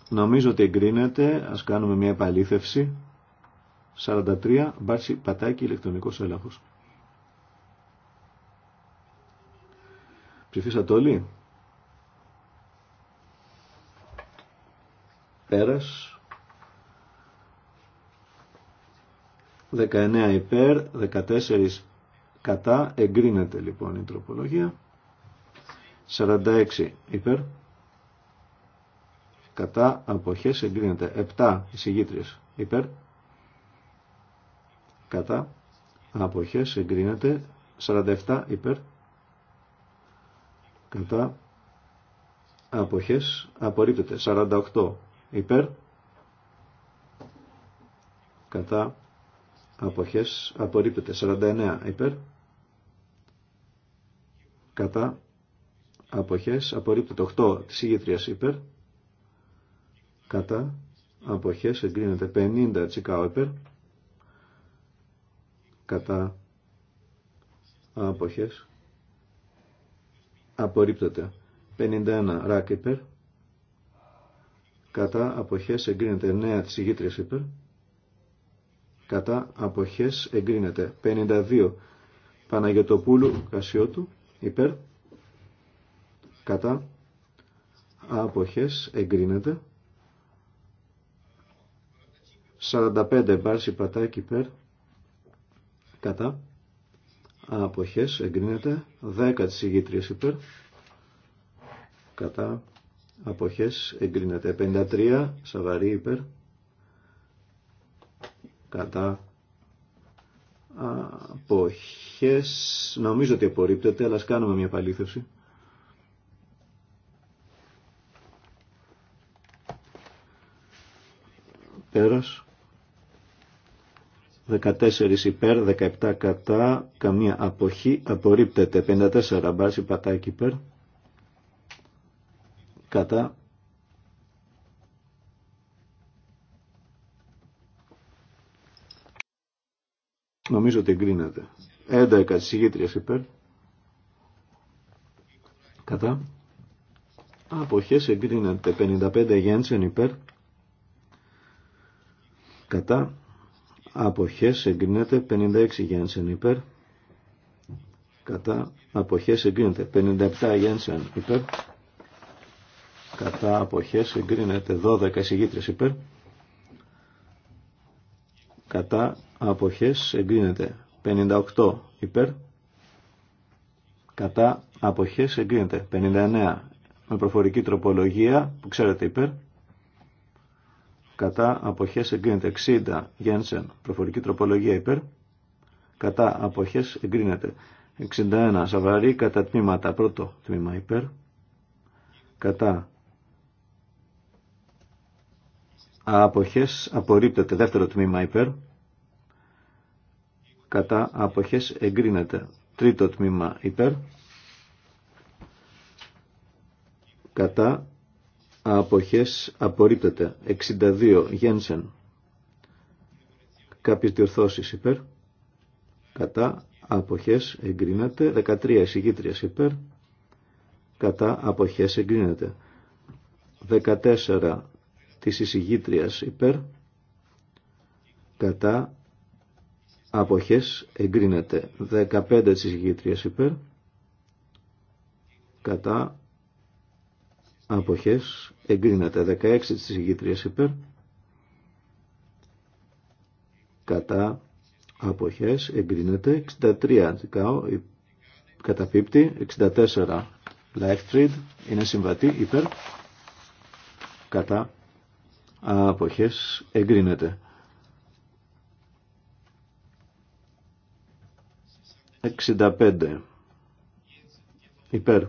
Νομίζω ότι εγκρίνεται, ας κάνουμε μια επαλήθευση. 43, μπάρση πατάκι ηλεκτρονικός έλεγχος. Ψηφίσατε όλοι. Πέρας. 19 υπέρ, 14 κατά, εγκρίνεται λοιπόν η τροπολογία. 46 υπέρ, κατά, αποχές, εγκρίνεται. 7 εισηγήτριες υπέρ, κατά, αποχές, εγκρίνεται. 47 υπέρ, κατά, αποχές, απορρίπτεται. 48 υπέρ, κατά, αποχές απορρίπτεται 49 υπέρ κατά αποχές απορρίπτεται 8 της ηγετρίας υπέρ κατά αποχές εγκρίνεται 50 τσικάο υπέρ κατά αποχές απορρίπτεται 51 ράκ υπέρ κατά αποχές εγκρίνεται 9 της ηγετρίας υπέρ κατά αποχές εγκρίνεται. 52 Παναγιωτοπούλου Κασιώτου υπέρ κατά αποχές εγκρίνεται. 45 Μπάρση Πατάκη υπέρ κατά αποχές εγκρίνεται. 10 της υπέρ κατά αποχές εγκρίνεται. 53 Σαβαρή υπέρ κατά αποχές νομίζω ότι απορρίπτεται αλλά κάνουμε μια παλήθευση πέρας 14 υπέρ 17 κατά καμία αποχή απορρίπτεται 54 μπάση πατάκι υπέρ κατά Νομίζω ότι εγκρίνεται. 11 της υπέρ. Κατά. Αποχές εγκρίνεται. 55 Γέντσεν υπέρ. Κατά. Αποχές εγκρίνεται. 56 Γέντσεν υπέρ. Κατά. Αποχές εγκρίνεται. 57 Γέντσεν υπέρ. Κατά. Αποχές εγκρίνεται. 12 εισηγήτρες υπέρ. Κατά αποχές εγκρίνεται 58 υπέρ κατά αποχές εγκρίνεται 59 με προφορική τροπολογία που ξέρετε υπέρ κατά αποχές εγκρίνεται 60 Γένσεν προφορική τροπολογία υπέρ κατά αποχές εγκρίνεται 61 Σαβαρή κατά τμήματα πρώτο τμήμα υπέρ κατά αποχές απορρίπτεται δεύτερο τμήμα υπέρ κατά αποχές εγκρίνεται. Τρίτο τμήμα υπέρ, κατά αποχές απορρίπτεται. 62 γένσεν, κάποιες διορθώσεις υπέρ, κατά αποχές εγκρίνεται. 13 εισηγήτριας υπέρ, κατά αποχές εγκρίνεται. 14 της εισηγήτριας υπέρ, κατά αποχές εγκρίνεται 15 της ηγητρίας υπέρ κατά αποχές εγκρίνεται 16 της ηγητρίας υπέρ κατά αποχές εγκρίνεται 63 κατά πίπτη 64 trade είναι συμβατή υπέρ κατά αποχές εγκρίνεται 65 υπέρ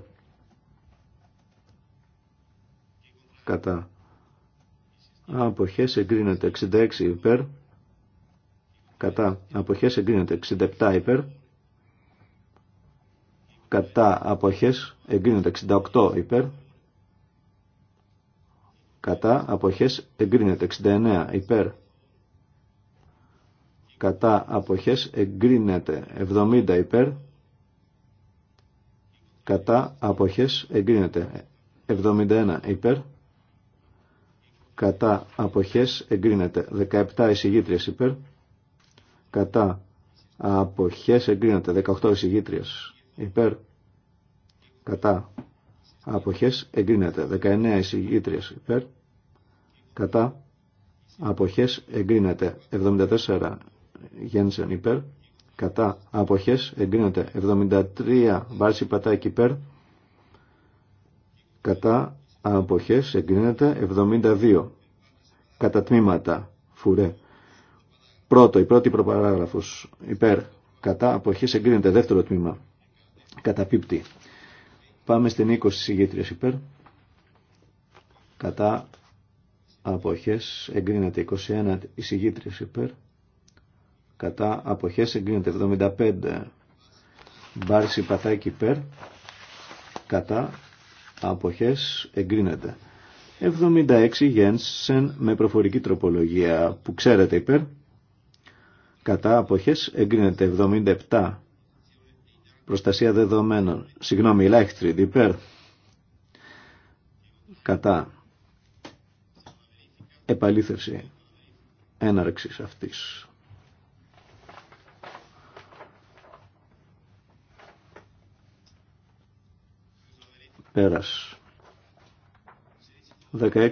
κατά αποχές εγκρίνεται 66 υπέρ κατά αποχές εγκρίνεται 67 υπέρ κατά αποχές εγκρίνεται 68 υπέρ κατά αποχές εγκρίνεται 69 υπέρ κατά αποχές εγκρίνεται 70 υπέρ κατά αποχές εγκρίνεται 71 υπέρ κατά αποχές εγκρίνεται 17 εισηγήτριες υπέρ κατά αποχές εγκρίνεται 18 εισηγήτριες υπέρ κατά αποχές εγκρίνεται 19 εισηγήτριες υπέρ κατά αποχές εγκρίνεται 74 Γένσεν υπέρ, κατά αποχές εγκρίνεται 73 βάση πατάκι υπέρ, κατά αποχές εγκρίνεται 72 κατά τμήματα φουρέ. Πρώτο, η πρώτη προπαράγραφος υπέρ, κατά αποχές εγκρίνεται δεύτερο τμήμα, κατά πίπτη. Πάμε στην 20 συγγήτριας υπέρ, κατά αποχές εγκρίνεται 21 εισηγήτριες υπέρ κατά αποχές εγκρίνεται 75 μπάρση παθάκι υπέρ κατά αποχές εγκρίνεται 76 γένσεν με προφορική τροπολογία που ξέρετε υπέρ κατά αποχές εγκρίνεται 77 προστασία δεδομένων συγγνώμη Λάχτριντ υπέρ κατά επαλήθευση έναρξης αυτής 16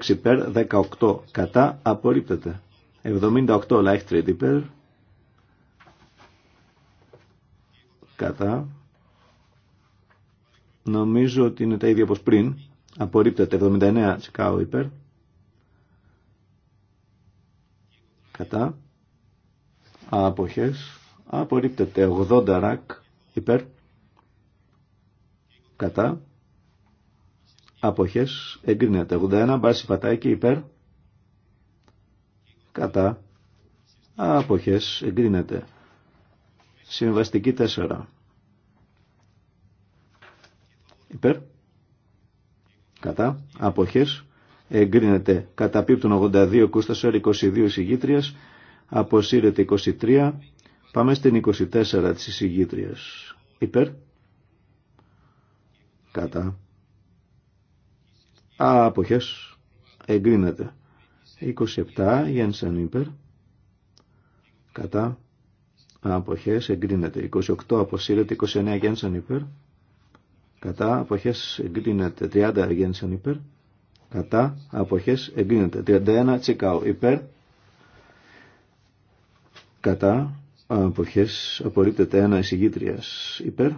υπέρ, 18 κατά, απορρίπτεται. 78 λάχτρια υπέρ, κατά. Νομίζω ότι είναι τα ίδια όπως πριν. Απορρίπτεται 79 Τσικάο υπέρ. Κατά. Αποχές. Απορρίπτεται 80 Ρακ υπέρ. Κατά. Αποχές εγκρίνεται. 81 μπάση και υπέρ. Κατά. Αποχές εγκρίνεται. Συμβαστική 4. Υπέρ. Κατά. Αποχές εγκρίνεται. Καταπίπτουν 82 κούστας 22 εισηγήτριας. Αποσύρεται 23. Πάμε στην 24 της εισηγήτριας. Υπέρ. Κατά Αποχές. Εγκρίνεται. 27. Γένσεν υπέρ. Κατά. Αποχές. Εγκρίνεται. 28. Αποσύρεται. 29. Γένσεν υπέρ. Κατά. Αποχές. Εγκρίνεται. 30. Γένσεν υπέρ. Κατά. Αποχές. Εγκρίνεται. 31. Τσικάου υπέρ. Κατά. Αποχές. Απορρίπτεται. 1. Εισηγήτριας υπέρ.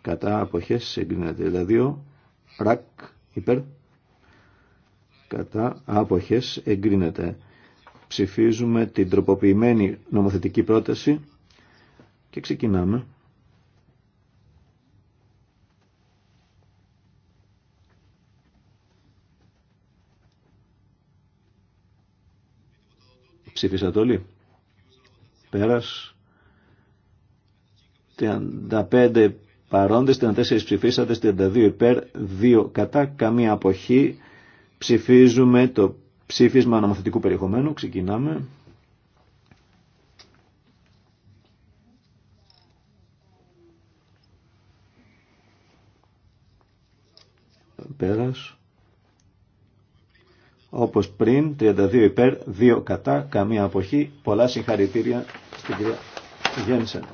Κατά. Αποχές. Εγκρίνεται. δηλαδή. Ρακ υπέρ κατά άποχες εγκρίνεται. Ψηφίζουμε την τροποποιημένη νομοθετική πρόταση και ξεκινάμε. Ψήφισατε όλοι. Πέρας. 35 παρόντες 34 ψηφίσατε, 32 υπέρ, 2 κατά, καμία αποχή. Ψηφίζουμε το ψήφισμα νομοθετικού περιεχομένου. Ξεκινάμε. Πέρας. Όπως πριν, 32 υπέρ, 2 κατά, καμία αποχή. Πολλά συγχαρητήρια στην κυρία Γένσεν.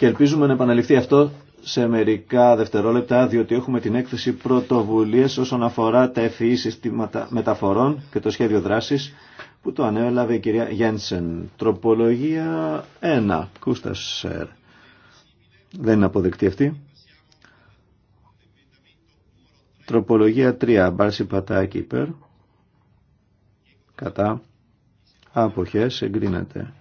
και ελπίζουμε να επαναληφθεί αυτό σε μερικά δευτερόλεπτα, διότι έχουμε την έκθεση πρωτοβουλίε όσον αφορά τα ευφυή e συστήματα μεταφορών και το σχέδιο δράση που το ανέλαβε η κυρία Γένσεν. Τροπολογία 1. Κούστα Σερ. Δεν είναι αποδεκτή αυτή. Τροπολογία 3. Μπάρση Πατάκη υπέρ. Κατά. Αποχές εγκρίνεται.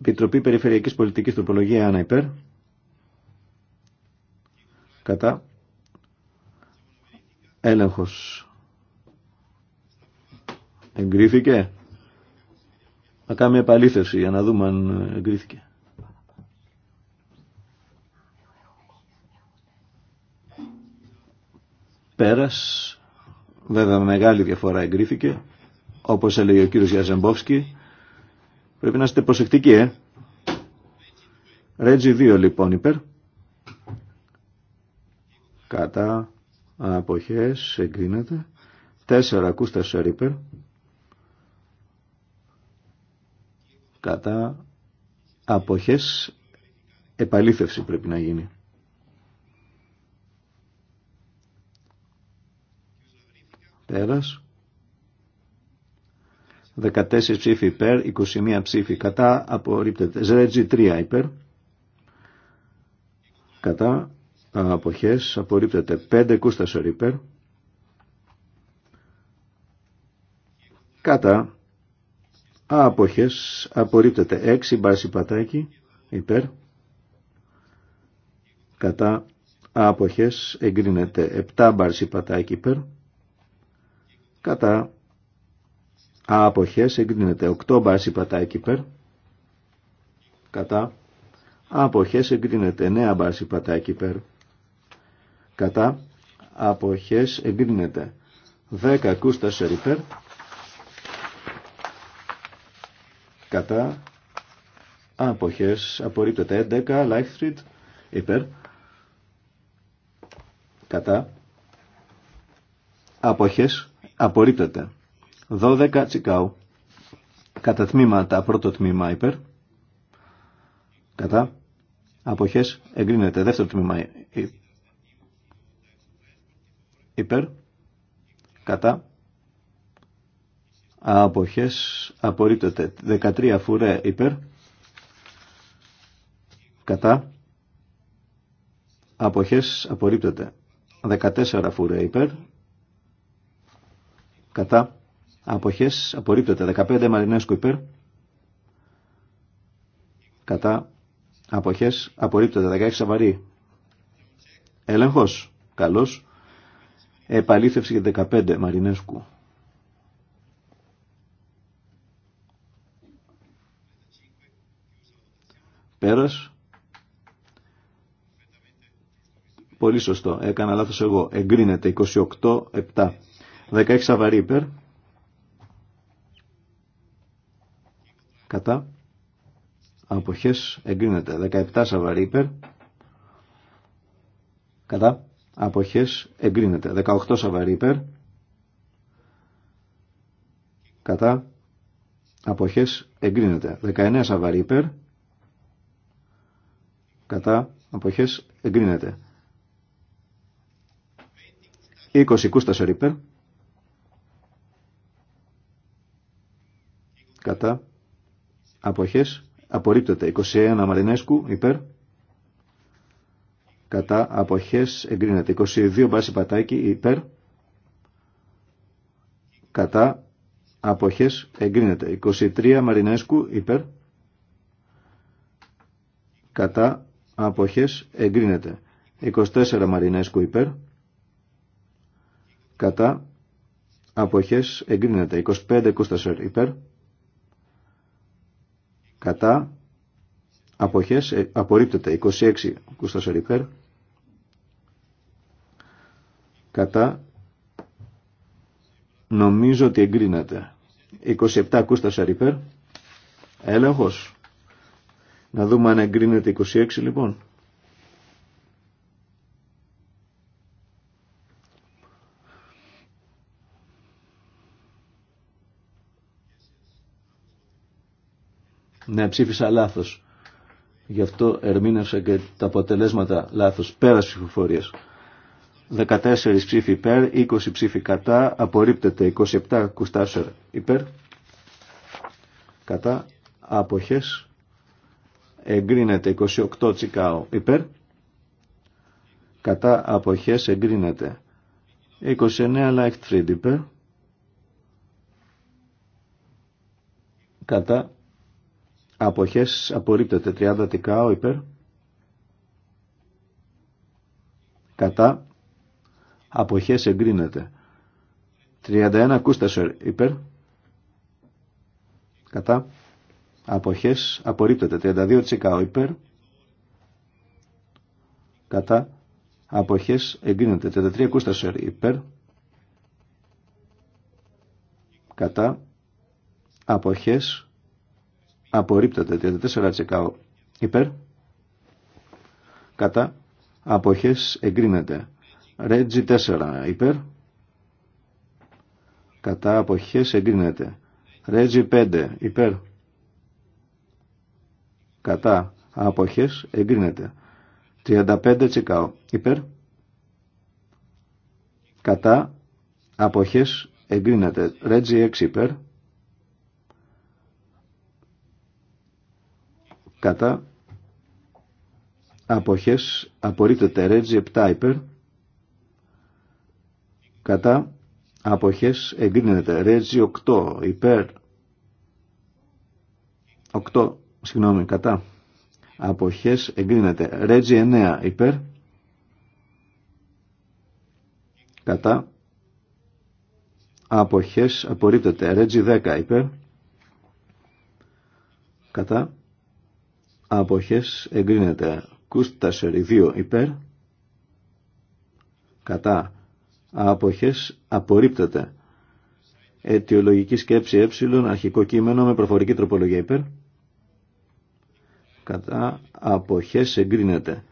Επιτροπή Περιφερειακής Πολιτικής Τροπολογία Άννα υπέρ. Κατά. Έλεγχος. Εγκρίθηκε. Να κάνουμε επαλήθευση για να δούμε αν εγκρίθηκε. Πέρας. Βέβαια με μεγάλη διαφορά εγκρίθηκε. Όπως έλεγε ο κύριος Γιαζεμπόφσκι Πρέπει να είστε προσεκτικοί, ε. Ρέτζι 2 λοιπόν υπέρ. Κατά αποχές εγκρίνεται. 4 ακούστε σε υπέρ. Κατά αποχές επαλήθευση πρέπει να γίνει. Πέρας. 14 ψήφοι υπέρ, 21 ψήφοι κατά, απορρίπτεται. Ζρέτζι 3 υπέρ, κατά, αποχές, απορρίπτεται. 5 κούστασορ υπέρ, κατά, αποχές, απορρίπτεται. 6 μπάση πατάκι υπέρ, κατά, αποχές, εγκρίνεται. 7 μπαρσιπατάκι πατάκι υπέρ, κατά, Αποχές εγκρίνεται. 8 μπαρσιπατάκι πατάκι υπέρ. Κατά. Αποχές εγκρίνεται. 9 μπαρσιπατάκι πατάκι υπέρ. Κατά. Αποχές εγκρίνεται. 10 κούστα υπέρ. Κατά. Αποχές απορρίπτεται. 11 Λάιχθριτ υπέρ. Κατά. Αποχές απορρίπτεται. 12 τσικάου. Κατά τμήματα, πρώτο τμήμα υπέρ. Κατά. Αποχές εγκρίνεται. Δεύτερο τμήμα ε, ε, υπέρ. Κατά. Αποχές απορρίπτεται. 13 φουρέ υπέρ. Κατά. Αποχές απορρίπτεται. 14 φουρέ υπέρ. Κατά. Αποχές απορρίπτεται. 15 Μαρινέσκου υπέρ. Κατά. Αποχές απορρίπτεται. 16 Σαβαρή. Έλεγχος. Καλός. Επαλήθευση για 15 Μαρινέσκου. Πέρας. Πολύ σωστό. Έκανα λάθος εγώ. Εγκρίνεται. 28-7. 16 Σαβαρή υπέρ κατά αποχές εγκρίνεται 17 σαβαρή υπέρ κατά αποχές εγκρίνεται 18 σαβαρή υπέρ κατά αποχές εγκρίνεται 19 σαβαρή υπέρ κατά αποχές εγκρίνεται 20 σε 20-2σαρίπερ. κατά Αποχές. Απορρίπτεται. 21 Μαρινέσκου. Υπέρ. Κατά. Αποχές. Εγκρίνεται. 22 Μπάση Πατάκη. Υπέρ. Κατά. Αποχές. Εγκρίνεται. 23 Μαρινέσκου. Υπέρ. Κατά. Αποχές. Εγκρίνεται. 24 Μαρινέσκου. Υπέρ. Κατά. Αποχές εγκρίνεται. 25-24 υπέρ κατά αποχές ε, απορρίπτεται 26 Κούστας κατά νομίζω ότι εγκρίνεται 27 Κούστας έλεγχος να δούμε αν εγκρίνεται 26 λοιπόν Ναι, ψήφισα λάθος. Γι' αυτό ερμήνευσα και τα αποτελέσματα λάθος. Πέρας ψηφοφορίας. 14 ψήφοι υπέρ, 20 ψήφοι κατά, απορρίπτεται 27 κουστάσερ υπέρ, κατά, άποχες, εγκρίνεται 28 τσικάο υπέρ, κατά, αποχές, εγκρίνεται 29 λάχτφριντ υπέρ, κατά, Αποχές απορρίπτεται. 30 τικάο υπέρ. Κατά. Αποχές εγκρίνεται. 31 κούστασερ υπέρ. Κατά. Αποχές απορρίπτεται. 32 τσικάο υπέρ. Κατά. Αποχές εγκρίνεται. 33 κούστασερ υπέρ. Κατά. Αποχές απορρίπτεται 34 υπέρ κατά αποχές εγκρίνεται Ρέτζι 4 υπέρ κατά αποχές εγκρίνεται Ρέτζι 5 υπέρ κατά αποχές εγκρίνεται 35 υπέρ κατά αποχές εγκρίνεται Ρέτζι 6 υπέρ κατά αποχές απορρίπτεται Ρέτζι 7 υπέρ κατά αποχές εγκρίνεται Ρέτζι 8 υπέρ 8 συγγνώμη κατά αποχές εγκρίνεται Ρέτζι 9 υπέρ κατά αποχές απορρίπτεται Ρέτζι 10 υπέρ κατά αποχές εγκρίνεται. Κούστασερ 2 υπέρ κατά αποχές απορρίπτεται. Αιτιολογική σκέψη ε, αρχικό κείμενο με προφορική τροπολογία υπέρ. Κατά αποχές εγκρίνεται.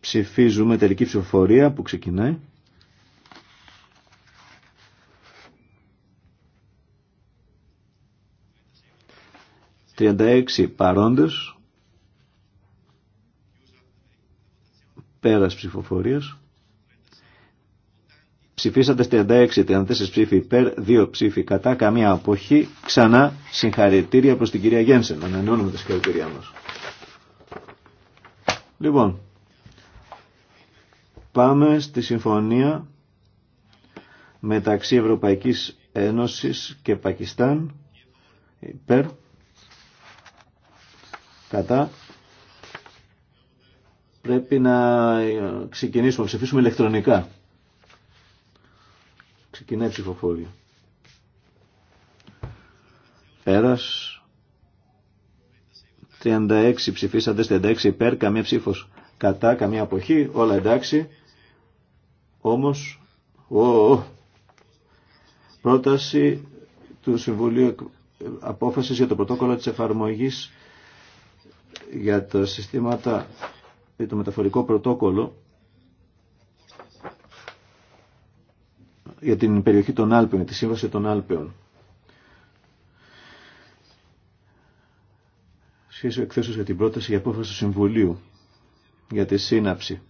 Ψηφίζουμε τελική ψηφοφορία που ξεκινάει. 36 παρόντες πέρας ψηφοφορίας ψηφίσατε 36, 34 ψήφοι υπέρ, 2 ψήφοι κατά, καμία αποχή. Ξανά συγχαρητήρια προς την κυρία Γένσεν. Ανανεώνουμε τα συγχαρητήριά μας. Λοιπόν, πάμε στη συμφωνία μεταξύ Ευρωπαϊκής Ένωσης και Πακιστάν υπέρ κατά πρέπει να ξεκινήσουμε, να ψηφίσουμε ηλεκτρονικά. Ξεκινάει η ψηφοφόρια. Πέρας. 36 ψηφίσατε, 36 υπέρ, καμία ψήφος κατά, καμία αποχή, όλα εντάξει. Όμως, ο, πρόταση του Συμβουλίου Απόφασης για το πρωτόκολλο της εφαρμογής για τα συστήματα ή το μεταφορικό πρωτόκολλο για την περιοχή των Άλπαιων, τη σύμβαση των Άλπαιων. Σχέση εκθέσεως για την πρόταση για απόφαση του Συμβουλίου για τη σύναψη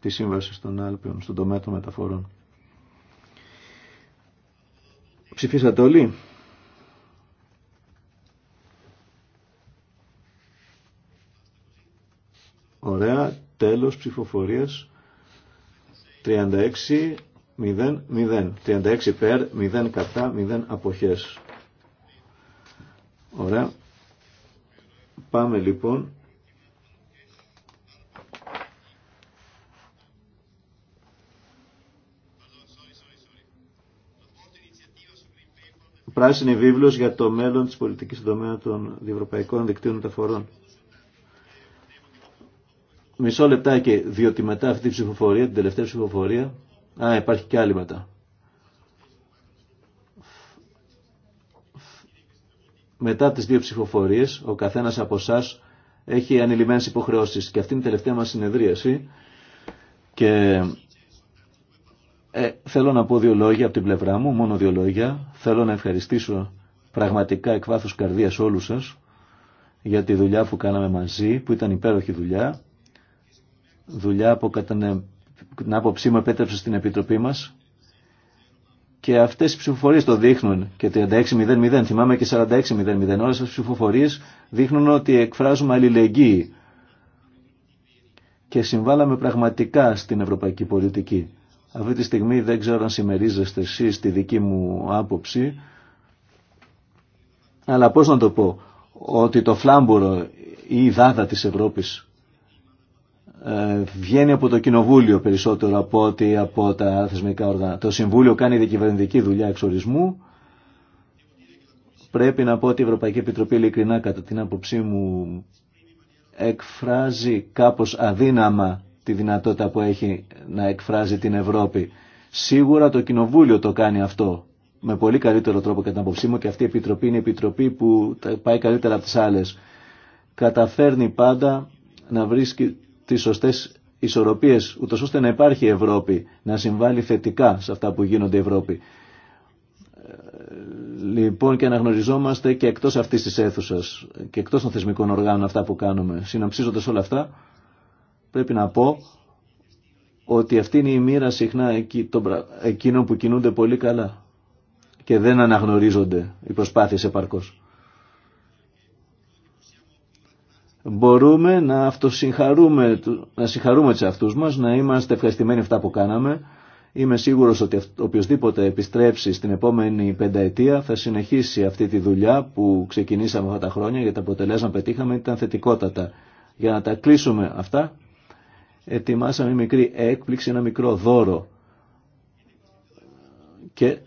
τη σύμβαση των Άλπαιων στον τομέα των μεταφορών. Ψηφίσατε όλοι. Ωραία. Τέλος ψηφοφορίας. 36, 0, 0. 36 υπέρ, 0 κατά, 0 αποχές. Ωραία. Πάμε λοιπόν. Πράσινη βίβλος για το μέλλον της πολιτικής δομέα των διευρωπαϊκών δικτύων μεταφορών. Μισό λεπτάκι, διότι μετά αυτή τη ψηφοφορία, την τελευταία ψηφοφορία, α, υπάρχει και άλλη μετά. Μετά τις δύο ψηφοφορίες, ο καθένας από εσά έχει ανηλυμένες υποχρεώσεις και αυτή είναι η τελευταία μας συνεδρίαση και ε, θέλω να πω δύο λόγια από την πλευρά μου, μόνο δύο λόγια. Θέλω να ευχαριστήσω πραγματικά εκ βάθους καρδίας όλους σας για τη δουλειά που κάναμε μαζί, που ήταν υπέροχη δουλειά δουλειά που κατά ε, την άποψή μου επέτρεψε στην Επιτροπή μας και αυτές οι ψηφοφορίες το δείχνουν και 36.00 θυμάμαι και 46.00 όλες αυτές οι ψηφοφορίες δείχνουν ότι εκφράζουμε αλληλεγγύη και συμβάλαμε πραγματικά στην ευρωπαϊκή πολιτική. Αυτή τη στιγμή δεν ξέρω αν συμμερίζεστε εσείς τη δική μου άποψη αλλά πώς να το πω ότι το φλάμπουρο ή η δάδα της Ευρώπης ε, βγαίνει από το κοινοβούλιο περισσότερο από ότι από τα θεσμικά όργανα. Το Συμβούλιο κάνει διακυβερνητική δουλειά εξορισμού. Πρέπει να πω ότι η Ευρωπαϊκή Επιτροπή ειλικρινά κατά την άποψή μου εκφράζει κάπως αδύναμα τη δυνατότητα που έχει να εκφράζει την Ευρώπη. Σίγουρα το Κοινοβούλιο το κάνει αυτό με πολύ καλύτερο τρόπο κατά την άποψή μου και αυτή η Επιτροπή είναι η Επιτροπή που πάει καλύτερα από τις άλλες. Καταφέρνει πάντα να βρίσκει τις σωστές ισορροπίες, ούτως ώστε να υπάρχει η Ευρώπη, να συμβάλλει θετικά σε αυτά που γίνονται η Ευρώπη. Ε, λοιπόν και αναγνωριζόμαστε και εκτός αυτής της αίθουσας και εκτός των θεσμικών οργάνων αυτά που κάνουμε. Συνοψίζοντας όλα αυτά πρέπει να πω ότι αυτή είναι η μοίρα συχνά εκείνων που κινούνται πολύ καλά και δεν αναγνωρίζονται οι προσπάθειες επαρκώς. μπορούμε να αυτοσυγχαρούμε, να συγχαρούμε τους αυτούς μας, να είμαστε ευχαριστημένοι αυτά που κάναμε. Είμαι σίγουρος ότι οποιοδήποτε επιστρέψει στην επόμενη πενταετία θα συνεχίσει αυτή τη δουλειά που ξεκινήσαμε αυτά τα χρόνια για τα αποτελέσματα που πετύχαμε ήταν θετικότατα. Για να τα κλείσουμε αυτά, ετοιμάσαμε μικρή έκπληξη, ένα μικρό δώρο. Και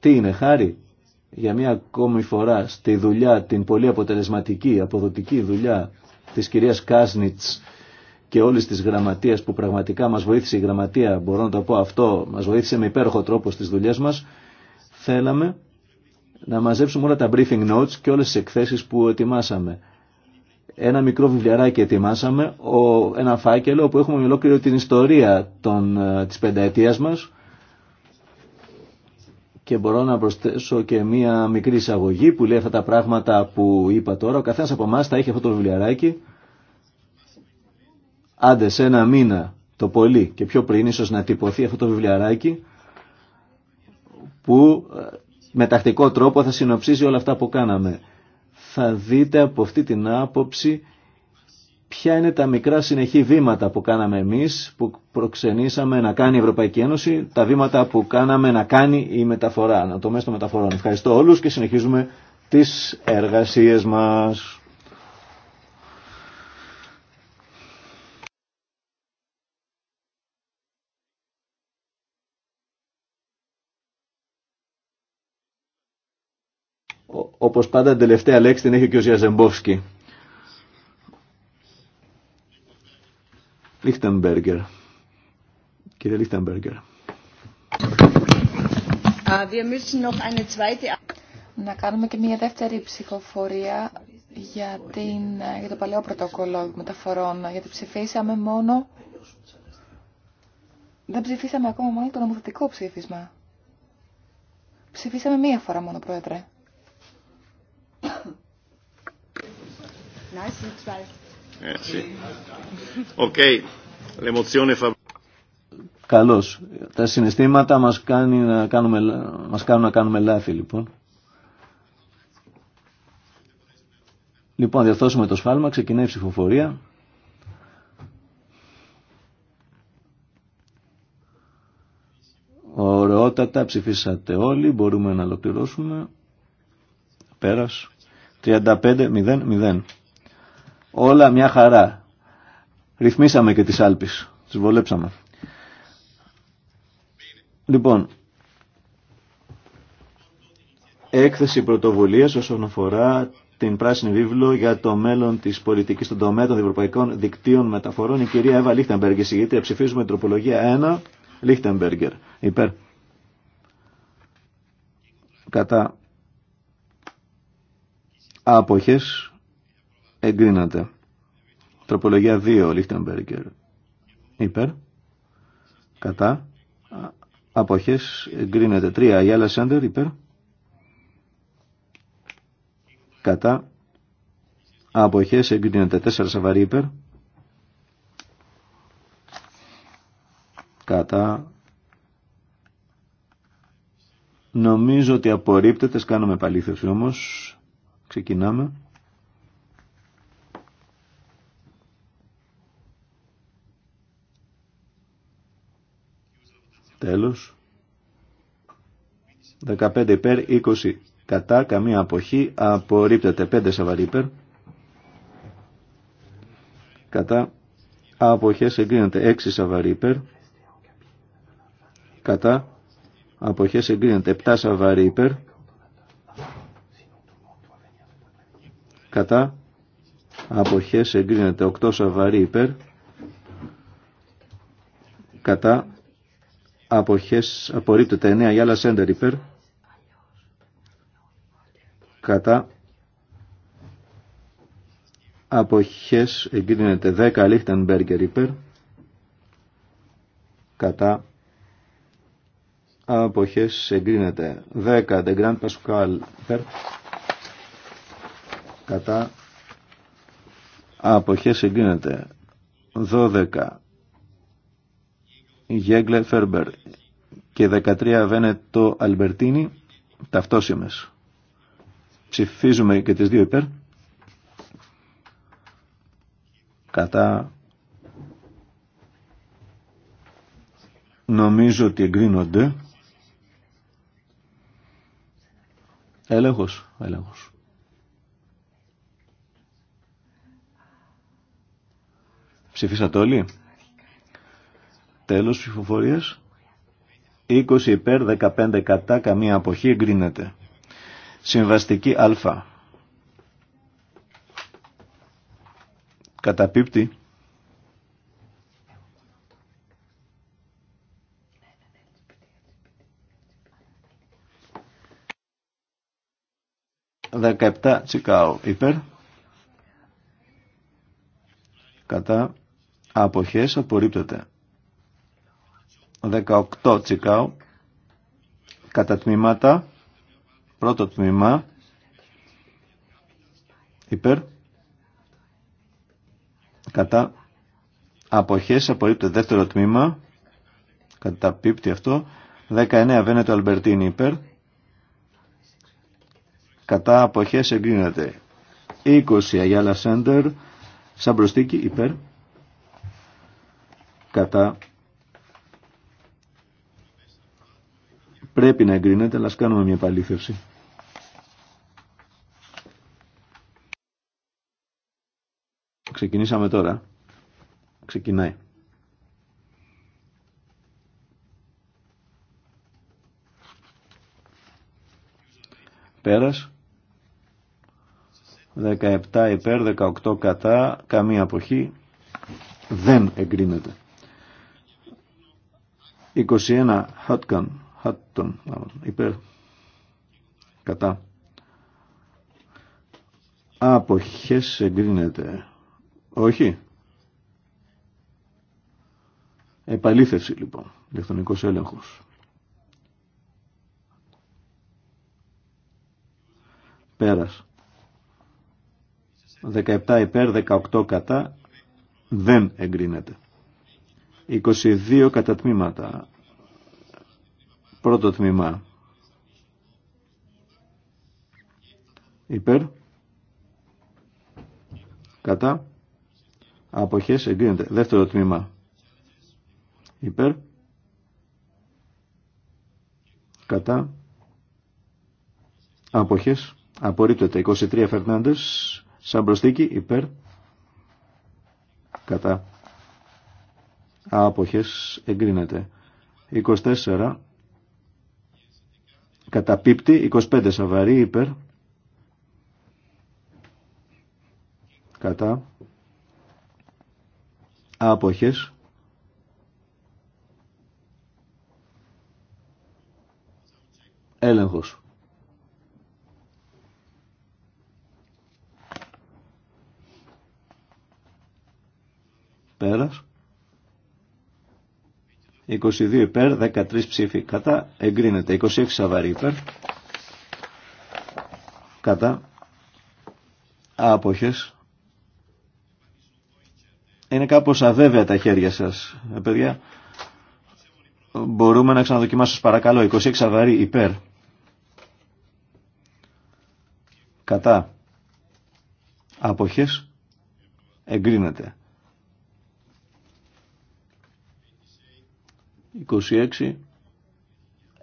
τι είναι, χάρη, για μια ακόμη φορά στη δουλειά, την πολύ αποτελεσματική, αποδοτική δουλειά της κυρίας Κάσνιτς και όλης της γραμματείας που πραγματικά μας βοήθησε η γραμματεία, μπορώ να το πω αυτό, μας βοήθησε με υπέροχο τρόπο στις δουλειές μας, θέλαμε να μαζέψουμε όλα τα briefing notes και όλες τις εκθέσεις που ετοιμάσαμε. Ένα μικρό βιβλιαράκι ετοιμάσαμε, ένα φάκελο όπου έχουμε ολόκληρη την ιστορία των, ε, της πενταετίας μας, και μπορώ να προσθέσω και μία μικρή εισαγωγή που λέει αυτά τα πράγματα που είπα τώρα. Ο καθένας από εμά θα είχε αυτό το βιβλιαράκι. Άντε σε ένα μήνα το πολύ και πιο πριν ίσως να τυπωθεί αυτό το βιβλιαράκι που ε, με τακτικό τρόπο θα συνοψίζει όλα αυτά που κάναμε. Θα δείτε από αυτή την άποψη ποια είναι τα μικρά συνεχή βήματα που κάναμε εμείς, που προξενήσαμε να κάνει η Ευρωπαϊκή Ένωση, τα βήματα που κάναμε να κάνει η μεταφορά, να το μέσο των μεταφορών. Ευχαριστώ όλους και συνεχίζουμε τις εργασίες μας. Όπως πάντα, την τελευταία λέξη την έχει και ο Ζιαζεμπόφσκι. Λίχτεμπεργκερ. Κύριε Λίχτεμπεργκερ. Να κάνουμε και μια δεύτερη ψηφοφορία για, την, ε, για το παλαιό πρωτόκολλο μεταφορών, γιατί ψηφίσαμε μόνο... Δεν ψηφίσαμε ακόμα μόνο το νομοθετικό ψήφισμα. Ψηφίσαμε μία φορά μόνο, Πρόεδρε. Nice ε, Καλώ. Καλώς. Τα συναισθήματα μας, κάνει να κάνουμε, μας κάνουν να κάνουμε λάθη λοιπόν. Λοιπόν, διορθώσουμε το σφάλμα, ξεκινάει η ψηφοφορία. Ωραιότατα ψηφίσατε όλοι, μπορούμε να ολοκληρώσουμε. Πέρας. 35-0-0 όλα μια χαρά. Ρυθμίσαμε και τις Άλπεις, τις βολέψαμε. Λοιπόν, έκθεση πρωτοβουλίας όσον αφορά την πράσινη βίβλο για το μέλλον τη πολιτική στον τομέα των ευρωπαϊκών δικτύων μεταφορών. Η κυρία Εύα Λίχτεμπεργκερ, συγγήτρια, ψηφίζουμε τροπολογία 1. Λίχτεμπεργκερ, υπέρ. Κατά. Άποχες εγκρίνεται. Τροπολογία 2, Λίχτεμπεργκερ. Υπέρ. Κατά. Αποχές εγκρίνεται. 3, Αγιάλα Σέντερ. Υπέρ. Κατά. Αποχές εγκρίνεται. 4, Σαβαρή. Υπέρ. Κατά. Νομίζω ότι απορρίπτεται. Κάνουμε παλήθευση όμω, Ξεκινάμε. Τέλος. 15 υπέρ, 20 κατά, καμία αποχή. Απορρίπτεται 5 σαβαρή υπέρ. Κατά αποχές εγκρίνεται 6 σαβαρή υπέρ. Κατά αποχές εγκρίνεται 7 σαβαρή υπέρ. Κατά αποχές εγκρίνεται 8 σαβαρή υπέρ. Κατά αποχές απορρίπτεται 9 για άλλα σέντερ υπέρ κατά αποχές εγκρίνεται 10 Λίχτενμπέργκερ υπέρ κατά αποχές εγκρίνεται 10 Grand Pascal υπέρ κατά αποχές εγκρίνεται 12 Γέγκλε Φέρμπερ και 13 Βένετο Αλμπερτίνη ταυτόσιμες. Ψηφίζουμε και τις δύο υπέρ. Κατά νομίζω ότι εγκρίνονται. Έλεγχος, έλεγχος. Ψηφίσατε όλοι. Τέλος ψηφοφορίας. 20 υπέρ, 15 κατά, καμία αποχή εγκρίνεται. Συμβαστική α. Καταπίπτει. Δεκαεπτά τσικάω υπέρ. Κατά αποχές απορρίπτεται. 18 τσικάου κατά τμήματα πρώτο τμήμα υπέρ κατά αποχές απορρίπτεται δεύτερο τμήμα κατά πίπτη αυτό 19 Βένετο Αλμπερτίνη υπέρ κατά αποχές εγκρίνεται 20 Αγιάλα Σέντερ σαν προστίκη υπέρ κατά Πρέπει να εγκρίνεται, αλλά κάνουμε μια επαλήθευση. Ξεκινήσαμε τώρα. Ξεκινάει. Πέρας. 17 υπέρ, 18 κατά, καμία αποχή. Δεν εγκρίνεται. 21 gun. Χάττον υπέρ κατά αποχές εγκρίνεται όχι επαλήθευση λοιπόν ηλεκτρονικός έλεγχος πέρας 17 υπέρ 18 κατά δεν εγκρίνεται 22 κατά τμήματα Πρώτο τμήμα. Υπέρ. Κατά. Αποχές εγκρίνεται. Δεύτερο τμήμα. Υπέρ. Κατά. Αποχές. Απορρίπτεται. 23 Φερνάντες. Σαν προστίκη. Υπέρ. Κατά. Άποχες εγκρίνεται. 24 Καταπίπτει 25 σαβαρή υπέρ. Κατά. Άποχες. Έλεγχος. Πέρας. 22 υπέρ, 13 ψήφοι κατά, εγκρίνεται. 26 Σαβαρή υπέρ, κατά, άποχες. Είναι κάπως αβέβαια τα χέρια σας, ε, παιδιά. Μπορούμε να ξαναδοκιμάσω σας παρακαλώ. 26 Σαβαρή υπέρ, κατά, άποχες, εγκρίνεται. 26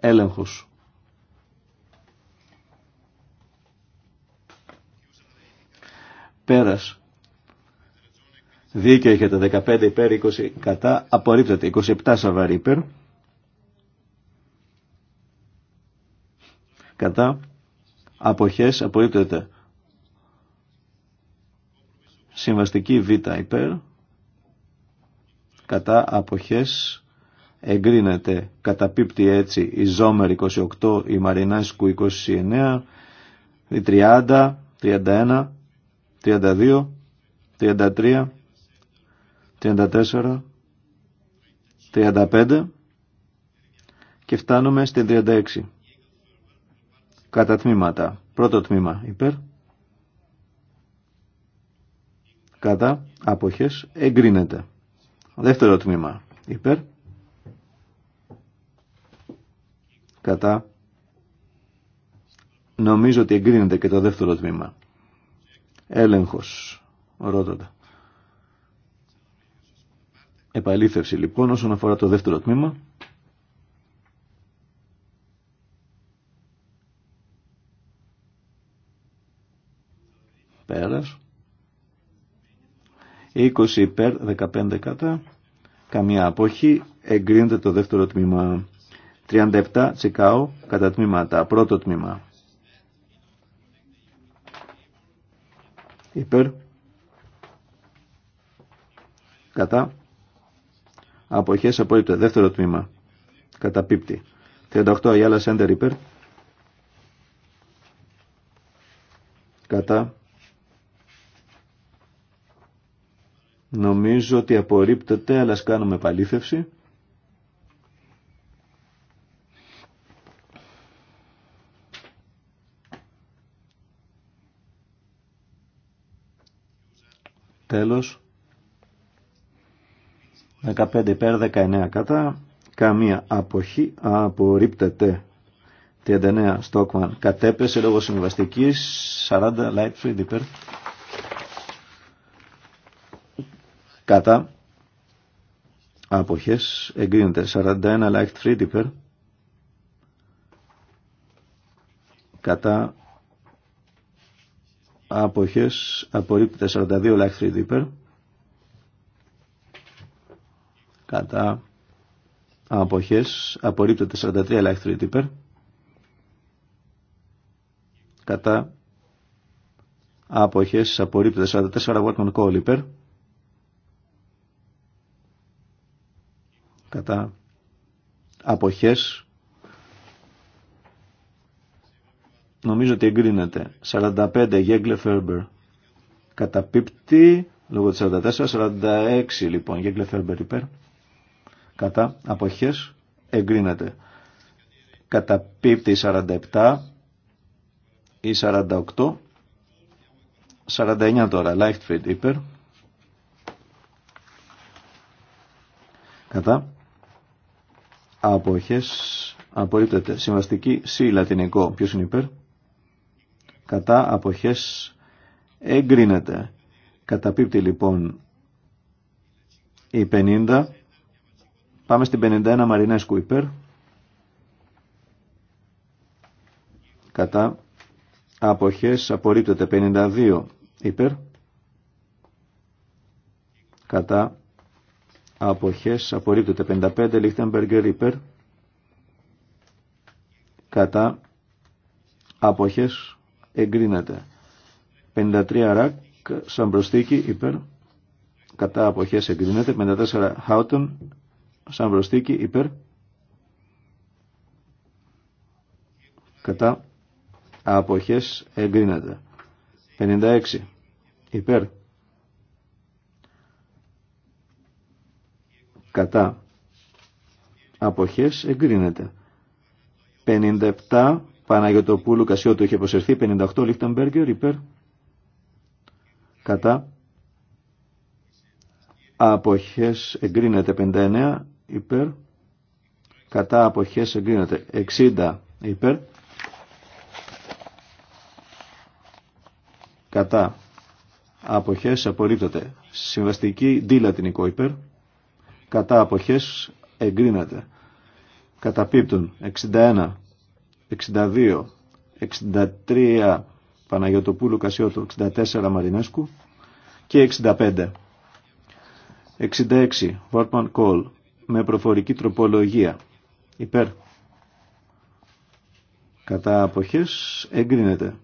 έλεγχος. Πέρας. Δίκαιο έχετε 15 υπέρ 20 κατά. Απορρίπτεται 27 σαβαρή υπέρ. Κατά. Αποχές απορρίπτεται. Συμβαστική β υπέρ. Κατά αποχές εγκρίνεται καταπίπτει έτσι η Ζόμερ 28, η Μαρινάσκου 29, η 30, 31, 32, 33, 34, 35 και φτάνουμε στην 36. Κατά τμήματα. Πρώτο τμήμα υπέρ. Κατά αποχές εγκρίνεται. Δεύτερο τμήμα υπέρ κατά νομίζω ότι εγκρίνεται και το δεύτερο τμήμα έλεγχος ρώτοντα επαλήθευση λοιπόν όσον αφορά το δεύτερο τμήμα πέρας 20 υπέρ 15 κατά καμία απόχη εγκρίνεται το δεύτερο τμήμα 37 τσικάω κατά τμήματα. Πρώτο τμήμα. Υπέρ. Κατά. Αποχές απορρίπτεται. Δεύτερο τμήμα. κατά πίπτη. 38 Αγιάλα Σέντερ υπέρ. Κατά. Νομίζω ότι απορρίπτεται, αλλά κάνουμε παλήθευση. Τέλος. 15 υπέρ 19 κατά. Καμία αποχή απορρίπτεται. 39 Στόκμαν κατέπεσε λόγω συμβαστική. 40 free υπέρ. Κατά. Αποχές εγκρίνεται. 41 free υπέρ. Κατά Αποχές απορρίπτεται 42 λάχθροι δίπερ Κατά. Αποχές απορρίπτεται 43 λάχθροι δίπερ Κατά. Αποχές απορρίπτεται 44 Watman Call Κατά. Αποχές Νομίζω ότι εγκρίνεται. 45 Γέγκλε Φέρμπερ. Καταπίπτει λόγω της 44. 46 λοιπόν Γέγκλε Φέρμπερ υπέρ. Κατά αποχές εγκρίνεται. Καταπίπτει 47 ή 48. 49 τώρα. Λάιχτφριντ υπέρ. Κατά αποχές απορρίπτεται. Συμβαστική C λατινικό. Ποιος είναι υπέρ κατά αποχές εγκρίνεται. Καταπίπτει λοιπόν η 50. Πάμε στην 51 Μαρινέσκου υπέρ. Κατά αποχές απορρίπτεται 52 υπέρ. Κατά αποχές απορρίπτεται 55 Λίχτεμπεργκερ υπέρ. Κατά αποχές εγκρίνεται. 53 ρακ σαν προστίκη υπέρ κατά αποχές εγκρίνεται. 54 χάουτον σαν προστίκη υπέρ κατά αποχές εγκρίνεται. 56 υπέρ κατά αποχές εγκρίνεται. 57 Παναγιωτοπούλου Κασιώτου είχε προσερθεί 58 Λίχτεμπεργκερ υπέρ κατά αποχές εγκρίνεται 59 υπέρ κατά αποχές εγκρίνεται 60 υπέρ κατά αποχές απορρίπτεται συμβαστική δι λατινικό υπέρ κατά αποχές εγκρίνεται καταπίπτουν 61 62, 63 Παναγιωτοπούλου Κασιώτου, 64 Μαρινέσκου και 65. 66 Βόρτμαν Κόλ με προφορική τροπολογία υπέρ κατά αποχές εγκρίνεται.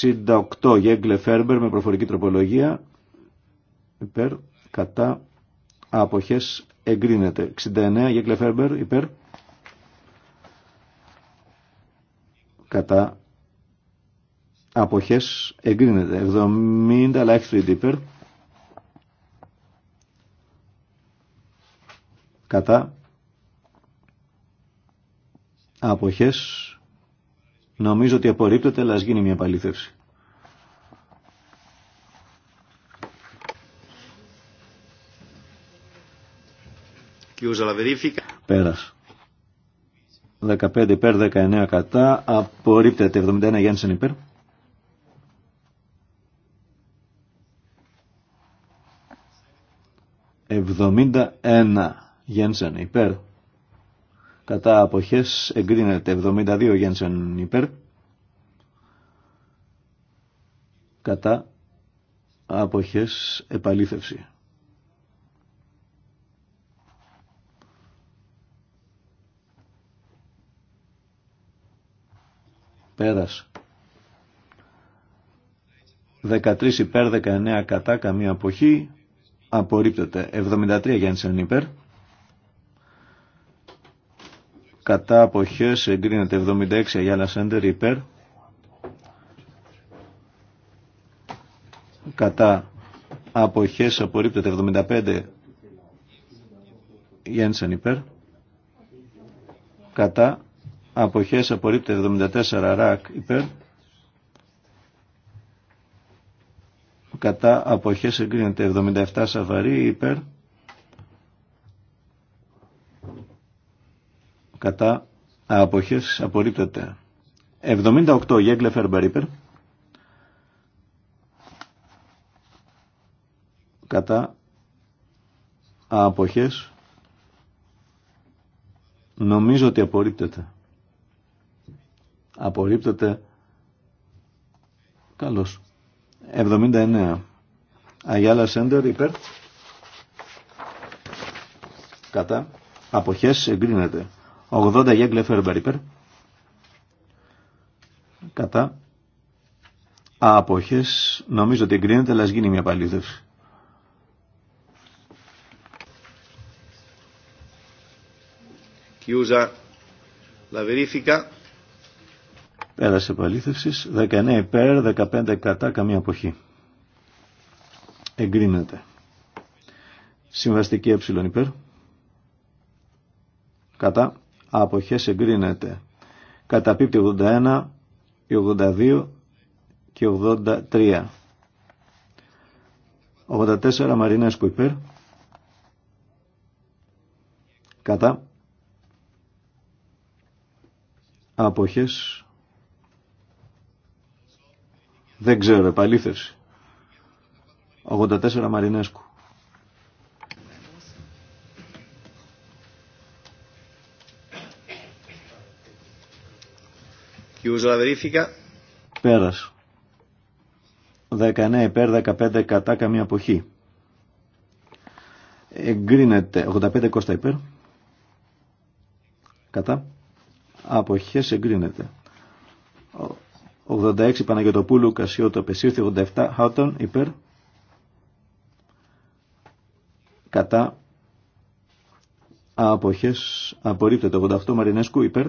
68 Γέγκλε Φέρμπερ με προφορική τροπολογία υπέρ κατά αποχές εγκρίνεται. 69 Γέγκλε Φέρμπερ υπέρ κατά αποχές εγκρίνεται 70 αλλά υπέρ κατά αποχές νομίζω ότι απορρίπτεται αλλά ας γίνει μια επαλήθευση Πέρας. 15 υπέρ, 19 κατά. Απορρίπτεται 71 γέντσαν υπέρ. 71 ένα υπέρ. Κατά αποχές εγκρίνεται 72 Γένσεν υπέρ. Κατά αποχές επαλήθευση. Πέρας. 13 υπέρ, 19 κατά, καμία αποχή. Απορρίπτεται. 73 Γένσεν υπέρ. Κατά αποχές εγκρίνεται 76 Αγιάλα Σέντερ υπέρ. Κατά αποχές απορρίπτεται 75 Γένσεν υπέρ. Κατά αποχές απορρίπτεται 74 ρακ υπέρ κατά αποχές εγκρίνεται 77 σαβαρή υπέρ κατά αποχές απορρίπτεται 78 γέγκλε φέρμπερ υπέρ κατά αποχές νομίζω ότι απορρίπτεται απορρίπτεται καλώς 79 Αγιάλα Σέντερ υπέρ κατά αποχές εγκρίνεται 80 Γέγκλε Φέρμπερ υπέρ κατά άποχες νομίζω ότι εγκρίνεται αλλά ας γίνει μια παλίδευση. Chiusa la Πέρασε επαλήθευσης. 19 υπέρ, 15 κατά, καμία αποχή. Εγκρίνεται. Συμβαστική ε υπέρ. Κατά. Αποχές εγκρίνεται. Καταπίπτει 81, 82 και 83. 84 Μαρινέσκου υπέρ. Κατά. Αποχές δεν ξέρω, επαλήθευση. 84 Μαρινέσκου. Πέρας. 19 υπέρ, 15 κατά, καμία αποχή. Εγκρίνεται 85 κόστα υπέρ. Κατά. Αποχές εγκρίνεται. 86 Παναγιωτοπούλου Κασιώτο Πεσίρθη 87 Χάουτον υπέρ κατά αποχές απορρίπτεται 88 Μαρινέσκου υπέρ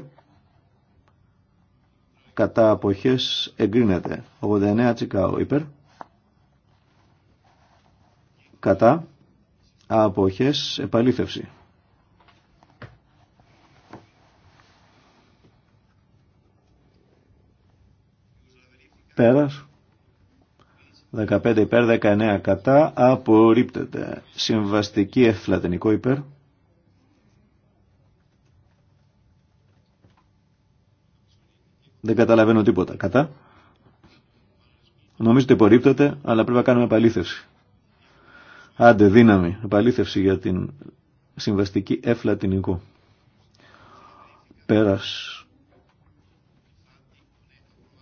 κατά αποχές εγκρίνεται 89 Τσικάου υπέρ κατά αποχές επαλήθευση Πέρας. 15 υπέρ, 19 κατά. Απορρίπτεται. Συμβαστική F υπέρ. Δεν καταλαβαίνω τίποτα. Κατά. Νομίζω ότι υπορρίπτεται, αλλά πρέπει να κάνουμε επαλήθευση. Άντε, δύναμη. Επαλήθευση για την συμβαστική εφλατινικό. Πέρας.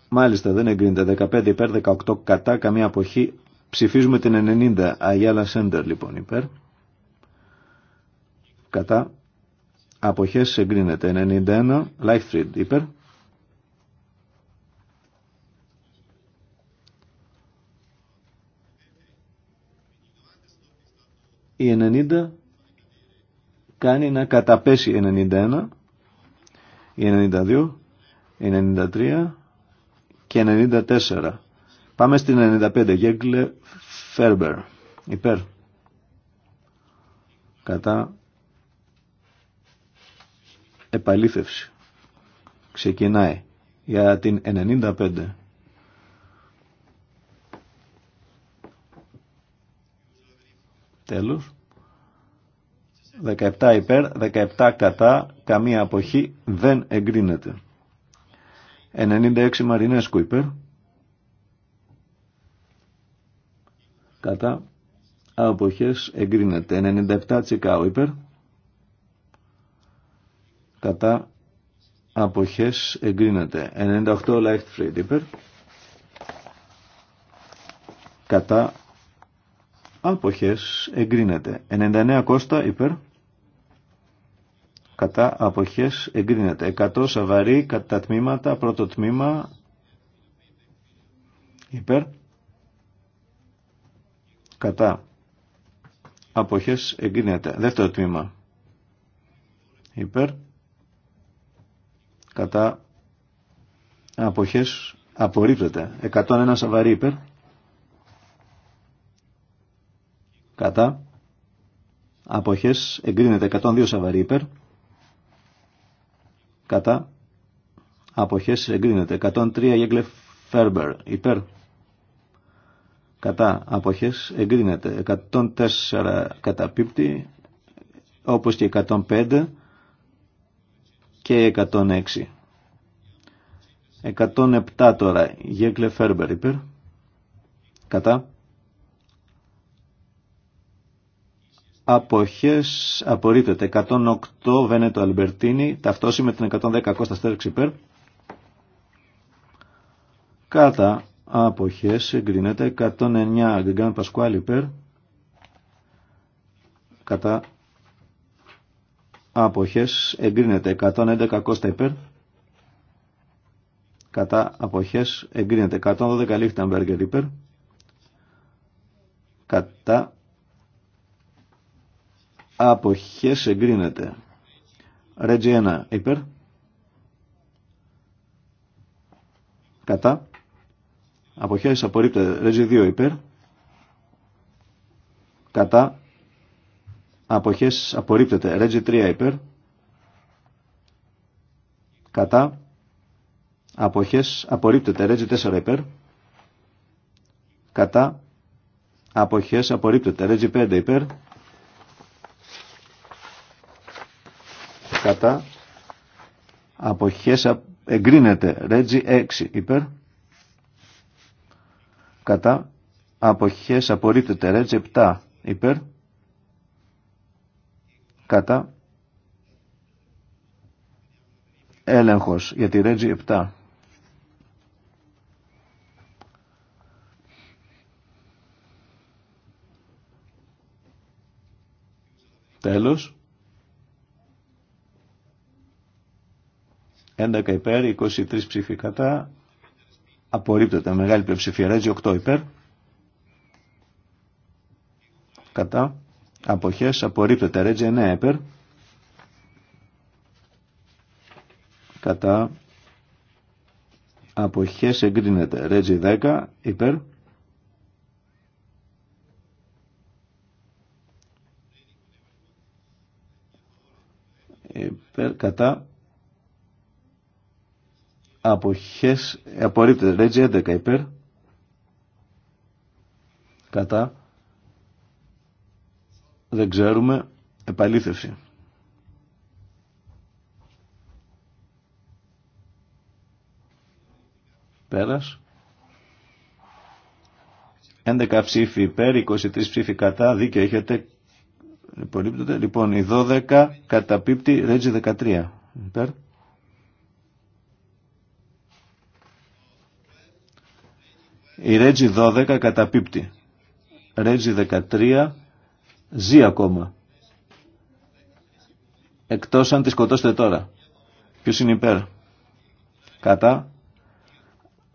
Μάλιστα, δεν εγκρίνεται. 15 υπέρ, 18 κατά, καμία αποχή. Ψηφίζουμε την 90. Αγιάλα Σέντερ, λοιπόν, υπέρ. Κατά. Αποχές εγκρίνεται. 91. Λάιφτριντ, υπέρ. Η 90 κάνει να καταπέσει 91, η 92, η 93, και 94. Πάμε στην 95. Γέγκλε Φέρμπερ. Υπέρ. Κατά επαλήθευση. Ξεκινάει για την 95. Τέλος. 17 υπέρ, 17 κατά, καμία αποχή δεν εγκρίνεται. 96 Μαρινέσκου υπέρ. Κατά αποχές εγκρίνεται. 97 Τσικάου υπέρ. Κατά αποχές εγκρίνεται. 98 Λάιχτ Φρίντ υπέρ. Κατά αποχές εγκρίνεται. 99 Κώστα υπέρ κατά αποχές εγκρίνεται. 100 σαβαρή κατά τμήματα, πρώτο τμήμα υπέρ κατά αποχές εγκρίνεται. Δεύτερο τμήμα υπέρ κατά αποχές απορρίπτεται. 101 σαβαρή υπέρ κατά αποχές εγκρίνεται. 102 σαβαρή υπέρ κατά αποχές εγκρίνεται 103 Γέγκλε Φέρμπερ υπέρ κατά αποχές εγκρίνεται 104 Καταπίπτη, όπως και 105 και 106 107 τώρα Γέγκλε Φέρμπερ υπέρ κατά Αποχές απορρίπτεται. 108 Βένετο Αλμπερτίνη. Ταυτόση με την 110 Κώστα Στέρξ υπέρ. Κάτα αποχές εγκρίνεται. 109 Γκριγκάν Πασκουάλ υπέρ. Κατά αποχές εγκρίνεται. 111 Κώστα υπέρ. Κατά αποχές εγκρίνεται. 112 Μπέργκερ υπέρ. Κατά Αποχές εγκρίνεται. Ρέτζι 1 υπέρ. Κατά. Αποχές απορρίπτεται. Ρέτζι 2 υπέρ. Κατά. Αποχές απορρίπτεται. Ρέτζι 3 υπέρ. Κατά. Αποχές απορρίπτεται. Ρέτζι 4 υπέρ. Κατά. Αποχές απορρίπτεται. Ρέτζι 5 υπέρ. κατά αποχές εγκρίνεται Ρέτζι 6 υπέρ κατά αποχές απορρίπτεται Ρέτζι 7 υπέρ κατά έλεγχος για τη Ρέτζι 7 Τέλος. 11 υπέρ, 23 ψήφοι κατά. Απορρίπτεται μεγάλη πλειοψηφία. Ρέτζι 8 υπέρ. Κατά. Αποχές. Απορρίπτεται. Ρέτζι 9 υπέρ. Κατά. Αποχές εγκρίνεται. Ρέτζι 10 υπέρ. Υπέρ. Κατά αποχές απορρίπτεται. Ρέτζι 11 υπέρ. Κατά. Δεν ξέρουμε. Επαλήθευση. Πέρας. 11 ψήφοι υπέρ, 23 ψήφοι κατά, δίκαιο έχετε. Λοιπόν, η 12 καταπίπτει, Ρέτζι 13. Υπέρ. Η Ρέτζι 12 καταπίπτει. Ρέτζι 13 ζει ακόμα. Εκτός αν τη σκοτώσετε τώρα. Ποιος είναι υπέρ. Κατά.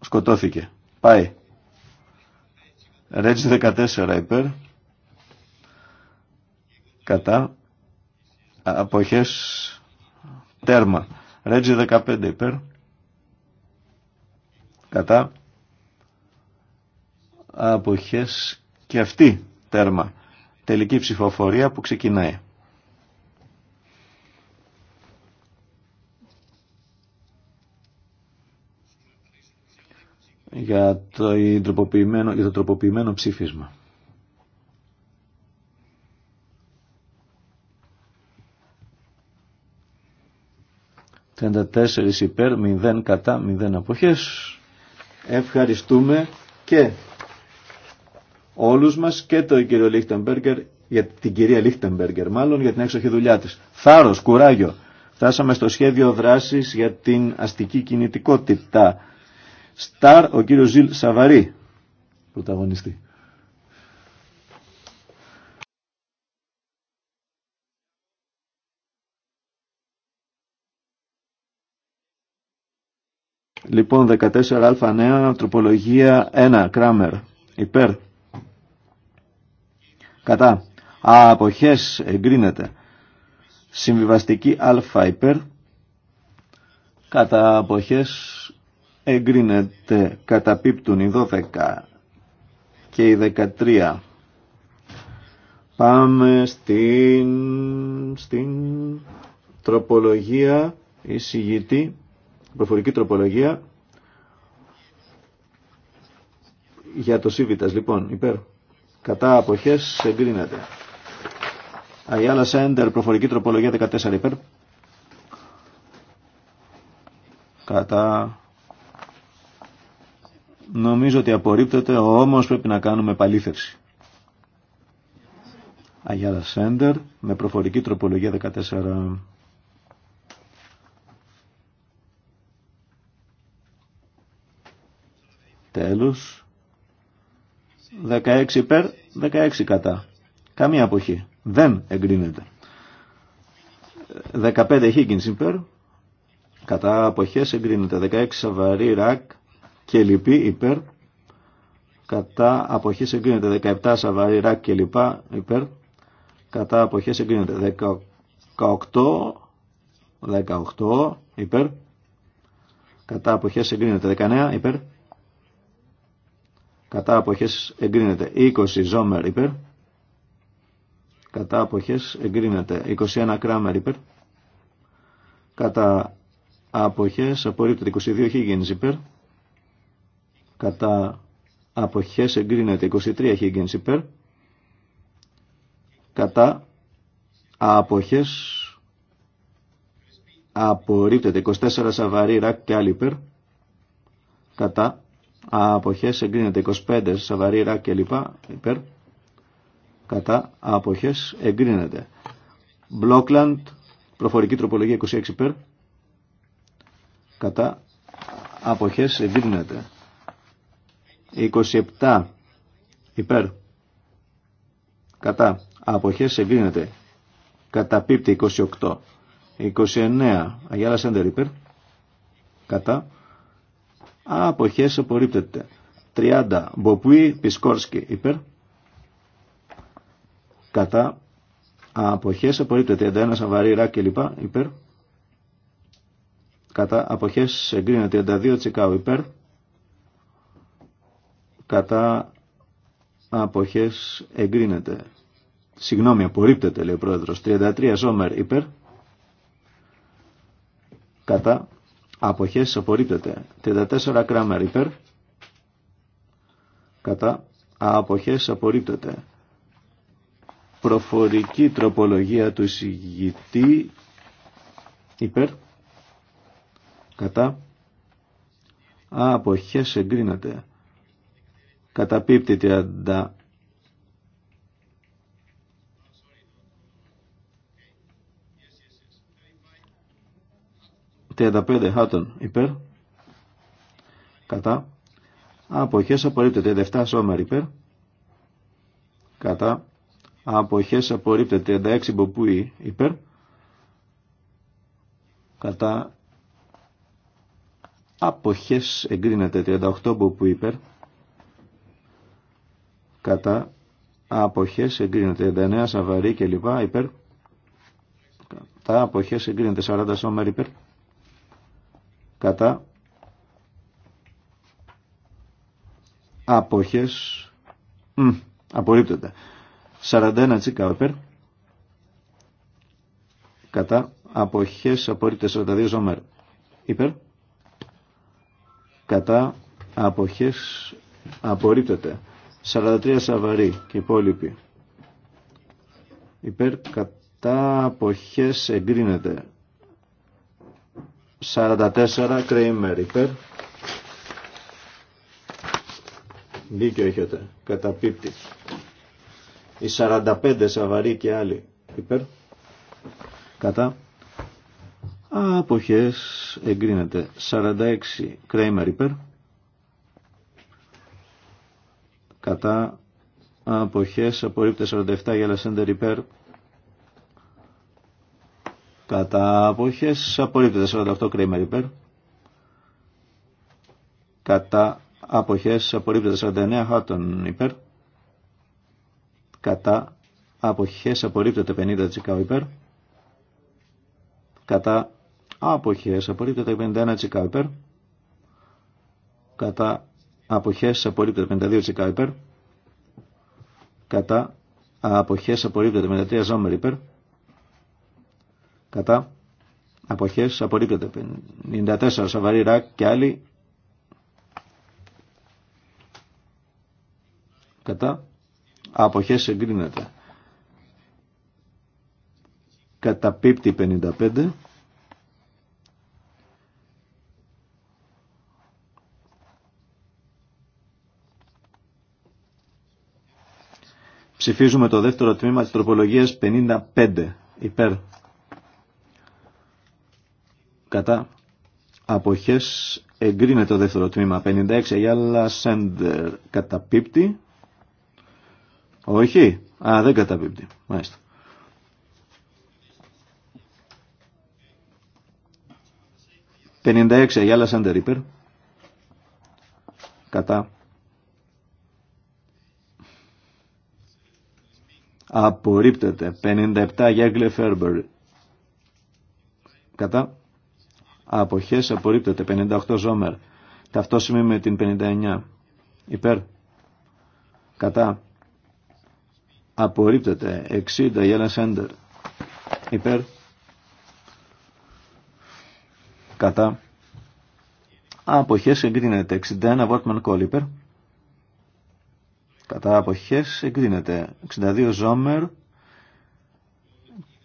Σκοτώθηκε. Πάει. Ρέτζι 14 υπέρ. Κατά. Αποχές. Τέρμα. Ρέτζι 15 υπέρ. Κατά αποχές και αυτή τέρμα. Τελική ψηφοφορία που ξεκινάει. για το, τροποποιημένο, για το τροποποιημένο ψήφισμα. Τέσσερις υπέρ, 0 κατά, 0 αποχές. Ευχαριστούμε και όλους μας και τον κύριο Λίχτεμπεργκερ, για την κυρία Λίχτεμπεργκερ μάλλον, για την έξοχη δουλειά της. Θάρρος, κουράγιο. Φτάσαμε στο σχέδιο δράσης για την αστική κινητικότητα. Σταρ ο κύριος Ζιλ Σαβαρή, πρωταγωνιστή. Λοιπόν, 14α νέα, τροπολογία 1, κράμερ, υπέρ κατά αποχές εγκρίνεται συμβιβαστική α υπέρ κατά αποχές εγκρίνεται καταπίπτουν οι 12 και οι 13 Πάμε στην, στην τροπολογία εισηγητή, προφορική τροπολογία για το ΣΥΒΙΤΑΣ. Λοιπόν, υπέρ κατά αποχές εγκρίνεται. Αγιάλα Σέντερ, προφορική τροπολογία 14 υπέρ. Κατά. Νομίζω ότι απορρίπτεται, όμως πρέπει να κάνουμε παλήθευση. Αγιάλα Σέντερ, με προφορική τροπολογία 14. Τέλος. 16 υπέρ, 16 κατά. Καμία αποχή. Δεν εγκρίνεται. 15 Higgins υπέρ, κατά αποχές εγκρίνεται. 16 Σαβαρή Ρακ και λυπή, υπέρ, κατά αποχές εγκρίνεται. 17 Σαβαρή Ρακ και λοιπά υπέρ, κατά αποχές εγκρίνεται. 18, 18 υπέρ, κατά αποχές εγκρίνεται. 19 υπέρ, κατά αποχές εγκρίνεται 20 Ζόμερ υπέρ κατά αποχές εγκρίνεται 21 Κράμερ υπέρ κατά αποχές απορρίπτεται 22 χίγγινς υπέρ κατά αποχές εγκρίνεται 23 χίγγινς υπέρ κατά αποχές απορρίπτεται 24 Σαβαρή Ρακ και άλλοι υπέρ κατά αποχές εγκρίνεται 25 σαβαρή κ.λπ. και λοιπά υπέρ κατά αποχές εγκρίνεται Blockland προφορική τροπολογία 26 υπέρ κατά αποχές εγκρίνεται 27 υπέρ κατά αποχές εγκρίνεται καταπίπτει 28 29 Αγιάλα Σέντερ υπέρ κατά Αποχές απορρίπτεται. 30. Μποπούι Πισκόρσκι υπέρ. Κατά. Αποχές απορρίπτεται. 31. Σαβαρή Ρά κλπ. Υπέρ. Κατά. Αποχές εγκρίνεται. 32. Τσικάου υπέρ. Κατά. Αποχές εγκρίνεται. Συγγνώμη, απορρίπτεται λέει ο πρόεδρος. 33. Ζόμερ υπέρ. Κατά Αποχές απορρίπτεται. 34 κράμερ υπέρ. Κατά. Αποχές απορρίπτεται. Προφορική τροπολογία του εισηγητή υπέρ. Κατά. Αποχές εγκρίνεται. Καταπίπτει αντα, 35 χάτων υπέρ κατά αποχές απορρίπτεται 37 σόμερ υπέρ κατά αποχές απορρίπτεται 36 μποπούι υπέρ κατά αποχές εγκρίνεται 38 μποπούι υπέρ κατά αποχές εγκρίνεται 39 σαβαρή κλπ υπέρ τα αποχές εγκρίνεται 40 σόμερ υπέρ κατά άποχες Μ, απορρίπτεται 41 τσίκα υπέρ κατά αποχές απορρίπτεται 42 ζόμερ υπέρ κατά αποχές απορρίπτεται 43 σαβαρή και υπόλοιποι υπέρ κατά αποχές εγκρίνεται 44 Kramer υπέρ. Δίκιο έχετε. Καταπίπτει. Η 45 Σαβαρή και άλλοι υπέρ. Κατά. Αποχές εγκρίνεται. 46 Kramer υπέρ. Κατά. Αποχές απορρίπτε 47 για Λασέντερ υπέρ Κατά αποχές απορρίπτεται 48 Kramer υπέρ. Κατά αποχές απορρίπτεται 49 χάτων υπέρ. Κατά αποχές απορρίπτεται 50 τσικάου υπέρ. Κατά αποχές απορρίπτεται 51 τσικάου υπέρ. Κατά αποχές απορρίπτεται 52 τσικάου υπέρ. Κατά αποχές απορρίπτεται 53 ζόμερ υπέρ κατά αποχές απορρίπτεται 54 Σαβαρή Ρακ και άλλοι κατά αποχές εγκρίνεται καταπίπτει 55 Ψηφίζουμε το δεύτερο τμήμα της τροπολογίας 55 υπέρ κατά αποχές εγκρίνεται το δεύτερο τμήμα 56 Γιάλα Σέντερ καταπίπτει όχι α δεν καταπίπτει μάλιστα «56 Γιάλα Σέντερ υπέρ» κατά απορρίπτεται «57 Γιάγκλε Φέρμπερ» κατά αποχές απορρίπτεται 58 ζόμερ ταυτόσημη με την 59 υπέρ κατά απορρίπτεται 60 γέλα σέντερ υπέρ κατά αποχές εγκρίνεται 61 Βόρτμαν Κόλ υπέρ κατά αποχές εγκρίνεται 62 Ζόμερ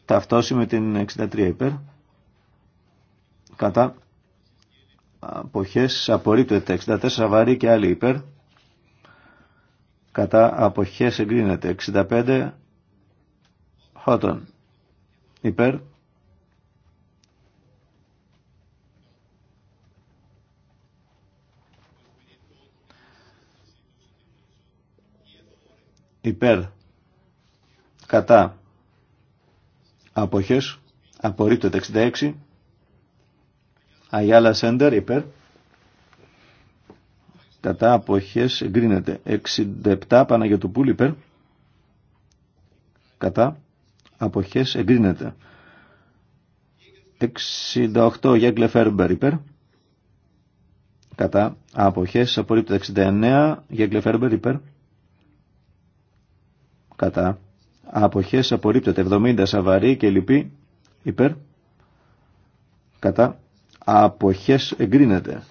ταυτόσημη με την 63 υπέρ κατά αποχές απορρίπτεται 64 βαρύ και άλλοι υπέρ κατά αποχές εγκρίνεται 65 χώτων υπέρ υπέρ κατά αποχές απορρίπτεται 66 Αγιάλα Σέντερ υπέρ. Κατά απόχέ εγκρίνεται. 67 Παναγιωτοπούλη υπέρ. Κατά απόχέ εγκρίνεται. 68 Γέγκλε Φέρμπερ υπέρ. Κατά αποχές απορρίπτεται. 69 Γέγκλε Φέρμπερ υπέρ. Κατά απόχέ απορρίπτεται. 70 Σαβαρή και λοιποί υπέρ. Κατά αποχές εγκρίνεται.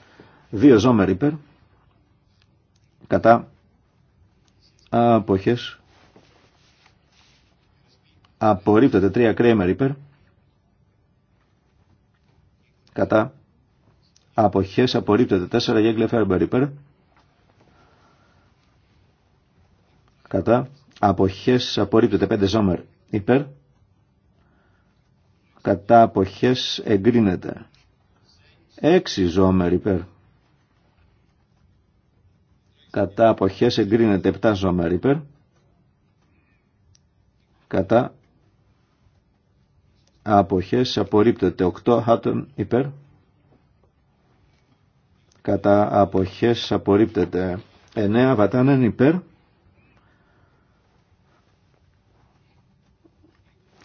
Δύο ζώμερ υπέρ, κατά αποχές απορρίπτεται. Τρία κρέμερ υπέρ, κατά αποχές απορρίπτεται. Τέσσερα γέγκλε φέρμπερ υπέρ, κατά αποχές απορρίπτεται. Πέντε ζώμερ υπέρ, κατά αποχές εγκρίνεται. 6 ζώμερ υπέρ. Κατά αποχές εγκρίνεται 7 ζώμερ υπέρ. Κατά αποχές απορρίπτεται 8 χάτων υπέρ. Κατά αποχές απορρίπτεται 9 βατάνεν υπέρ.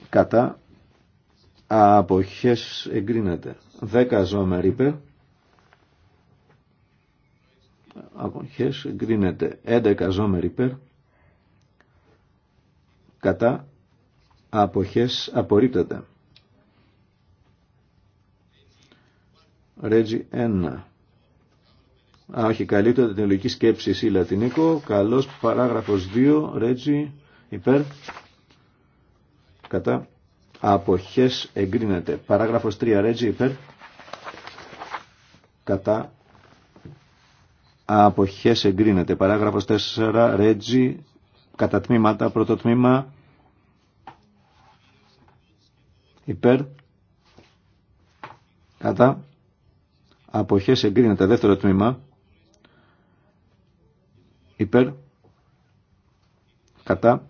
Κατά αποχές εγκρίνεται. 10 ζωμερ υπέρ. Αποχές εγκρίνεται 11 ζωμερ υπέρ. Κατά αποχές απορρίπτεται. Ρέτζι 1. Α, όχι, καλύπτεται την λογική σκέψη ή λατινικό. Καλός παράγραφος 2, Ρέτζι, υπέρ. Κατά. Αποχές εγκρίνεται. Παράγραφος 3, Ρέτζι, υπέρ κατά αποχές εγκρίνεται. Παράγραφος 4, Ρέτζι, κατά τμήματα, πρώτο τμήμα, υπέρ, κατά, αποχές εγκρίνεται. Δεύτερο τμήμα, υπέρ, κατά,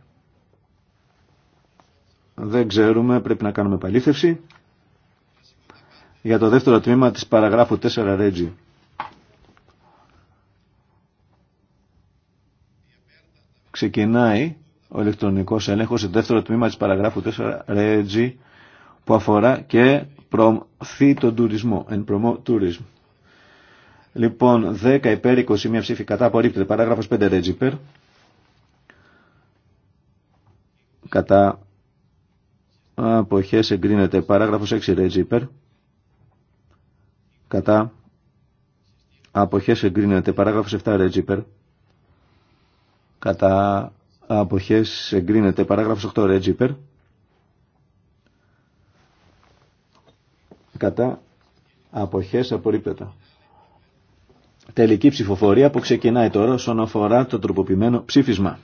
δεν ξέρουμε, πρέπει να κάνουμε παλήθευση για το δεύτερο τμήμα της παραγράφου 4 Ρέτζι. Ξεκινάει ο ηλεκτρονικός έλεγχος, το δεύτερο τμήμα της παραγράφου 4 Ρέτζι, που αφορά και προωθεί τον τουρισμό, εν προμό tourism. Λοιπόν, 10 υπέρ, 21 ψήφι κατά, απορρίπτεται, παράγραφος 5 Ρέτζι υπέρ, κατά αποχές εγκρίνεται, παράγραφος 6 Ρέτζι υπέρ, κατά αποχές εγκρίνεται παράγραφος 7 ρέτζιπερ κατά αποχές εγκρίνεται παράγραφος 8 ρέτζιπερ κατά αποχές απορρίπτεται τελική ψηφοφορία που ξεκινάει τώρα όσον αφορά το τροποποιημένο ψήφισμα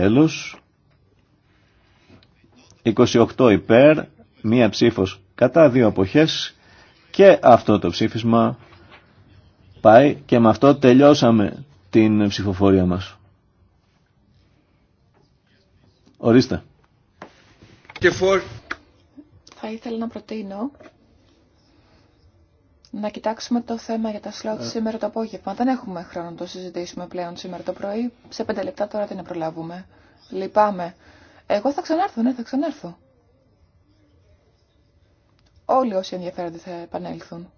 Τέλος. 28 υπέρ, μία ψήφος κατά, δύο αποχές και αυτό το ψήφισμα πάει και με αυτό τελειώσαμε την ψηφοφορία μας. Ορίστε. Θα ήθελα να προτείνω να κοιτάξουμε το θέμα για τα σλότ ε. σήμερα το απόγευμα. Δεν έχουμε χρόνο να το συζητήσουμε πλέον σήμερα το πρωί. Σε πέντε λεπτά τώρα δεν προλάβουμε. Λυπάμαι. Εγώ θα ξανάρθω, ναι, θα ξανάρθω. Όλοι όσοι ενδιαφέρονται θα επανέλθουν.